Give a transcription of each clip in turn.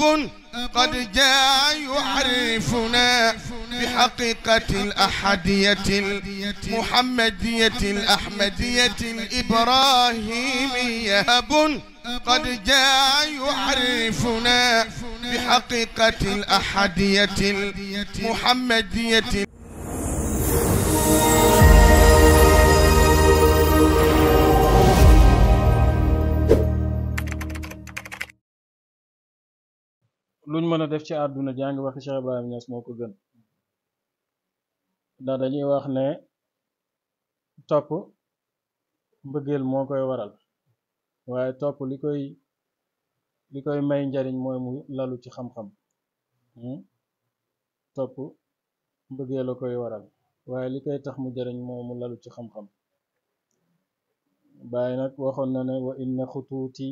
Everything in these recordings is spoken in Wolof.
أب قد جاء يعرفنا بحقيقة الأحدية المحمدية الأحمدية الإبراهيمية أب قد جاء يعرفنا بحقيقة الأحدية المحمدية luñ mën a def ci àdduna jàng waxi Cheikh Ibrahima Niass moo ko gën ndax dañuy wax ne topp mbëggeel moo koy waral waaye topp li koy li koy may njariñ mooy mu lalu ci xam-xam hmm? topp mbëggeel a koy waral waaye li koy tax mu jariñ mooy mu lalu ci xam-xam bàyyi nag waxoon na ne wa inna xutuuti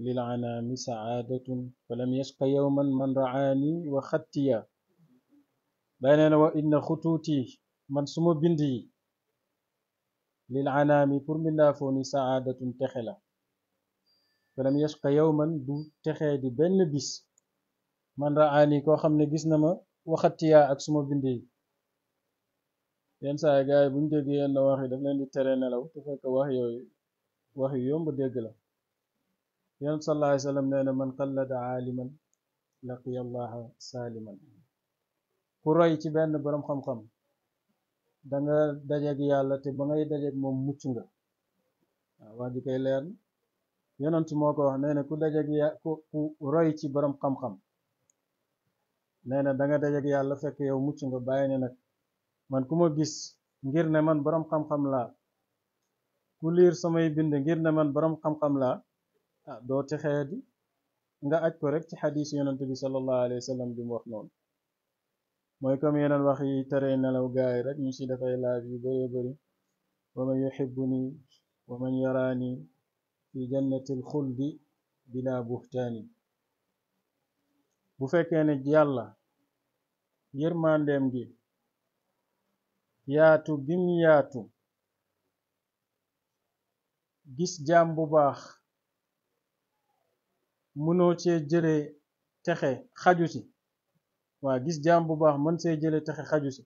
للعنام سعادة فلم يشق يوما من رعاني وخطيا بيننا وإن خطوتي من سمو بندي للعنام pour fooni saadatun texe la falam yashqa yawman du texee di benn bis man raani koo xam ne gis na ma waxatiyaa ak suma bind yi yenn saa gaay buñ déggee yenn wax yi daf leen di tere nelaw te fekk wax yooyu wax yu yomb dégg la yonent sallallahu Alaihi Wasallam, sallam man qallada aaliman laqiyallaha saliman ku roy ci ben borom xam-xam da nga ak yalla te ba ngay ak mom muccu nga wa wax ji yonent moko wax ku dajje ya ku ku roy ci borom xam-xam nee na da nga Allah yalla fekk yow muccu nga nak man kuma gis ngir ne man borom xam-xam la ku lire samay bind ngir ne man borom xam-xam la ah doo texeedi nga aj ko rek ci xadiis yonent bi sallallahu alayhi wa sallam bi mu wax noonu mooy comme yeneen wax yi tere nelaw gaay rek ñu ci dafay laaj yu bëree bëri wa man yuhibbuni wa man yaraani fi jannatil xuldi bila buhtaani bu fekkee ne yàlla yërmandeem gi yaatu gi yaatu gis jaam bu baax mënoo cee jëlee texe xaju si waa gis jaam bu baax mën see jëlee texe xaju si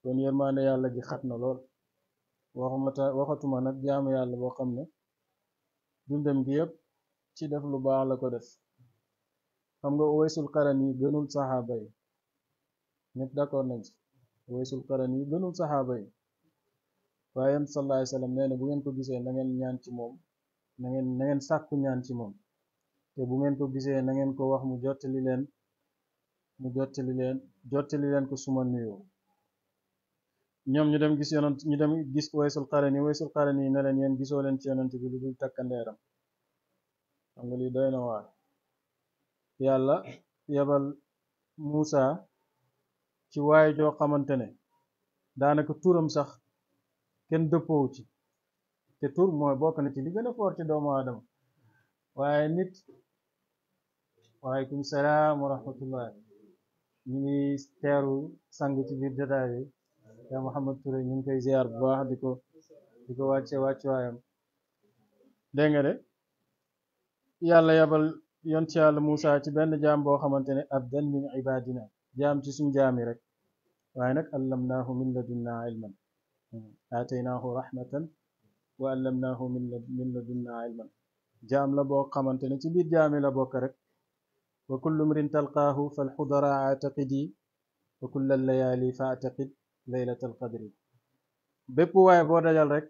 kon yërmaande yàlla gi xat na lool waxuma waxatuma nag jaamu yàlla boo xam ne dundam gi yëpp ci def lu baax la ko def xam nga Uwaysul Qarani yi gënul saxaaba yi ñëpp d'accord nañ ci Uwaysul Qarani yi gënul saxaaba yi waaye yam sallallahu alayhi wasallam bu ngeen ko gisee na ngeen ñaan ci moom na ngeen na ngeen sàkku ñaan ci moom te bu ngeen ko gisee na ngeen ko wax mu jottali leen mu jottali leen jottali leen ko suma nuyoo ñoom ñu dem gis yonent ñu dem gis waysul xarani waysul xarani ne leen yéen gisoo leen ci yonent bi lu dul takkandeeram xam nga lii doy na waar yàlla yebal Muusa ci waaye joo xamante ne daanaka turam sax kenn dëppoowu ci te tur mooy bokk na ci li gën a foor doomu aadama waaye nit waaleykum salaam wa rahmatullah ñu ngi teeru sang ci biir jotaay bi te Mouhamed Touré ñu ngi koy ziar bu baax di ko di ko wàcce wàccuwaayam de yàlla yabal yont yàlla Moussa ci benn jaam boo xamante ne abdan min ibadina jaam ci suñ jaami rek waaye nag allamnaahu min ladunna ilman aataynaahu rahmatan wa allamnaahu min ladunna ilman jaam la boo xamante ne ci biir jaami la bokk rek wa kullu mrin talqaahu falxudara aataqidi wa kulla layaali fa aataqid laylat alqadri bépp waaye boo dajal rek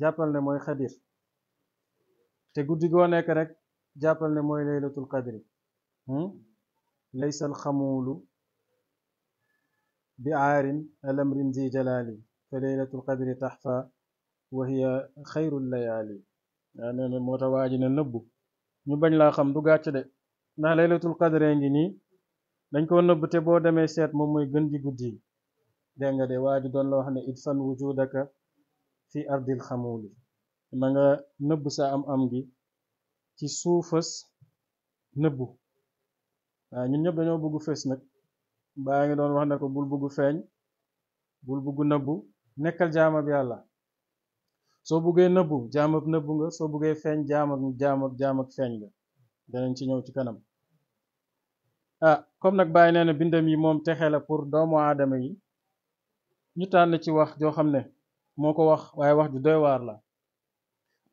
jàppal ne mooy xadir te guddi goo nekk rek jàppal ne mooy laylatul qadri hmm? laysa alxamuulu bi aarin alamrin zi jalaali fa laylatul qadri taxfa wa hiya xayrul layaali yaa nee na moo tax waa ñu bañ laa xam du gàcc de ndax laylatul qadr ngi nii dañ koo nëbb te boo demee seet moom mooy gën di guddi yi dégg nga de waa ji doon la wax ne it idfan wujudaka fi ardil xamuli na nga nëbb sa am am gi ci suufas nëbbu waaw ñun ñëpp dañoo bëgg fës nag baa ngi doon wax ne ko bul bëgg feeñ bul bëgg nëbbu nekkal jaamab yàlla soo buggee nëbbu jaamab nëbbu nga soo bëggee feeñ jaamab jaamab jaamab feeñ nga danañ ci ñëw ci kanam ah comme nag bàyyi nee na bindam yi moom texe la pour doomu aadama yi ñu tànn ci wax joo xam ne moo ko wax waaye wax ji doy waar la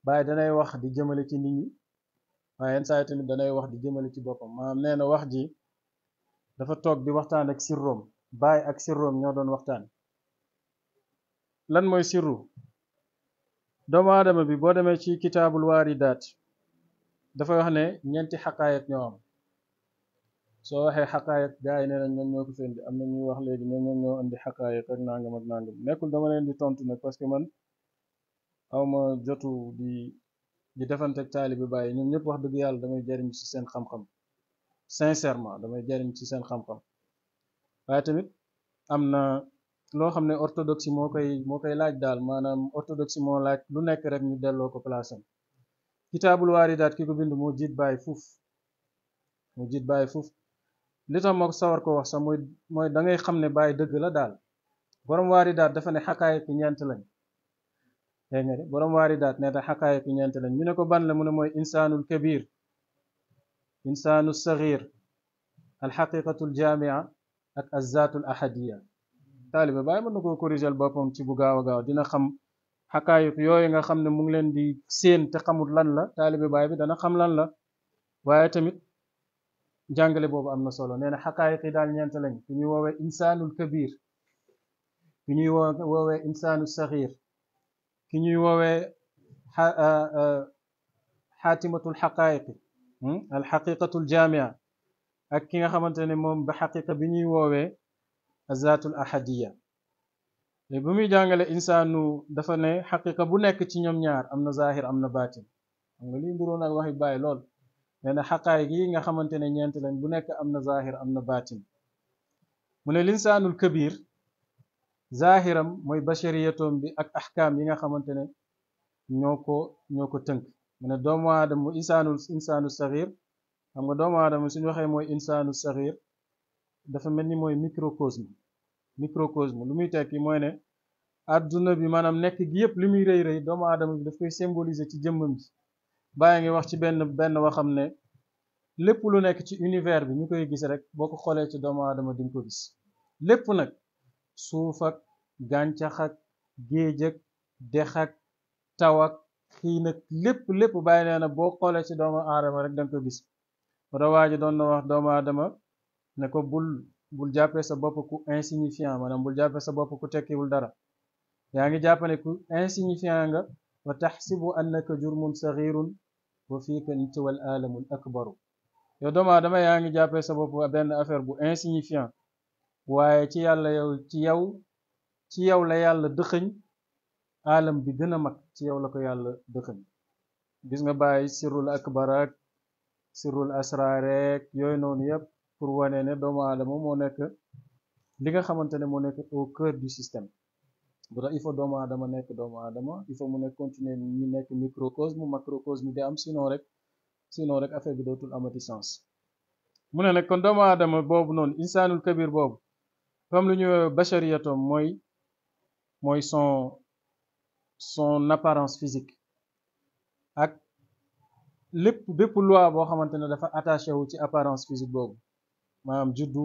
bàyyi danay wax di jëmale ci nit ñi waaye yenn saa yi tamit danay wax di jëmale ci boppam maanaam nee na wax ji dafa toog di waxtaan ak sirroom bàyyi ak sirroom ñoo doon waxtaan lan mooy sirru doomu aadama bi boo demee ci kitaabul waaridaat dafay wax ne ñeenti xaqaayiq ñoo am soo waxee xaqaayiq gars yi ne nañ ñoom ñoo ko seen di am na ñuy wax léegi ñoom ñoom ñoo indi xaqaayiq ak nangam ak nangam nekkul dama leen di tontu nag parce que man awma jotu di di defante ak taalibi bàyyi ñoom ñëpp wax dëgg yàlla damay jariñ ci seen xam-xam sincèrement damay jariñ ci seen xam-xam waaye tamit am na loo xam ne orthodoxie moo koy moo koy laaj daal maanaam orthodoxie moo laaj lu nekk rek ñu delloo ko place kitaabul waaridaat ki ko bind moo jiit bàyyi fuuf moo jiit bàyyi fuuf li tax ma ko sawar ko wax sax mooy mooy da xam ne bàyyi dëgg la daal borom waaridaat dafa ne xakaayik ñeent lañ dégg nga de borom waaridaat nee na xakaayik ñeent lañ ñu ne ko ban mu ne mooy insaanul kabir insaanu saxiir alxaqiqatul jaamia ak azzaatul ahadiya taalibe bàyyi mën na koo corrigel boppam ci bu gaaw a gaaw dina xam xakaayut yooyu nga xam ne mu ngi leen di séen te xamul lan la taalibe baay bi dana xam lan la waaye tamit jàngale boobu am na solo nee na xakaayit daal ñeent lañ fi ñuy woowee insaanul kabir ki ñuy woowee insaanu saxiir ki ñuy woowe xaatimatul xaqaayiqi hmm, al xaqiqatul ak ki nga xamante ne moom ba xaqiqa bi ñuy woowee azaatul ahadiya léegi bu muy jàngale insaanu dafa ne xaqiqa bu nekk ci ñoom ñaar am na zahir am na baatin xam nga lii nduroon ak waxi bàyyi lool nee na xaqaay gi nga xamante ne ñeent lañ bu nekk am na zahir am na baatin mu ne linsaanul kabir zahiram mooy bashariyatoom bi ak axkaam yi nga xamante ne ñoo ko ñoo ko tënk mu ne doomu aadama mu insaanul insaanu saxir xam nga doomu aadama suñu waxee mooy insaanu saxir dafa mel ni mooy microcosme microcosme lu muy tekki mooy ne adduna bi maanaam nekk gi yëpp li muy rëy rëy doomu aadama bi daf koy symboliser ci jëmmam ji bàyyi ngi wax ci benn benn waxam ne lépp lu nekk ci univers bi ñu koy gis rek boo ko xoolee ci doomu aadama di ko gis lépp nag suuf ak gàncax ak géej ak dex ak xii nag lépp lépp bàyyi nee na boo xoolee ci doomu aadama rek da ko gis rawaa doon na wax doomu aadama ne ko bul bul jappé sa bop ku insignifiant manam bul jappé sa bopp ku tekkiwul dara yaa ngi ku insignifiant nga wa tahsibu annaka jurmun saghirun wa fika inta wal alamul akbaru yow doomu dama yaa ngi sa bop ben affaire bu insignifiant waye ci yàlla yow ci yow ci yow la yàlla dëxëñ alam bi gëna mak ci yow la ko yàlla dëxëñ gis nga baye sirrul akbarak sirrul asra yoy non noonu pour wane ne doomu aadama moo nekk li nga xamante ne moo nekk au cœur du système bu tax il faut doomu aadama nekk doomu aadama il faut mu nekk continuer ñu nekk microcosme macrocosme di am sinon rek sinon rek affaire bi dootul amati sens mu ne nag kon doomu aadama boobu noonu insaanul kabir boobu comme lu ñu bachariyatom mooy mooy son son apparence physique ak lépp bépp loi boo xamante ne dafa attaché wu ci apparence physique boobu Mam juddu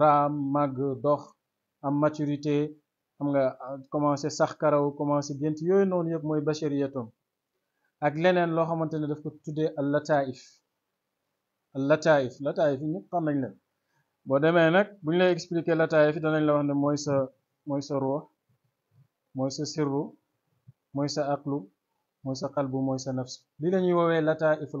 ram, mag, dox am maturité xam nga commencé sax karaw commencé gént yooyu noonu yëpp mooy bachariyatum ak leneen loo xamante ne daf ko tuddee al lataif al lataif lataif yi ñëpp xam nañ leen boo demee nag buñ lay expliquer lataif danañ la wax sa sa sa sirru sa aqlu sa li la lataiful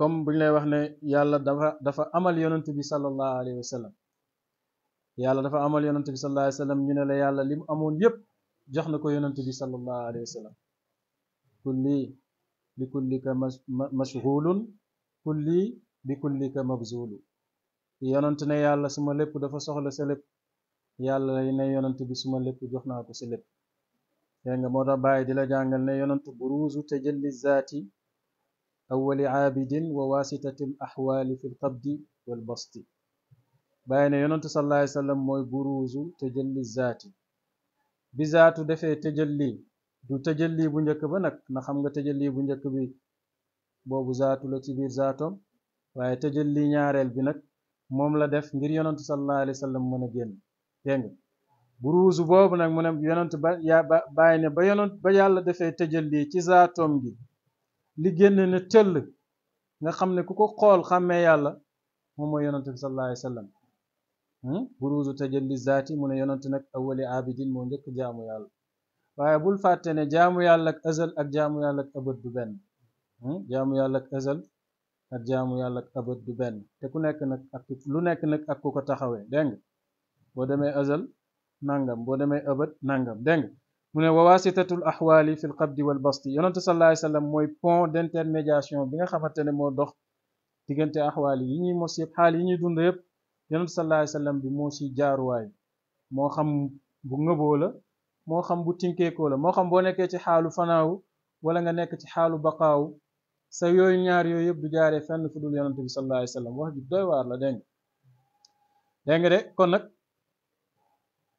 comme bu ñu lay wax ne yàlla dafa dafa amal yonent bi sallallahu alayhi wa sallam yàlla dafa amal yonent bi sallallahu alayhi wa ñu ne la yàlla li mu amoon yépp jox na ko yonant bi sallallahu alayhi wa sallam kulli bi kullika mashghulun kulli bi kullika mabzulu yonent ne yàlla suma lépp dafa soxla sa lépp yàlla ne yonent bi suma lépp jox naa ko si lépp dégg nga moo tax bàyyi di la jàngal ne yonent buruusu tajalli zaati awwali aabidin wa waasitati l axwaali fi lqabdi walbasti bàyyi ne yonentu sallallahu alayhi wasallam mooy buruusu tëjalli zaati bi zaatu defee tëjalli du tëjalli bu njëkk ba nag na xam nga tëjëli bu njëkk bi boobu zaatu la ci biir zaatoom waaye tëjalli ñaareel bi nag moom la def ngir yonentu sallallahu alayhi wasallam mën a génn dégg nga boobu nag mu ne ba yaa bàyyi ne ba yonent defee tëjalli ci zaatoom gi li génn ne tëll nga xam ne ku ko xool xàmmee yàlla moom mooy yonante bi sallallahu alayhi wa sallam hmm? buruusu tajalli zaati mu ne yonante nag awali abidin moo njëkk jaamu yàlla waaye bul fàtte ne jaamu yàlla ak azal ak jaamu yàlla ak abad du benn hmm? jaamu yàlla ak azal ak jaamu yàlla ak abad du benn te ku nekk nag ak lu nekk nag ak ku ko taxawee dégg boo demee azal nangam boo demee abad nangam dégg من واسطة الأحوال في القبض والبسط يونس صلى الله عليه وسلم موي بون دانترميداسيون بيغا خامتاني مو دوخ ديغنتي احوال يي ني موسيب حال يي ني دوند ييب يونس صلى الله عليه وسلم بي موسي جار واي مو خام بو نغبو لا مو خام بو تينكي كو لا مو خام بو نيكي سي حالو فناو ولا nga nek ci halu baqaw sa yoy ñaar yoy yeb du jaare fenn fudul yonnte bi sallallahu alayhi wasallam wax di doy war la deng deng de kon nak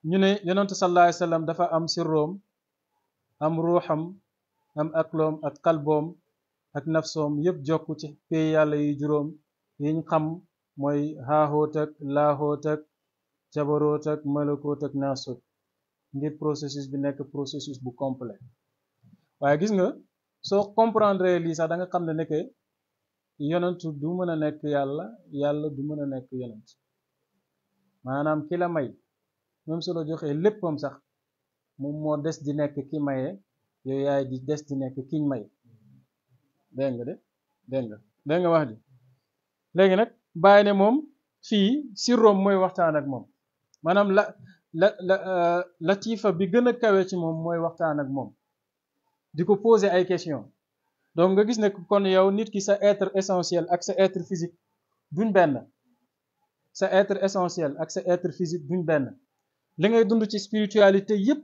ñu ne yonentu sallallahu alayhi wasallam dafa am sirroom am ruuxam am akloom ak qalboom ak nafsoom yëpp jokk ci pay yàlla yi juróom yiñ xam mooy haahoot ak laahoot ak jabaroot ak malakoot ak naasoot ngir processus bi nekk processus bu complet waaye gis nga soo comprendre lii sax danga nga xam ne nekk yonent du mën a nekk yàlla yàlla du mën a nekk yonent maanaam kila la may même su la joxee léppam sax moom moo des di nekk ki maye yow yaay di des di nekk kiñ may dégg nga de dégg nga dégg nga wax ji léegi nag bàyyi ne moom fii si rom mooy waxtaan ak moom maanaam la la la euh, latifa bi gën a kawe ci moom mooy waxtaan ak moom di ko poser ay question donc nga gis ne kon yow nit ki sa être essentiel ak sa être physique duñ benn sa être essentiel ak sa être physique duñ benn li ngay dund ci spiritualité yëpp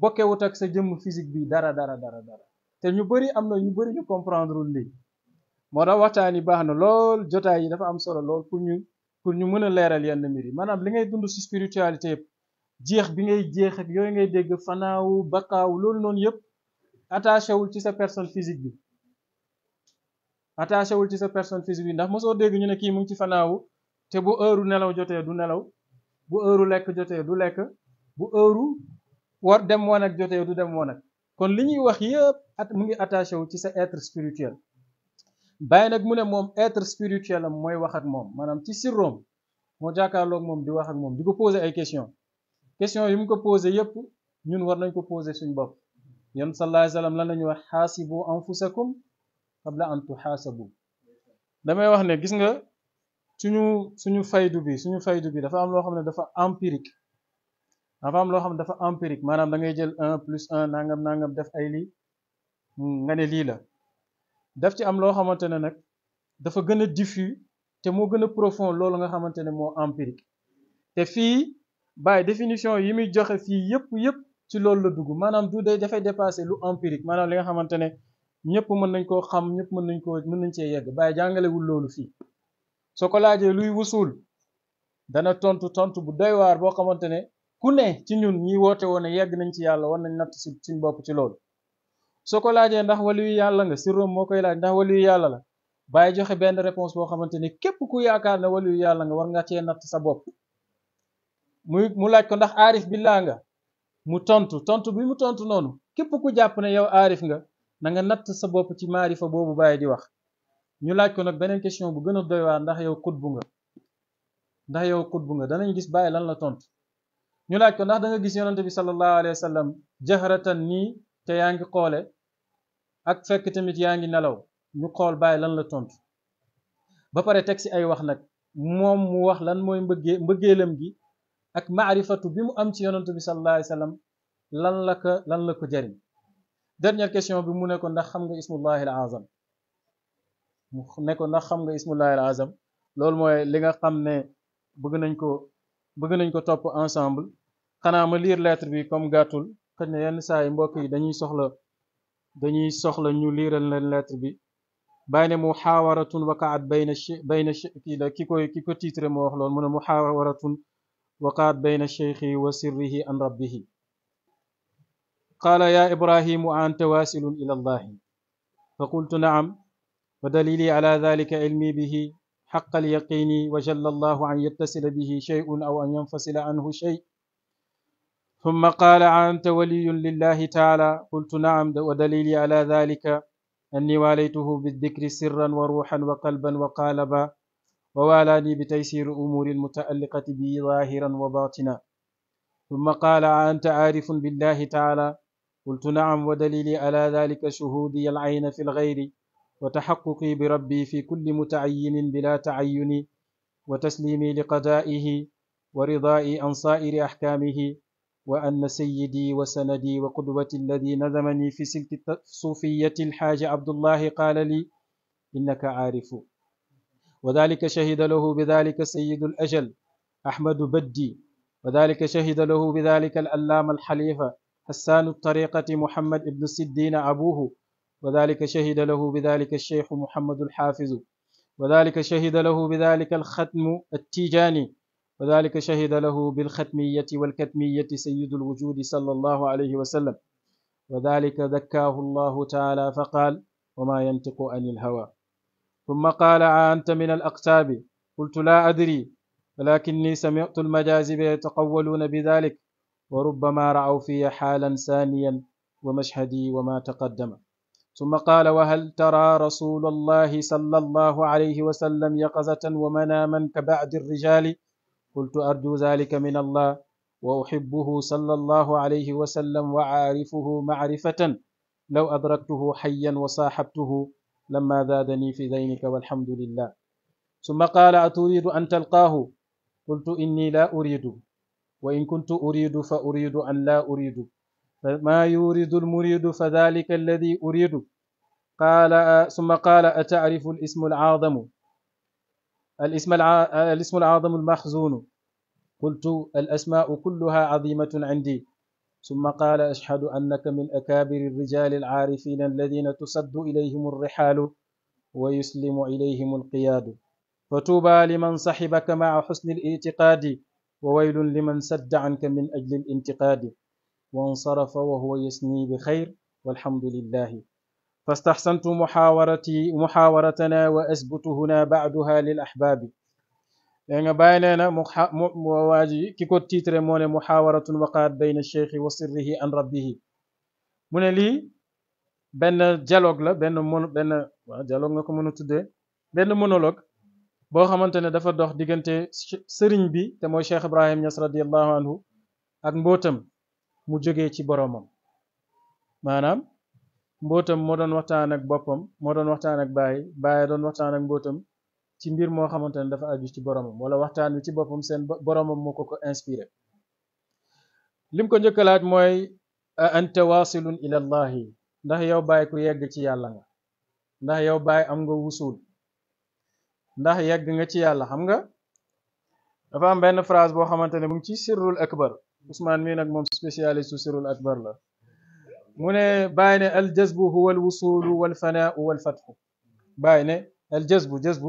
bokkewut ak sa jëmm physique bi dara dara dara te ñu bëri am na ñu bëri ñu comprendre lii moo tax waxtaan yi baax na lool jotaay yi dafa am solo lool pour ñu pour ñu mën a leeral yenn mbir yi maanaam li ngay dund ci spiritualité jeex bi ngay jeex ak yooyu ngay dégg fanaawu bakkaawu loolu noonu yëpp attaché wul ci sa personne physique bi attaché ci sa personne physique bi ndax mosoo dégg ñu ne kii mu ngi ci fanaawu te bu heure nelaw jotee du nelaw bu heure lekk jotee du lekk bu heure war dem woon ak jotee du dem woon ak kon li ñuy wax yëpp at mu ngi attaché wu ci sa être spirituel bàyyi nag mu ne moom être spirituel am mooy wax ak moom maanaam ci sirroom moo jàkkaarloog moom di wax ak moom di ko poser ay question question yi mu ko poser yëpp ñun war nañ ko poser suñu bopp yéen sallallahu alayhi wa sallam lan la ñuy wax xaasibu anfusakum qabla an tuxaasabu damay wax ne gis nga suñu suñu faydu bi suñu faydu bi dafa am loo xam ne dafa empirique dafa loo xam ne dafa empirique maanaam da ngay jël un plus un nangam nangam def ay lii nga ne lii la daf ci am loo xamante ne nag dafa gën a diffus te moo gën a profond loolu nga xamante ne moo empirique te fii baay definition yi muy joxe fii yëpp yëpp ci loolu la dugg maanaam du dee dafay dépasser lu empirique maanaam li nga xamante ne ñëpp mën nañ koo xam ñëpp mën nañ koo mën nañ cee yegg bàyyi jàngalewul loolu fii soo ko laajee luy wusul dana tontu tontu bu doy waar boo xamante ne ku ne ci ñun ñi woote woon yegg nañ ci yàlla war nañ natt si suñ bopp ci loolu soo ko laajee ndax waliyu yàlla nga si Rome moo koy laaj ndax waliyu yàlla la bàyyi joxe benn réponse boo xamante ne képp ku yaakaar ne waliyu yàlla nga war nga cee natt sa bopp muy mu laaj ko ndax aarif billaa nga mu tontu tontu bi mu tontu noonu képp ku jàpp ne yow aarif nga na natt sa bopp ci maarifa boobu bàyyi di wax ñu laaj ko nag beneen question bu gën a doy waar ndax yow kutbu nga ndax yow kutbu bu nga danañ gis bàyyi lan la tont ñu laaj ko ndax da nga gis yonante bi sallallahu alayhi wa sallam jahratan nii te yaa ngi xoole ak fekk tamit yaa ngi nelaw ñu xool bàyyi lan la tont ba pare teg si ay wax nag moom mu wax lan mooy mbëggee mbëggeelam gi ak maarifatu bi mu am ci yonante bi sallallahu alayhi wa sallam lan la ko lan la ko jëriñ dernière question bi mu ne ko ndax xam nga ismullahi al azam ne ko ndax xam nga ismullahil azam loolu mooy li nga xam ne bëgg nañ ko bëgg nañ ko topp ensemble xanaa ma lire lettre bi comme gàttul xëy na yenn saa yi mbokk yi dañuy soxla dañuy soxla ñu liiral leen lettre bi bàyyi ne muxaawaratun waqaat bayna bayna kii la ki koy ki ko titre moo wax loolu mu ne muxaawaratun waqaat bayna cheikhi wa sirrihi an rabbihi qaala yaa ibrahimu an tawasilun ila allahi fa qultu naam ودليلي على ذلك علمي به حق اليقين وجل الله أن يتصل به شيء أو أن ينفصل عنه شيء ثم قال أنت ولي لله تعالى قلت نعم ودليلي على ذلك أني واليته بالذكر سرا وروحا وقلبا وقالبا ووالاني بتيسير أمور المتالقه بي ظاهرا وباطنا ثم قال أنت عارف بالله تعالى قلت نعم ودليلي على ذلك شهودي العين في الغير وتحققي بربي في كل متعين بلا تعين وتسليمي لقدائه ورضائي عن سائر أحكامه وأن سيدي وسندي وقدوتي الذي نظمني في سلك الصوفية الحاج عبد الله قال لي إنك عارف وذلك شهد له بذلك سيد الأجل أحمد بدي وذلك شهد له بذلك الألام الحليفة حسان الطريقة محمد ابن سدين أبوه وذلك شهد له بذلك الشيخ محمد الحافظ وذلك شهد له بذلك الختم التيجاني وذلك شهد له بالختمية والكتمية سيد الوجود صلى الله عليه وسلم وذلك ذكاه الله تعالى فقال وما ينطق عن الهوى ثم قال أنت من الأقتاب قلت لا أدري ولكني سمعت المجازب يتقولون بذلك وربما رأوا في حالا ثانيا ومشهدي وما تقدم ثم قال وهل ترى رسول الله صلى الله عليه وسلم يقظة ومناما كبعد الرجال قلت أرجو ذلك من الله وأحبه صلى الله عليه وسلم وعارفه معرفة لو أدركته حيا وصاحبته لما زادني في ذينك والحمد لله ثم قال أتريد أن تلقاه قلت إني لا أريد وإن كنت أريد فأريد أن لا أريد ما يورد المريد فذلك الذي أريد قال ثم قال أتعرف الاسم العظم الاسم الاسم العظم المخزون قلت الأسماء كلها عظيمة عندي ثم قال أشهد أنك من أكابر الرجال العارفين الذين تسد إليهم الرحال ويسلم إليهم القياد فتوبى لمن صحبك مع حسن الاعتقاد وويل لمن سد عنك من أجل الانتقاد وانصرف وهو يسني بخير والحمد لله فاستحسنت محاورتي محاورتنا وأثبت هنا بعدها للأحباب يعني بايننا مواجي كيكو تيتري مون محاورة وقعت بين الشيخ وسره عن ربه من لي بن ديالوغ لا بن مون بن ديالوغ نكو مونو تودي بن مونولوج boo xamante ne dafa dox diggante sëriñ bi te mooy Cheikh Ibrahim Niass radiyallahu anhu ak mbootam mu jógee ci boroomam maanaam mbootam moo doon waxtaan ak boppam moo doon waxtaan ak baay baay doon waxtaan ak mbootam ci mbir moo xamante ne dafa aju ci boroomam wala waxtaan wi ci boppam seen boroomam moo ko ko inspiré lim ko njëkkalaat mooy a anta wasilun ila ndax yow baay ku yegg ci yàlla nga ndax yow baay am nga wusul ndax yegg nga ci yàlla xam nga dafa am benn phrase boo xamante ne mu ngi ci sirrul akbar عثمان مين مم سبيسياليست سير الاكبر لا من باين الجذب هو الوصول والفناء والفتح باين الجذب جذب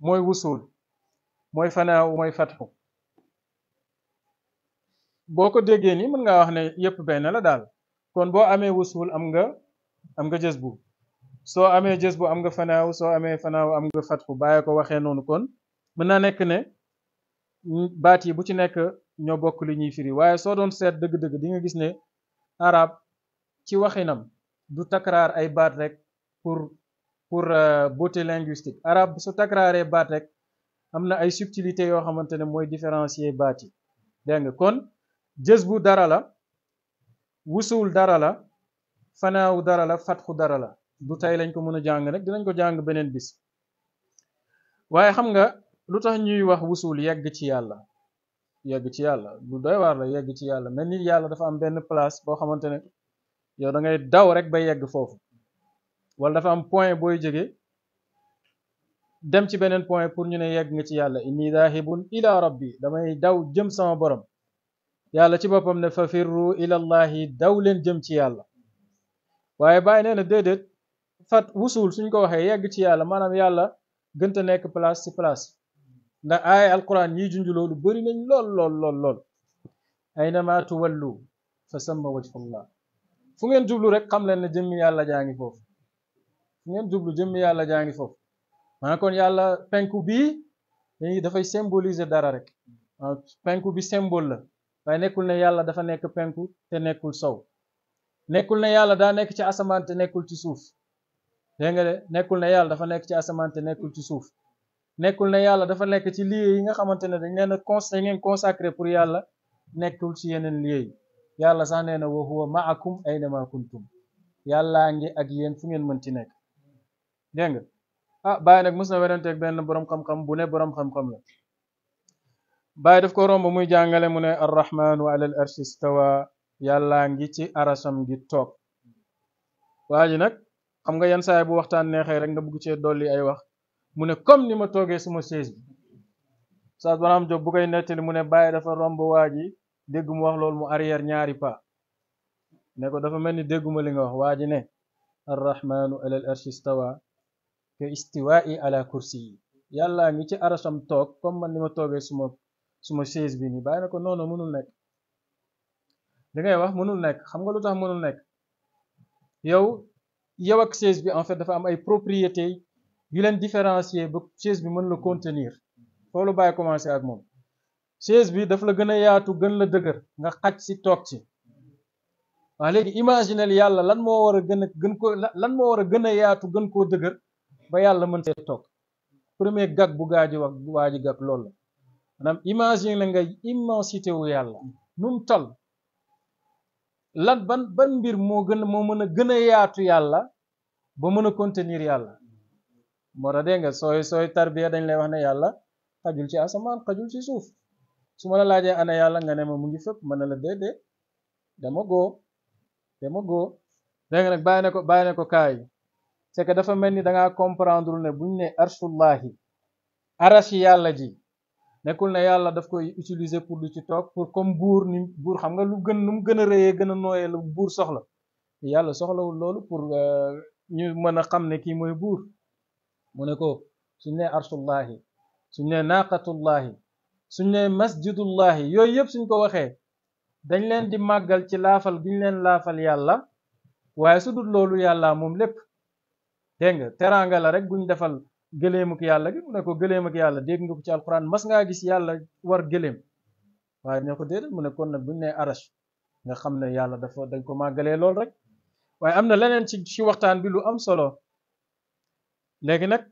موي وصول موي فناء وموي فتح بوكو ديغي ني منغا واخني ييب بن لا دال كون بو امي وصول امغا امغا جذب so amé jesbu am nga fanaaw so amé fanaaw am nga fatxu baye ko waxé nonu kon mëna nek né baat yi bu ci nek ñoo bokk li ñuy firi waaye soo doon seet dëgg-dëgg di nga gis ne arab ci waxinam du takraar ay baat rek pour pour euh, beauté linguistique arab su takraaree baat rek am na ay subtilité yoo xamante ne mooy différencier baat yi dégg nga kon jës bu dara la wusul dara la fanaawu dara la fatxu dara la du tey lañ ko mën a jàng rek dinañ ko jàng beneen bis waaye xam nga lu tax ñuy wax wusul yegg ci yàlla yegg ci yàlla lu doy waar la yegg ci yàlla mel ni yàlla dafa am benn place boo xamante ne yow da ngay daw rek ba yegg foofu wala dafa am point booy jóge dem ci beneen point pour ñu ne yegg nga ci yàlla inni daahibun ila rabbi damay daw jëm sama borom yàlla ci boppam ne fa firru ilallahi daw leen jëm ci yàlla waaye bàyyi nee na déedéet fat wusul suñ ko waxee yegg ci yàlla maanaam yàlla gënta nekk place ci place ndax aaya alquran ñi junj loolu bëri nañ lool lool lool lool aynama tuwallu fa samma la fu ngeen jublu rek xam leen ne jëmm yàlla jaa ngi foofu fu ngeen jublu jëmmi yàlla jaa ngi foofu maanaam kon yàlla penku bi dañuy dafay symboliser dara rek waaw penku bi symbole la waaye nekkul ne yàlla dafa nekk penku te nekkul sow nekkul ne yàlla daa nekk ci asamaan te nekkul ci suuf dégg nga nekkul ne yàlla dafa nekk ci asamaan te nekkul ci suuf nekkul na yàlla dafa nekk ci lieu yi nga xamante ne dañ leen a dañ leen consacré pour yàlla nekkul ci yeneen lieu yi yàlla sax nee na wa huwa maakum aynama kuntum yàllaa ngi ak yéen fu ngeen mën ci nekk dégg nga ah Baye nag mos na weranteeg benn borom xam-xam bu ne borom xam-xam la Baye daf ko romb muy jàngale mu ne arrahmanu ala al arshi stawa ngi ci arasam gi toog waa ji nag xam nga yenn saay bu waxtaan neexee rek nga bugg cee dolli ay wax mu ne comme ni ma toogee suma chaise bi Oustaz Barham Diop bu koy nettali mu ne bàyyi dafa romb waa ji dégg mu wax loolu mu arrière ñaari pas ne ko dafa mel ni dégguma li nga wax waa ji ne arrahmanu ala al arshi stawa ke istiwaa'i ala kursi yi yàllaa ngi ci arasam toog comme man ni ma toogee suma suma chaise bi nii bàyyi na ko noonu mënul nekk li ngay wax mënul nekk xam nga lu tax mënul nekk yow yow ak chaise bi en fait dafa am ay propriété yu leen différencier ba chaise bi mën la contenir loolu bàyyi commencé ak moom chaise bi daf la gën a yaatu gën la dëgër nga xaj si toog ci waa léegi imaginel yàlla lan moo war a gën a gën ko lan moo war a gën a yaatu gën koo dëgër ba yàlla mën see toog premier gag bu gaa ji waa ji gag loolu la maanaam imagine nga immensité wu yàlla num tol lan ban ban mbir moo gën a moo mën a gën a yaatu yàlla ba mën a contenir yàlla moo tax dégg nga sooy sooy tarbiya dañ lay wax ne yàlla xajul ci asamaan xajul ci suuf su ma la laajee ana yàlla nga ne ma mu ngi fépp mën a la déedéet dama góo dama góo dégg nga nag ko bàyyi na ko kaay c'est que dafa mel ni dangaa comprendre ne buñ ne arsullahi arashi yàlla ji nekkul na yàlla daf koy utiliser pour lu ci toog pour comme buur ni buur xam nga lu gën nu mu gën a rëyee gën nooyee lu buur soxla yàlla soxlawul loolu pour euh, ñu mën a xam ne kii mooy buur mu ne ko suñ ne arshullahi suñ ne naaqatullahi suñ ne masjidullahi yooyu yëpp suñ ko waxee dañ leen di màggal ci laafal giñ leen laafal yàlla waaye su dul loolu yàlla moom lépp dégg nga teraanga la rek guñ defal gëléemuk yàlla gi mu ne ko gëléem ak yàlla dégg nga ko ci alquran mas ngaa gis yàlla war gëléem waaye ñoo ko déedéet mu ne kon nag buñ ne arash nga xam ne yàlla dafa dañ ko màggalee lool rek waaye am na leneen ci waxtaan bi lu am solo léegi nag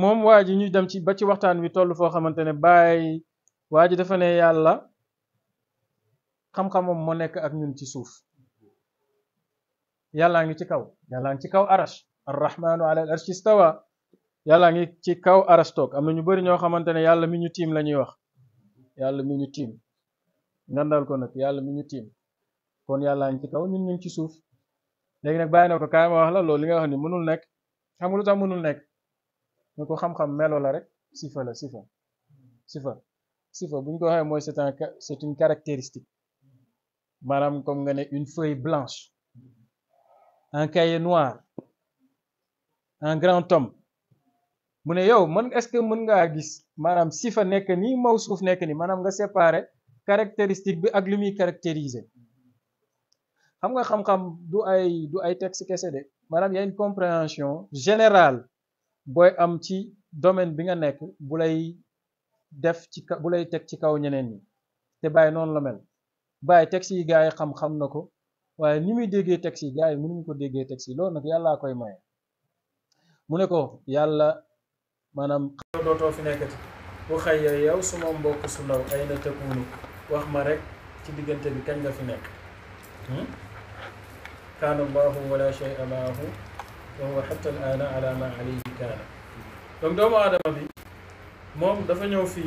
moom waa ji ñu dem ci ba ci waxtaan wi toll foo xamante ne bàyyi waa ji dafa ne yàlla xam-xamam moo nekk ak ñun ci suuf yàllaa ngi ci kaw yàllaa ngi ci kaw arash arrahmanu ala al yàllaa ngi ci kaw arash toog am na ñu bari ñoo xamante ne yàlla mi ñu tiim la ñuy wax yàlla mi ñu tiim ngandal ko nag yàlla mi ñu tiim kon yàlla ngi ci kaw ñun ñu ngi ci suuf léegi nag bàyyi na ko kaay ma wax la loolu li nga wax ni mënul nekk xam nga lu tax mënul nekk ñu ko xam-xam melo la rek sifa la sifa sifa sifa buñ ko waxe moy c'est un c'est une caractéristique manam comme nga né une feuille blanche un cahier noir un grand homme mu ne yow mën est-ce que mën nga gis manam sifa nek ni mawsuuf nek ni manam nga séparer caractéristique bi ak limi caractériser xam nga xam-xam du ay du ay texte kese dé manam y a une compréhension générale booy am ci domaine bi nga nekk bu lay def ci bu lay teg ci kaw ñeneen ñi te bàyyi noonu la mel baay teg yi gaa yi xam-xam na ko waaye ni muy déggee texte si gars yi mënuñu ko déggee texte yi loolu nag yàllaa koy maye mu ne ko yàlla maanaam dootoo fi nekkati bu xëy yow suma mbokk su ndaw ay na tëkkuunu wax ma rek ci diggante bi kañ nga fi nekk hmm? kaanallaahu wala shay alaahu وهو حتى الآن على ما عليه كان دونك دوما ادم بي موم دا فا في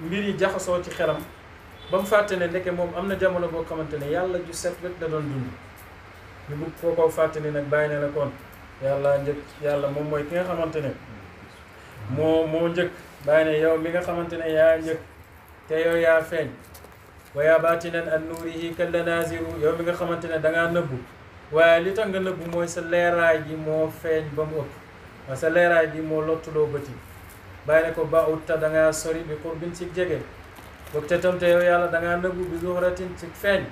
ميري جاخاسو تي خرام بام فاتني نك موم امنا جامونو بو خامتني يالا جو سيت ريك دا دون دوند ني بو كوكو فاتني نك باينا لا كون يالا نجك يالا موم موي كيغا خامتني مو مو نجك باينا يو ميغا خامتني يا نجك تي يا فين ويا باتنا النوري كل نازرو يوم ميغا خامتني نبو waaye li tax nga nëbbu mooy sa leeraay ji moo feeñ ba mu ëpp waaye sa leeraay ji moo lottuloo bët yi bàyyi ne ko ba utta da ngaa sori bi qurbin ci jege boog te tam te yow yàlla da ngaa nëbbu bi zuhratin ci feeñ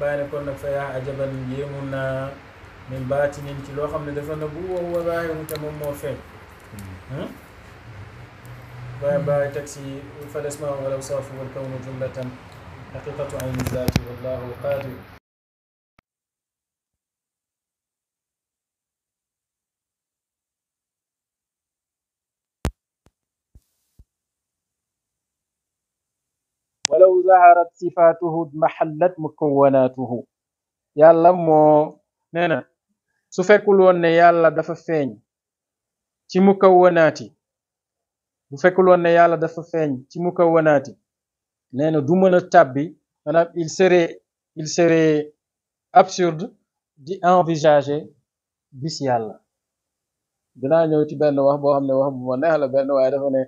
bàyyi ne ko nag fa yaa ajaban yéemu naa min baatinin ci loo xam ne dafa nëbbu wow wa zaahiru te moom moo feeñ hmm? waaye bàyyi teg si fa des ma walaw saafu wal kawnu jumlatan haqiqatu ayni zaati wallahu qaadir ولو ظهرت صفاته محلت مكوناته يلا مو نانا سو فيكول وون يالا دا فا فيغ تي مكوناتي بو فيكول وون يالا دا فا فيغ تي مكوناتي نانا دو مانا تابي انا il serait il serait absurde d'y envisager bis yalla dina ñew ci ben wax bo xamne wax bu neex la ben way dafa ne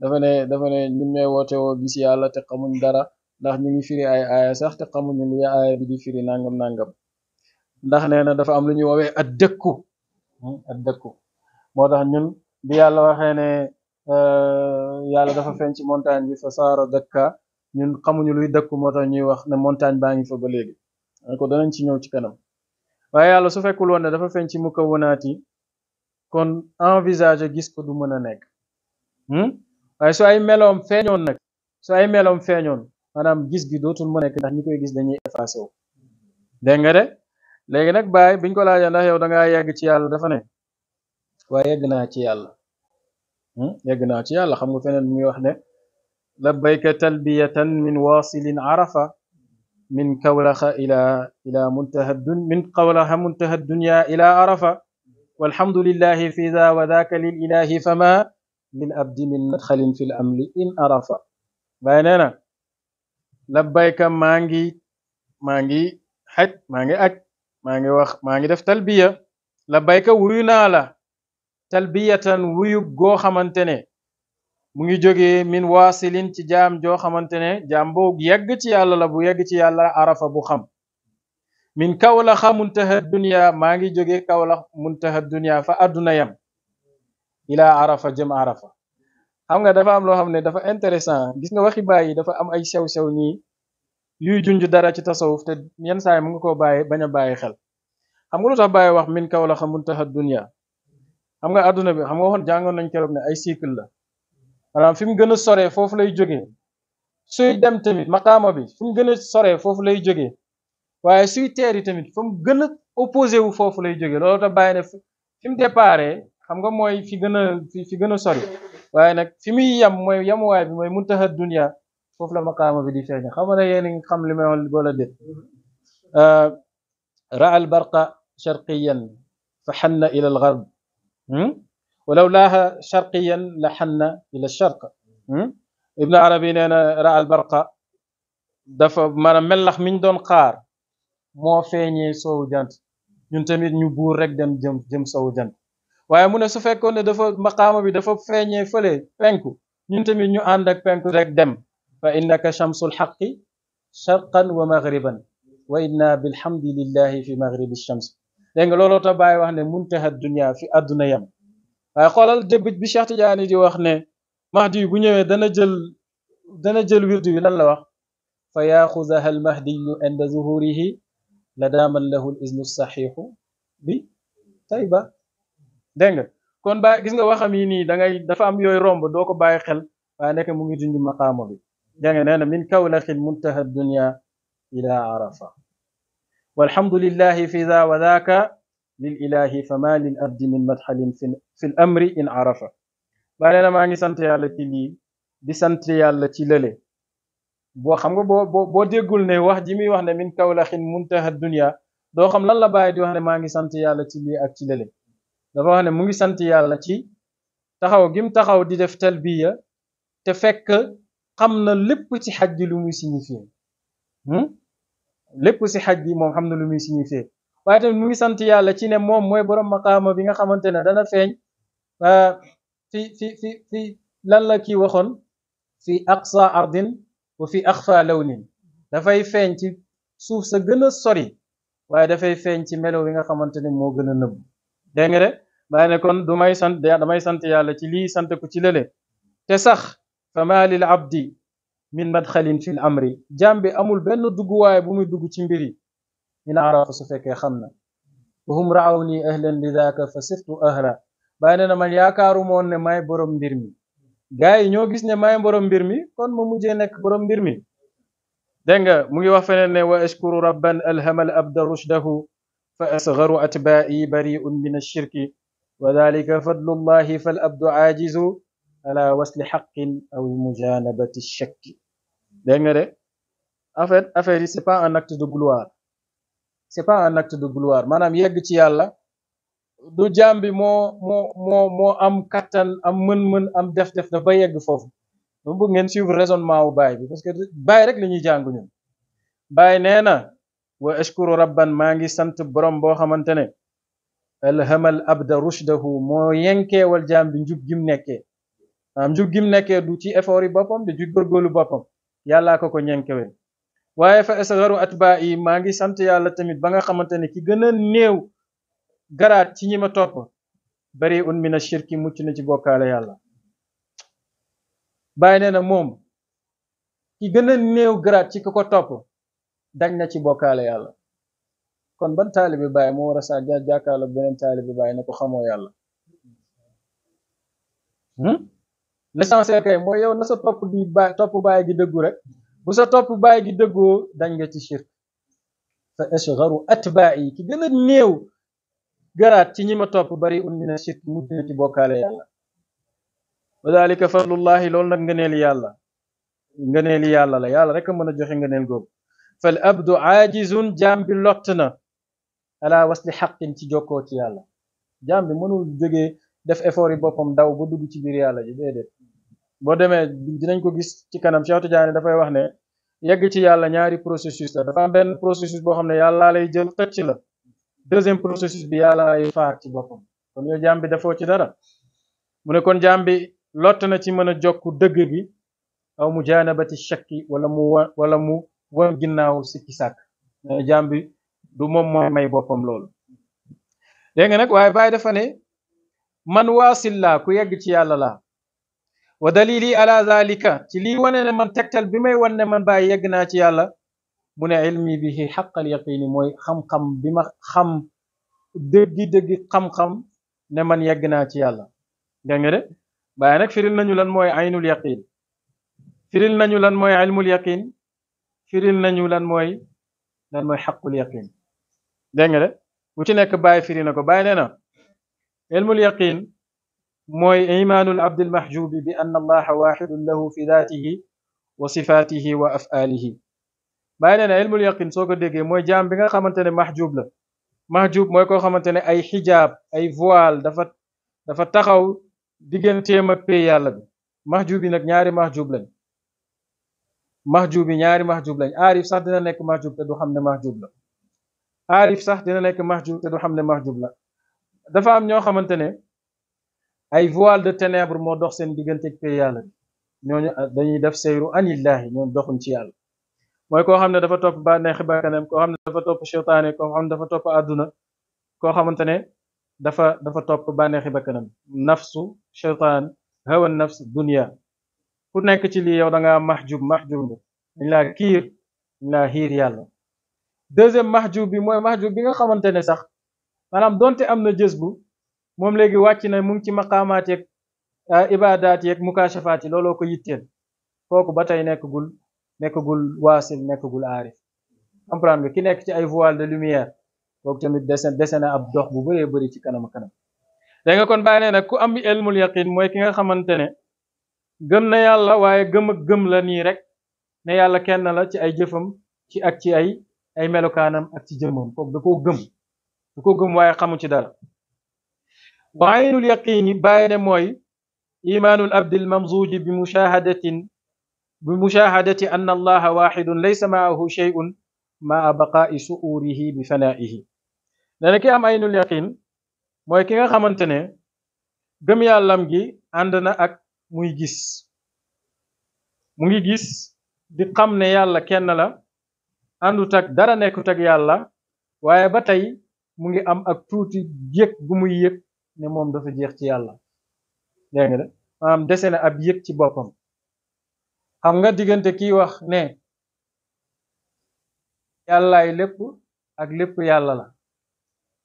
dafa ne dafa ne ñun ñooy woote woo gis yàlla te xamuñ dara ndax ñu ngi firi ay sax te xamuñu lu aaya bi di firi nangam nangam ndax nee na dafa am lu ñuy woowee a dëkku hmm, ad dëkku moo tax ñun bi yàlla waxee ne euh, yàlla dafa feeñ ci montagne bi fa saara dëkka ñun xamuñu luy dëkku moo tax ñuy wax ne montagne baa ngi fa ba léegi ko danañ ci ñëw ci kanam waaye yàlla su fekkul woon ne dafa feeñ ci mukawwanaat yi kon envisager gis ko du mën a nekk hmm? waaye su ay meloom feeñoon nag su ay feeñoon maanaam gis gi dootul mu nekk ni koy gis dañuy effacé wu dégg nga de léegi nag baay biñ ko laajee ndax yow da ngaa yegg ci yàlla dafa ne waaye yegg naa ci yàlla hmm? yegg naa ci yàlla xam nga feneen muy wax ne labbayka talbiyatan min wasilin arafa min kawlaxa ila ila muntaha dun min kawlaxa muntaha dunya ila arafa walhamdulillahi fi da wa daka lil ilahi fama للأبد من مدخل في الأمل إن عرف بيننا لبيك مانجي مانجي حج مانجي أج مانجي وخ مانجي دف تلبية لبيك وينا لا تلبية ويب جو خمانتني mu ngi jógee min waasilin ci jaam joo xamante ne jaam boobu yegg ci yàlla la bu yegg ci yàlla arafa bu xam min kawlaxa muntaha dunya maa ngi jógee kawlax muntaha dunya fa àdduna yam ila arafa jëm arafa xam nga dafa am lo xamne dafa intéressant gis nga waxi bàyyi dafa am ay sew-sew ni yuy junj dara ci tasawuf te yeen say mu nga koo bàyyi baña a bàyyi xel xam nga lu tax bàyyi wax min kawla la xam xam nga aduna bi xam nga waxon jangon nañ keroog ne ay cycle la maanaam fim gëna soré fofu lay joggé suy dem tamit maqama bi fi gëna soré fofu lay joggé waye suy téri tamit fa gëna opposé wu fofu lay joggé loolu tax bàyyi ne fim mu déparé xam nga moy fi gëna fi gëna sori waye nak fi muy moy yam way bi moy muntaha dunya fofu la maqama bi di feñ xam na yéen a ngi xam bo la wala ra al barqa sharqiyan fa hanna ila algarb walaw laaha sharqiyan la xanna ila alsharq ibnu arabi nee na raa albarqa dafa maanaam melax miñ doon xaar moo feeñee soowu jant ñun tamit ñu buur rek dem jëm jëm soowu waye mu ne su fekkone dafa maqama bi dafa feeñee fële penku ñun tamit ñu ànd ak penku rek dem fa innaka shamsul haqqi sharqan wa maghriban wa inna bilhamdi lillahi fi maghribi shams deng lolo ta tax wax ne muntaha ad-dunya fi aduna yam waye xolal début bi Cheikh Tidiane di wax ne mahdi bu ñewé dana jël dana jël wirdu bi lan la wax fa al-mahdi inda zuhurihi la daaman lahu al iznu saxiixu bi tayba dégg nga kon ba gis nga waxam yi nii da ngay dafa am yooyu romb doo ko bàyyi xel waaye nekk mu ngi junj maqaama bi dégg nga nee na min kawlaxin muntaha dunya ila arafa walhamdulillahi fi dha wa dhaka lil ilahi fama lil abdi min madxalin fi l amri in arafa baa nee na maa ngi sant yàlla ci lii di sant yàlla ci lële boo xam nga boo boo déggul ne wax ji muy wax ne min kawlaxin muntaha dunya doo xam lan la bàyyi di wax ne maa ngi sant yàlla ci lii ak ci lële dafa wax ne mu ngi sant yàlla ci taxaw gim taxaw di def talbiya te fekk xam na lépp ci xaj ji lu muy signifié lépp ci xaj ji moom xam na lu muy signifié waaye tamit mu ngi sant yàlla ci ne moom mooy borom maqaama bi nga xamante ne dana feeñ fi fi fi fi lan la kii waxoon fi aqsa ardin wa fi axfa lawnin dafay feeñ ci suuf sa gën a sori waaye dafay feeñ ci melo wi nga xamante ne moo gën a nëbb dégg nga maa kon du may sant damay sant yàlla ci li sant ko ci lële te sax fa maa abdi min madkhalin fil amri jambi amul ben duggu way bu muy duggu ci mbiri in arafa su fekke xamna na wa hum raaw ahlan lidhaka daaka fa sirtu ahla bàyyi na man yakaru mon ne may borom mbir mi gars yi ñoo gis ne may borom mbir mi kon mo mujjé nek borom mbir mi dégg mu ngi wax fenen ne wa ashkuru rabban alhamal abda rushdahu fa asgaru atbaa'i bari'un min ashirki وذلك فضل الله فالأبد عاجز على wasli xaqin aw mujanabati shakki dégg nga de en fait affaire yi c'est pas un acte de gloire c'est pas un acte de gloire maanaam yegg ci yàlla du jaam bi moo moo moo moo am kattan am mën-mën am def-def dafa yegg foofu dama bëgg ngeen suivre raisonnement wu baay bi parce que baay rek la ñuy jàng ñun baay nee na wa ashkuru rabban maa ngi sant borom boo xamante ne alhamal abda rushdahu moo yenkeewal jaam bi njub gim nekkee maanaam njub gim nekkee du ci effort yi boppam du ci góorgóorlu boppam yàllaa ko ko ñenkewel waaye fa asgaru atbaa yi maa ngi sant yàlla tamit ba nga xamante ne ki gën a néew garaat ci ñi ma topp bari un mina shirki mucc na ci bokkaale yàlla bàyyi nee na moom ki gën a néew garaat ci ku ko topp dañ na ci bokkaale yàlla kon ban taalibi baay moo war a saa ja jàkkaarloo beneen taalibi baay na ko xamoo yàlla hmm? l'essentiel kay mooy yow na sa topp di baay topp baay gi dëggu rek bu sa topp baay gi dëggoo dañ nga ci shirk fa asgharu atbaa'i ki gën néew garaat ci ñi ma topp bari un mina shirk mujj na ci bokkaale yàlla wa dalika fadlullahi loolu nag ngëneeli yàlla ngëneeli yàlla la yàlla rek a mën a joxe ngëneel googu fal abdu aajizun jaam bi lott na ala wasli xaqin ci jokkoo ci yàlla jaam bi mënul jógee def effort yi boppam daw ba dugg ci biir yàlla ji déedéet boo demee dinañ ko gis ci kanam Cheikh Tidiane dafay wax ne yegg ci yàlla ñaari processus dafa am benn processus boo xam ne yàllaa lay jël xëcc la deuxième processus bi yàlla lay faar ci boppam kon yow jaam bi dafoo ci dara mu ne kon lott na ci mën a jokk dëgg gi aw mu ba jaanabati shakki wala mu wala mu wan ginnaaw sikki sàkk jaam du mom mooy may bopam loolu dégg nga nag waaye bàyyi dafa ne man wasilla ku yegg ci yàlla la wa dalili ala zalika ci li wonene man tektal bi may wan man bàyyi yegg na ci yàlla mu ne ilmi bihi haqq al yaqin moy xam-xam bima xam dëggi-dëggi xam-xam ne man yegg na ci yàlla dégg nga de bàyyi nag firil nañu lan moy aynul yaqin firil nañu lan moy ilmul yaqin firil nañu lan moy lan mooy xaqul yaqin dégg nga de bu ci nekk bàyyi firi na ko bàyyi nee na ilmul mooy imaanul abdil mahjubi bi anna allaha waxidun lahu fi daatihi wa sifaatihi wa afaalihi bàyyi nee na ilmul soo ko déggee mooy jaam bi nga xamante ne mahjub la mahjub mooy koo xamante ne ay xijaab ay voile dafa dafa taxaw digganteem ak pay yàlla bi mahjub nag ñaari mahjub lañ mahjub yi ñaari mahjub lañ aarif sax dina nekk mahjub te du xam ne mahjub la aarif sax dina nekk mahjub te du xam ne mahjub la dafa am ñoo xamante ne ay voile de ténèbre moo dox seen diggante ak yàlla bi ñooñu dañuy def sayru anillaahi ñoom doxuñ ci yàlla mooy koo xam ne dafa topp bànneexi bakkanam koo xam ne dafa topp seytaane koo xam ne dafa topp àdduna koo xamante ne dafa dafa topp bànneexi kanam nafsu seytaan hawa nafs dunya ku nekk ci lii yow da nga mahjub mahjub nga dañ laa kiir dañ laa xiir yàlla deuxième mahjoub bi moy mahjoub bi nga xamantene sax manam donte amna na jës bu moom léegi wàcc na mu ngi ci maqamat yeeg ibadat yeeg mukashafat lolo ko yittel kooku batay nekgul nekgul wasil nekgul nekkagul comprendre nga ki nek ci ay voile de lumière kooku tamit dese dese ab dox bu beure beuri ci kanam kanam da nga kon bàyyi nak ku am ilmul yaqin moy ki nga xamantene gëm na yàlla waye gëm ak gëm la ni rek ne yàlla kenn la ci ay jëfam ci ak ci ay ay melokaanam ak ci jëmum ko dako gëm dako gëm waye xamu ci dara bayinul yaqini bayina moy imanul abdil mamzuj bi mushahadatin bi mushahadati anna allah waxidun laysa maahu shay'un ma baqaa'i su'urihi bi fana'ihi dana ki am aynul yaqin moy ki nga xamantene gëm yàllam gi andana ak muy gis mu ngi gis di xam ne yàlla kenn la àndut ak dara nekkut ak yàlla waye batay mu ngi am ak touti yëg gu muy yek ne mom dafa jeex ci yàlla dégg nga de maanaam ab yek ci bopam xam nga digeunte ki wax ne yalla ay lépp ak lépp yàlla la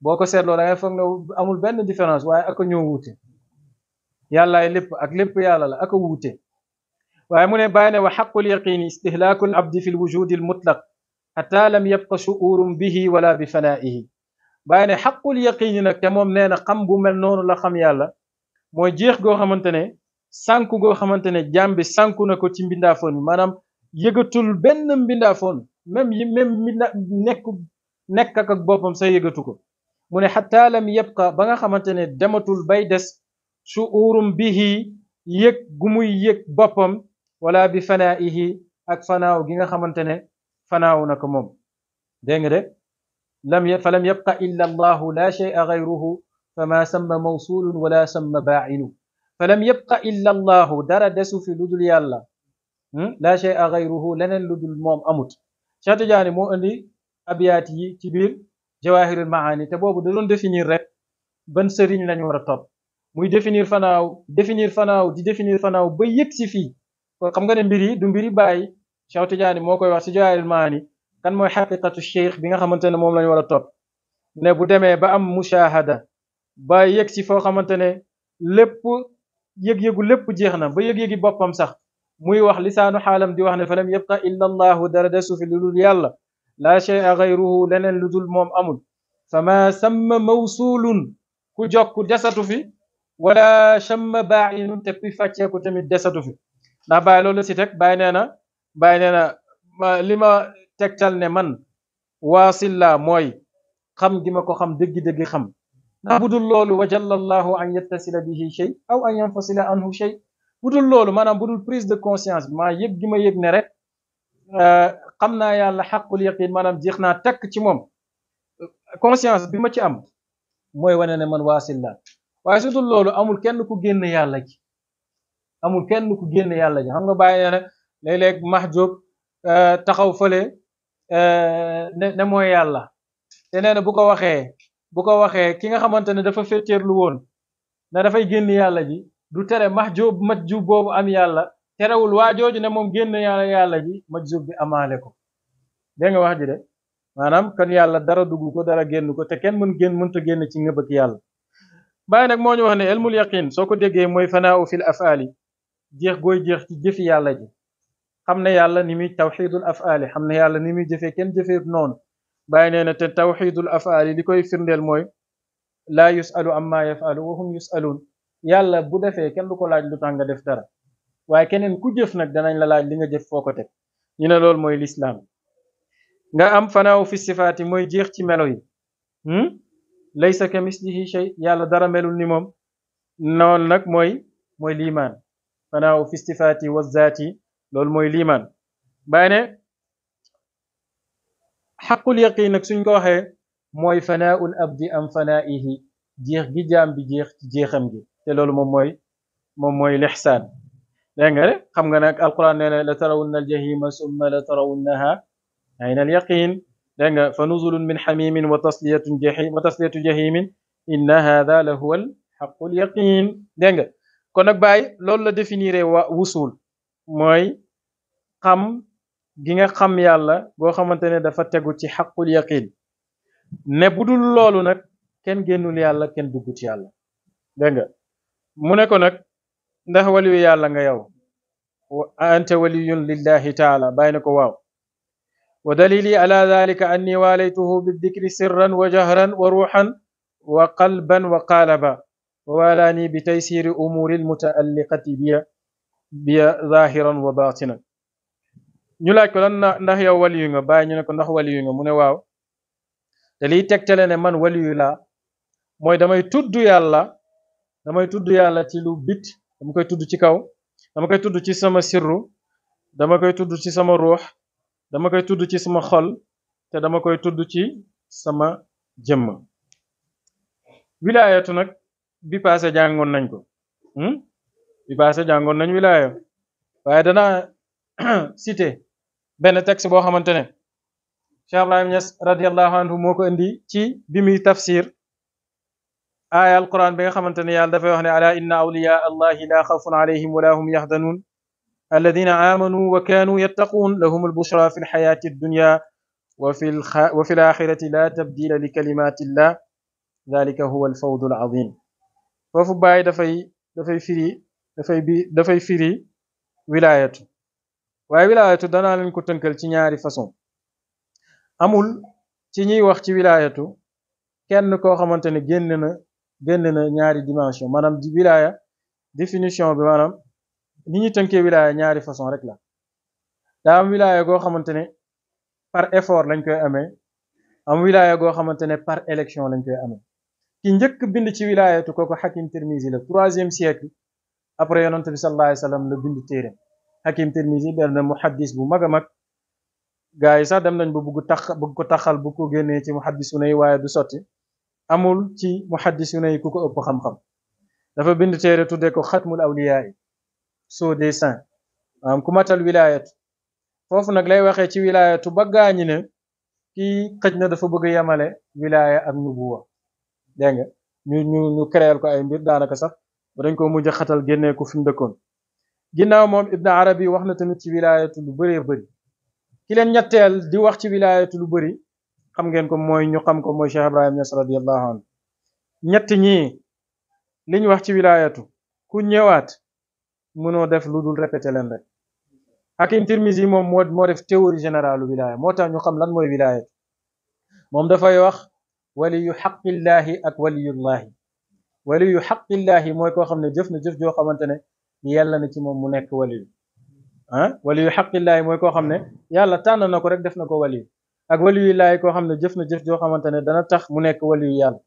boko setlo da ngay foog ne amul benn différence waye ak ñoo wuté yalla ay lépp ak lépp yàlla la ak wuté waye mu ne bayne wa haqqul yaqini istihlakul abdi fi lwujudi mutlaq xataa lam yabqa shuurum bihi wala bi fanaa'ihi bàyyi ne xaqul yaqiini nag te moom nee na xam bu mel noonu la xam yàlla mooy jeex goo xamante ne sànku goo xamante ne jaam bi sànku na ko ci mbindaafoon bi maanaam yëgatul benn mbindaafoon même yi même mi nekk nekk ak ak boppam sa yëgatu ko mu ne xataa lam yabqa ba nga xamante ne dematul bay des shuurum bihi yëg gu muy yëg boppam wala bi fanaa'ihi ak fanaaw gi nga xamante ne فناونكمم دينغري لم ي... فلم يبقى الا الله لا شيء غيره فما سمى موصول ولا سمى باعل فلم يبقى الا الله دار دسو في لدول يالا لا شيء غيره لنا لدول موم اموت شاتو جاني مو اندي ابياتي كبير جواهر المعاني تبوب دون ديفينير ريك بن سيرين لا نيو را توب موي ديفينير فناو ديفينير فناو دي فناو با يكسي في خمغا ني مبيري باي Cheikh Tidiane moo koy wax si Jawaahirul Maani kan mooy xaqiqatu cheikh bi nga xamante ne ne bu demee ba am mushahada ba yëg ci foo xamante ne lépp yëg-yëgu lépp jeex na ba yëg-yëgi boppam sax muy wax lisaanu xaalam di wax ne fa lam yabqa illa allahu dara desu fi lulul yàlla laa shay'a gayruhu leneen lu dul moom amul fama samma mawsulun ku jokku desatu fi wala shamma baainun te kuy fàcceeku tamit desatu fi ndax bàyyi loolu si teg bàyyi nee na باينانا لما تكتل نمان واصل لا موي خم دي مكو خم دي دي خم نابد اللول وجل الله أن يتصل به شيء أو أن ينفصل عنه شيء بود اللول مانا بود البريز دي كونسيانس ما يب جيما يب نرد آه، قمنا يا الحق اليقين مانا نعم جيخنا تك تموم كونسيانس بما تي أم موي وانا نمان واصل لا واسود اللول أمول كن نكو جين يالك أمول كن نكو جين يالك هنغو باينانا léeg-léeg Mahjoub euh, taxaw fële euh, ne ne mooy yàlla te nee bu ko waxee bu ko waxee ki nga xamante ne dafa féeteerlu woon na dafay génn yàlla ji du tere Mahjoub Mahjoub boobu am yàlla terewul waa jooju ne moom génn yàlla yàlla ji Mahjoub bi amaale ko dégg nga wax ji de maanaam kon yàlla dara dugg ko dara génn ko te kenn mën génn mënta génn ci nga ngëbëk yàlla bàyyi nag moo ñu wax ne elmul yaqin soo ko déggee mooy fanaaw fil afaali jeex gooy jeex ci jëfi yàlla ji xam yàlla nimi tawhidul af'ali afaali yàlla nimi jefe ken jefe non noonu bàyyi na te tawhidul af'ali likoy firndel moy la yusalu amma yafalu wa hum yusalun yàlla bu defé ken duko laaj lu tax nga def dara waye kenen ku jëf nak danañ la laaj li nga jëf foko tek teg ñu ne loolu mooy lislaam nga am fanaw fi sifaat moy jeex ci melo yi hmm laysa ka mislihi shay yàlla dara melul ni mom non nak moy moy l'iman fanaw fi sifaat wa zati loolu mooy liimaan bàyyi ne xaqul yaqiin nag suñ ko waxee mooy fanaaul abdi am fanaa'ihi jeex gi jaam bi jeex ci jeexam gi te loolu moom mooy moom mooy lixsaan dégg nga xam nga nag alquran nee na la tarawunna aljahima summa la tarawunnaha ayna alyaqin dégg nga fa nuzulun min xamimin wa tasliyatun jahim wa tasliyatu jahimin inna hada la huwa alxaqu alyaqin dégg nga kon nag bàyyi loolu la définir wa wusul mooy xam gi nga xam yàlla goo xamante ne dafa tegu ci xaqul yaqin ne bu dul loolu nag kenn génnul yàlla kenn duggut yàlla dégg nga mu ne ko nag ndax waliyu yàlla nga yow anta waliyun lillahi taala bàyyi na ko waaw wa dalili ala dalika anni waalaytuhu bidikri sirran wa jahran wa ruuxan wa qalban wa qaalaba wa waalaani bi taysiri umuuri almutaalliqati biya biya zahiran wa nag ñu laaj ko lan na ndax yow waliyu nga bàyyi ñu ne ko ndax waliyu nga mu ne waaw te liy tegtale ne man waliyu laa mooy damay tudd yàlla damay tudd yàlla ci lu bit dama koy tudd ci kaw dama koy tudd ci sama sirru dama koy tudd ci sama ruux dama koy tudd ci sama xol te dama koy tudd ci sama jëmm wilaayatu nag bi passé jàngoon nañ ko hmm? bi passé jàngoon nañ wilaya waye dana cité ben texte bo xamantene Cheikh Ibrahim Niass radiallahu anhu moko indi ci bi muy tafsir aya alquran bi nga xamantene ne yàlla dafay wax ni ala inna awliya allah la khawfun alayhim wala hum yaxdanun alladina amanu wa kanu yattaquun lahum albushra fi lxayaati dunya wa fi laxirati la tabdila li kalimatillah dalika huwa alfawdu alazim foofu bàyyi dafay dafay firi dafay bi dafay firi wilaayatu waaye wilaayatu danaa lañ ko tënkal ci ñaari façon amul ci ñuy wax ci wilaayatu kenn koo xamante ne génn na génn na ñaari dimension maanaam di wilaaya définition bi maanaam ni ñuy tënkee wilaaya ñaari façon rek la daa am wilaaya goo xamante ne par effort lañ koy amee am wilaaya goo xamante ne par élection lañ koy amee ki njëkk bind ci wilaayatu kooku Hakim Tirmizi la troisième siècle après yonent bi sallallahu alayhi wa sallam la bind téereem Hakim Tirmizi benn muhaddis bu mag a mag gaa yi sax dem nañ ba bugg tax bugg ko taxal bu ko génnee ci muhaddisuna yi waaye du sotti amul ci muhaddisuna yi ku ko ëpp xam-xam dafa bind téere tuddee ko xatmul awliyaa yi soo des saints maanaam ku matal wilaayatu foofu nag lay waxee ci wilaayatu ba gaañi ne kii xëj na dafa bëgg yemale wilaaya ak nubuwa dégg nga ñu ñu ñu créer ko ay mbir daanaka sax dañ ko mujj xatal genné ko fim mu dëkkoon mom Ibn Arabi waxna tamit ci wilaayatu lu bëree bëri ki len ñetteel di wax ci wilaayatu lu bëri xam ngeen ko moy ñu xam ko moy Cheikh Ibrahim Niass radiyallahu anhu ñett ñi liñ wax ci wilayatu ku ñewat mëno def lu dul répété rek Hakim Tirmizi mom mod moo def théorie générale wilaya mo tax ñu xam lan mooy mom da fay wax waliyu xaqillahi ak llahi ولي حق الله موي كو خامني جيف نجيف جو خامتاني يالا نتي موم مو نيك ولي ها ولي حق الله موي كو خامني يالا تان نكو رك ديف نكو ولي اك ولي الله كو خامني جيف نجيف جو خامتاني دا تاخ مو نيك ولي يالا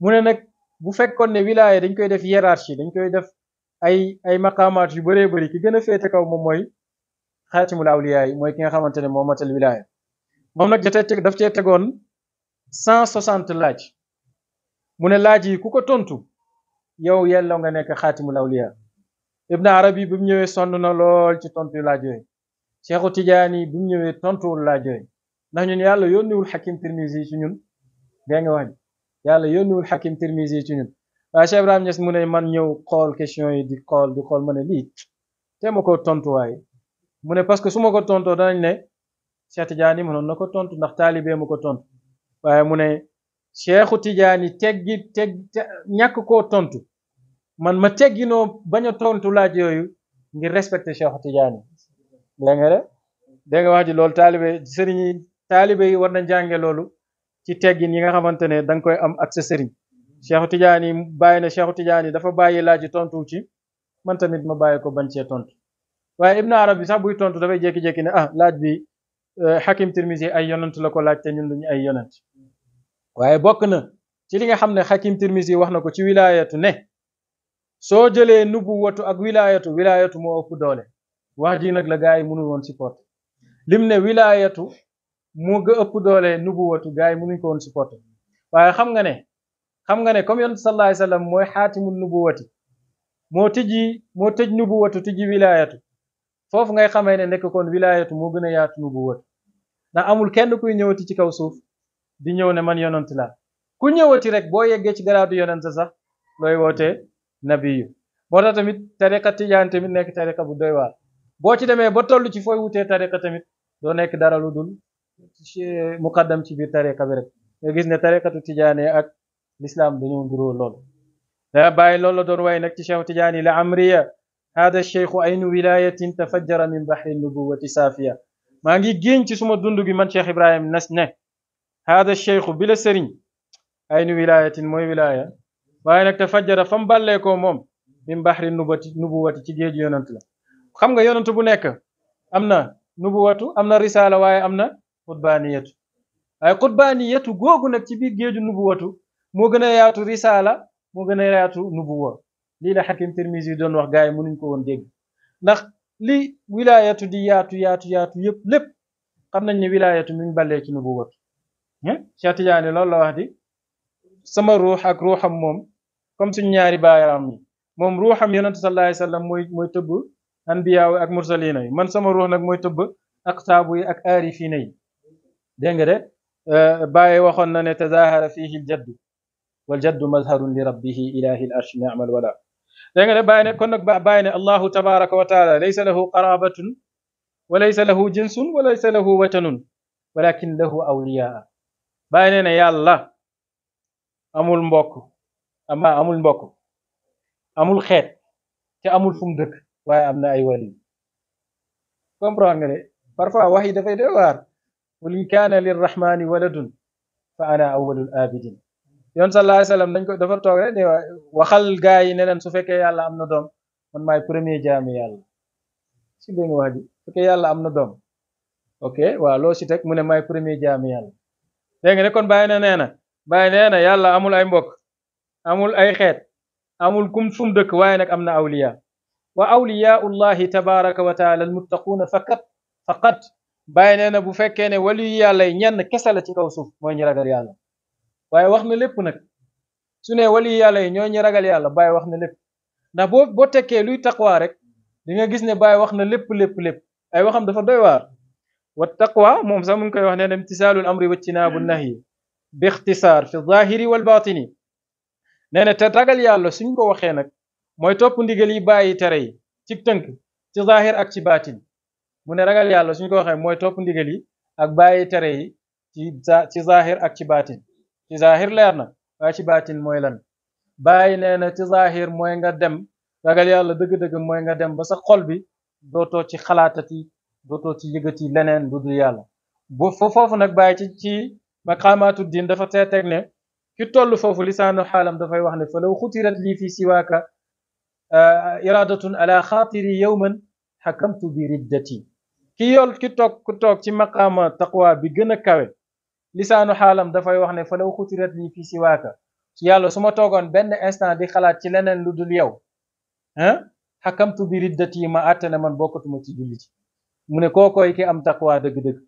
مو ني نك بو فيكون ني ولايه دنج كوي ديف هيرارشي دنج كوي ديف اي اي مقامات يو بري بري كي غنا فيتا كو موم موي خاتم الاولياء موي كيغا خامتاني مو مات الولايه موم نك جاتي تك داف تي تيغون 160 لاج mu ne laaj yi ku ko tontu yow yelloo nga nekk xaatimul awliya ibn arabi bi mu ñëwee sonn na lool ci tontu laaj yooyu cheikhu tijaani bi mu ñëwee tontuwul laaj yooyu ndax ñun yàlla yónniwul xakim tirmisi ci ñun dégg nga wax ji yàlla yónniwul xakim tirmisi ci ñun waaye cheikh ibrahim ñes mu ne man ñëw xool question yi di xool di xool ma ne lii te ma ko tontuwaay mu ne parce que su ma ko tontoo danañ ne cheikh tijaani mënoon na ko tontu ndax taalibee ma ko tontu waaye mu ne cheikhu tijaani teggi teg ñàkk ko tontu man ma tegginoo bañ a tontu laaj yooyu ngir respecté cheikhu tijaani dégg nga de dégg nga ji loolu taalibe sëriñ yi taalibe yi war na jànge loolu ci teggin yi nga xamante ne da nga koy am ak sa sëriñ cheikhu tijaani bàyyi na cheikhu tijaani dafa bàyyi laaj tontu ci man tamit ma bàyyi ko bañ cee tontu waaye ibnu bi sax buy tontu dafay jékki-jékki ne ah laaj bi xakim eh, tirmisi ay yonent la ko laaj te ñun duñu ay yonent waaye bokk na ci li nga xam ne xakim tirmisi wax na ko ci wilaayatu ne soo jëlee nubuwatu ak wilaayatu wilaayatu moo ëpp doole wax ji nag la gaa yi mënul woon supporter lim ne wilaayatu moo ga ëpp doole nubuwatu gaa yi mënuñ ko woon supporter waaye xam nga ne xam nga ne comme yonent sallallahu alayhi wasallam mooy xaatimul nubuwati moo tijji moo tëj nubuwatu tijji wilaayatu foofu ngay xamee ne nekk kon wilaayatu moo gën a yaatu nubuwatu ndax amul kenn kuy ñëwati ci kaw suuf di ñëw ne man yonent laa ku ñëwati rek boo yeggee ci garaadu yonent sax looy wootee nabiyu moo tax tamit tariqa tijaan tamit nekk tariqa bu doy waar boo ci demee ba toll ci fooy wutee tariqa tamit doo nekk dara lu dul muqaddam ci biir tariqa bi rek nga gis ne tariqatu tijaane ak lislaam dañoo nduróo lool daa bàyyi loolu la doon waaye nag ci cheikh tijaani la amriya hada cheikhu aynu wilayatin tafajjara min bahri nubuwati saafiya maa ngi génn ci dund gi man cheikh ibrahim nas ne haada cheikhu bi la sëriñ ay nu wilaayatin mooy wilaaya waaye nag te fajjara fa mu bàllee moom min baxri nubati nubuwati ci géeju yonant la xam nga yonant bu nekk am na nubuwatu am na risaala waaye am na xutbaaniyatu waaye xutbaaniyatu googu nag ci biir géeju nubuwatu moo gën a yaatu risaala moo gën a yaatu nubuwa lii la xakim Tirmisi yi doon wax gars yi mënuñ ko woon dégg ndax li wilaayatu di yaatu yaatu yaatu yëpp lépp xam nañ ni wilaayatu mi ngi bàllee ci nubuwatu Cheikh Tidiane loolu la wax di sama ruux ak ruuxam moom comme suñ ñaari baayram yi moom ruuxam yonente sallallahu alayhi wasallam mooy mooy tëbb anbiyaaw ak mursaliina yi man sama ruux nag mooy tëbb ak saabu yi ak aarifiina yi dégg nga de Baye waxoon na ne tazahara fihi aljaddu waljaddu mazharun li rabbihi ilahi al arshi ni'mal wala dégg nga de Baye ne kon nag Baye ne allahu tabaraka wa taala laysa lahu qarabatun wa laysa lahu jinsun wa laysa lahu watanun walakin lahu awliyaa bàyyi nee na yàlla amul mbokk ama amul mbokk amul xeet te amul fu dëkk waaye am na ay wali comprendre nga de parfois wax yi dafay doy waar qul in kaana lirrahmani waladun fa ana awwalul abidin yoon sallallahu alayhi wasallam dañ ko dafa toog rek waxal gaa yi ne leen su fekkee yàlla am na doom man maay premier jaami yàlla si dégg nga fekkee yàlla am na doom ok waaw loo si tek mu ne maay premier jaami yàlla dengene kon bàyyi na nee na bàyyi yàlla amul ay mbok amul ay xet amul kum fu dëkk waye nak amna awliya wa awliya allah tabaarak wa taala almuttaquuna fakat faqat bàyyi nee na bu fekkee ne wali yàlla ñen kessala ci kaw suuf moy ñi ragal yàlla waye wax na lépp nak su ne wali yàlla yi ñoo ñi ragal yàlla bàyyi wax na lépp ndax bo bo tekke luy taqwa rek di nga gis ne bàyyi wax na lépp lépp lépp ay waxam dafa doy war wa taqwa moom sax mu ngi koy wax ne imtisaalul amri wa tinaabu hmm. nahyi bi ixtisaar fi zaahiri wal baatini nee na te ragal yàlla suñ ko waxee nag mooy topp ndigal yi bàyyi tere yi ci tënk ci zaahir ak ci baatin mu ne ragal yàlla suñ ko waxee mooy topp ndigal yi ak bàyyi tere yi ci ci zaahir ak ci baatin ci leer na waaye ci baatin mooy lan bàyyi nee na ci zaahir mooy nga dem ragal yàlla dëgg-dëgg mooy nga dem ba sax xol bi dootoo ci xalaatati doto ci yëgati leneen lu dul yàlla bu fofu nak bàyyi ci ci maqamatu din dafa tetek ne ki fofu lisanu halam da fay wax ne fa law xutirat lii fi siwaka iradatun ala khatiri yawman hakamtu bi riddati ki yol ki tok ku tok ci maqama taqwa bi gëna kawé lisanu halam da fay wax ne fa law xutirat lii fi ci yàlla suma togon ben instant di xalaat ci leneen lu dul yow hein hakamtu bi riddati ma atana ne man bokkatuma ci julli ci mu ne kookooy ki am taqwa dëgg-dëgg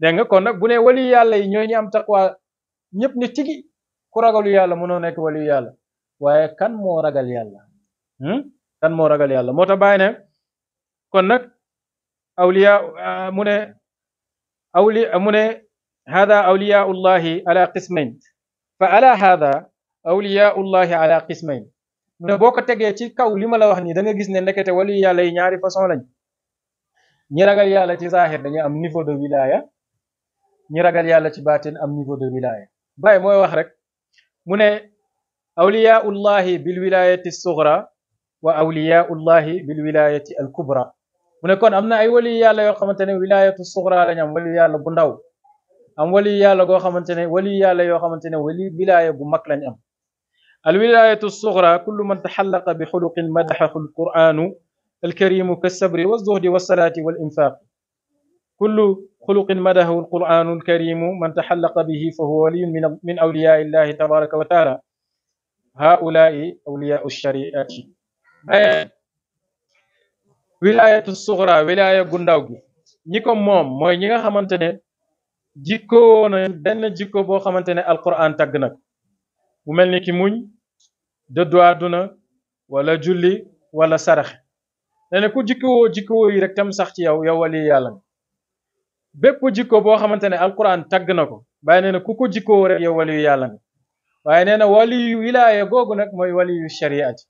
dégg nga kon nag bu ne wali yàlla yi ñooy ñi am taqwa ñëpp ni tigi ku ragalu yàlla mënoo nekk wali yàlla waaye kan moo ragal yàlla hmm? kan moo ragal yàlla moo ta bàyyi kon nag awliya ah, mu ne awli mu ne hada awliyau llahi ala qismayn fa ala hada awliyau llahi ala qismayn mu ne boo ko tegee ci kaw li ma la wax nii danga nga gis ne ndekete wali yàlla yi ñaari façon lañ ñi ragal yàlla ci zahir dañu am niveau de wilaya ñi ragal yàlla ci batin am niveau de wilaya bay moy wax rek mu ne allah bil wilayati sughra wa awliya allah bil wilayati al kubra mu ne kon amna ay wali yàlla yo xamantene wilayatu sughra lañ am wali yàlla bu ndaw am wali yàlla go xamantene wali yàlla yo xamantene wali wilaya bu mak lañ am الولاية الصغرى كل من تحلق بخلق bi القرآن الكريم كالسبر والزهد والصلاة والإنفاق كل خلق مده القرآن الكريم من تحلق به فهو ولي من, من أولياء الله تبارك وتعالى هؤلاء أولياء الشريعة أي ولاية الصغرى ولاية قنداوغي نيكم موم موي نيغا خمانتني جيكو بن جيكو بو خمانتني القرآن تقنك وملني كي موني دو دوار دونا ولا جولي ولا سرخ nee na ku jikkoo jikkoo yi rek tam sax ci yow yow wali yàlla nga bépp jikko boo xamante ne alquran tagg na ko waaye nee na ku ko rek yow waliyu yàlla nga waaye nee na waliyu wilaaya googu nag mooy waliyu shariati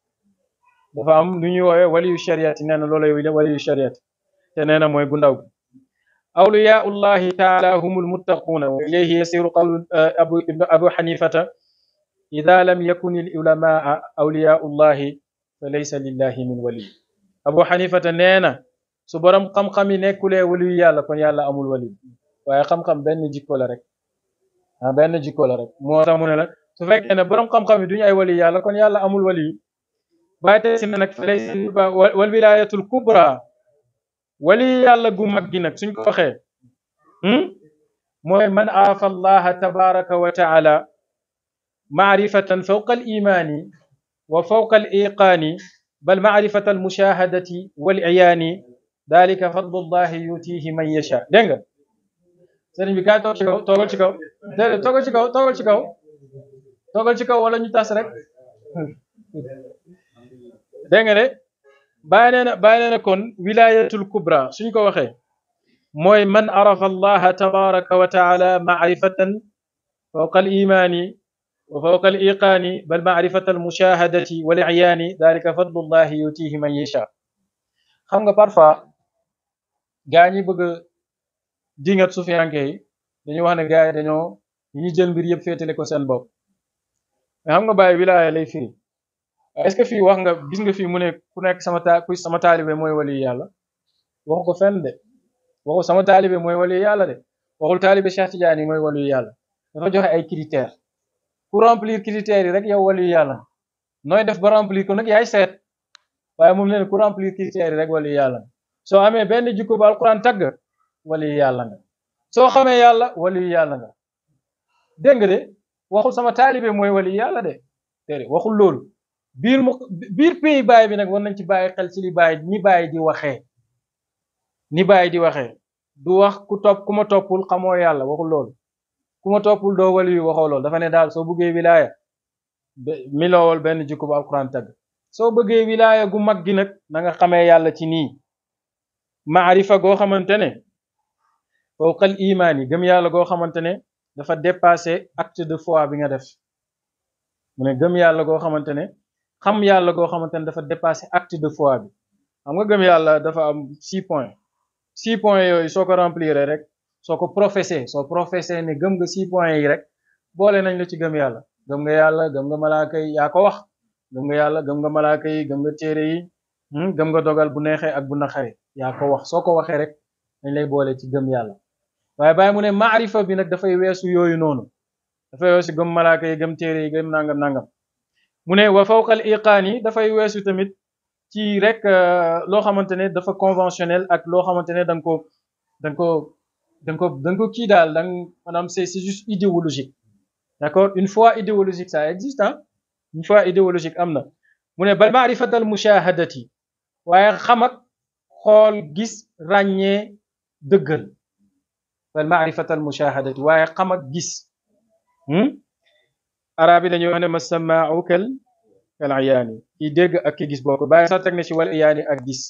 dafa am lu ñuy woowee waliyu shariati nee na loolay waliyu shariati te nee na mooy gu ndaw gi awliyaa ullahi taala humul muttaquuna wa ilayhi yasiru qawlu eh, abu ibnu abu xanifata ida lam yakun il ulamaa ullahi fa laysa lillahi min waliy Abu Xanifata nee na su borom xam-xam yi nekkulee waliyu yàlla kon yàlla amul wali waaye xam-xam benn jikko la rek ah benn jikko la rek moo tax mu ne la su fekkee ne borom xam-xam yi duñu ay wali yàlla kon yàlla amul wali bàyyi tey si ne nag falay wal wilaayatul kubra wali yàlla gu mag gi suñ ko waxee mooy man aafa allaha tabaraka wa taala ma'rifatan fawqa al imaani wa fawqa al iqaani بل معرفة المشاهدة والعيان ذلك فضل الله يؤتيه من يشاء دنجا سرين بكا توغل توغل شكاو توغل شكاو توغل شكاو توغل شكاو ولا ني تاس رك دنجا ري باي نانا كون ولاية الكبرى سوني كو واخه موي من عرف الله تبارك وتعالى معرفة فوق الإيمان وفوق الإيقان بل معرفة المشاهدة والعيان ذلك فضل الله يؤتيه من يشاء xam nga parfois gaa ñi bëgg a dingat sufiyanke yi dañuy wax ne gaa yi dañoo ñu jël mbir yëpp féetale ko seen bopp mais xam nga bàyyi wilaaya lay firi est-ce que fii wax nga gis nga fii mu ne ku nekk sama ta ku sama taalibe mooy wali yàlla waxu ko fenn de waxu sama taalibe mooy wali yàlla de waxul taalibe Cheikh Tidiane mooy wali yàlla dafa joxe ay critères ku remplir critères yi rek yow waliyu yàlla nooy def ba remplir ko nag yay seet waaye moom leen ku remplir critères yi rek waliyu yàlla soo amee benn jikko ba alquran tagg waliyu yàlla nga soo xamee yàlla waliyu yàlla nga dégg de waxul sama taalibe mooy waliyu yàlla de déedéet waxul loolu biir mu biir pays baay bi nag war nañ ci bàyyi xel ci li baay ni baay di waxee ni baay di waxee du wax ku topp ku ma toppul xamoo yàlla waxul loolu kuma topul toppul doo wali yu waxoo loolu dafa ne dal so soo wilaya mi lawol ben jikko bu alquran tag so bëggee wilaya gu maggi nak na nga xame yàlla ci ni maarifa go xamantene ne fawqal imaan yi gëm yàlla go xamantene dafa dépasser acte de foi bi nga def mune ne gëm yàlla go xamantene xam yàlla go xamantene dafa dépasser acte de foi bi xam nga gëm yàlla dafa am 6 points 6 points yoy soko remplir rek soo ko professé soo professé ne gëm nga six points yi rek boole nañ la ci gëm yàlla gëm nga yàlla gëm nga malaaka yi yaa ko wax gëm nga yàlla gëm nga malaaka yi gëm nga téere yi hmm, gëm nga dogal bu neexee ak bu naqare yaa ko wax soo ko waxee rek dañ lay boole ci gëm yàlla waaye bàyyi mu ne maarifa bi nag dafay weesu yooyu noonu dafay weesu gëm malaaka yi gëm téere yi gëm nangam nangam mu ne wa fawqal iqaan yi dafay weesu tamit ci rek euh, loo xamante ne dafa conventionnel ak loo xamante ne danga ko danga ko donc nga ko da nga c'est c'est juste idéologique d'accord une fois idéologique ça existe hein une fois idéologique amna na mu ne bal mushahadati waaye xam ak gis ragné dëggal bal maarifatal mushahadati waaye xam gis hmm arabi dañu wax ne ma kal kal ayaani ki ak ki gis bokk baye sa teg ci wal ayani ak gis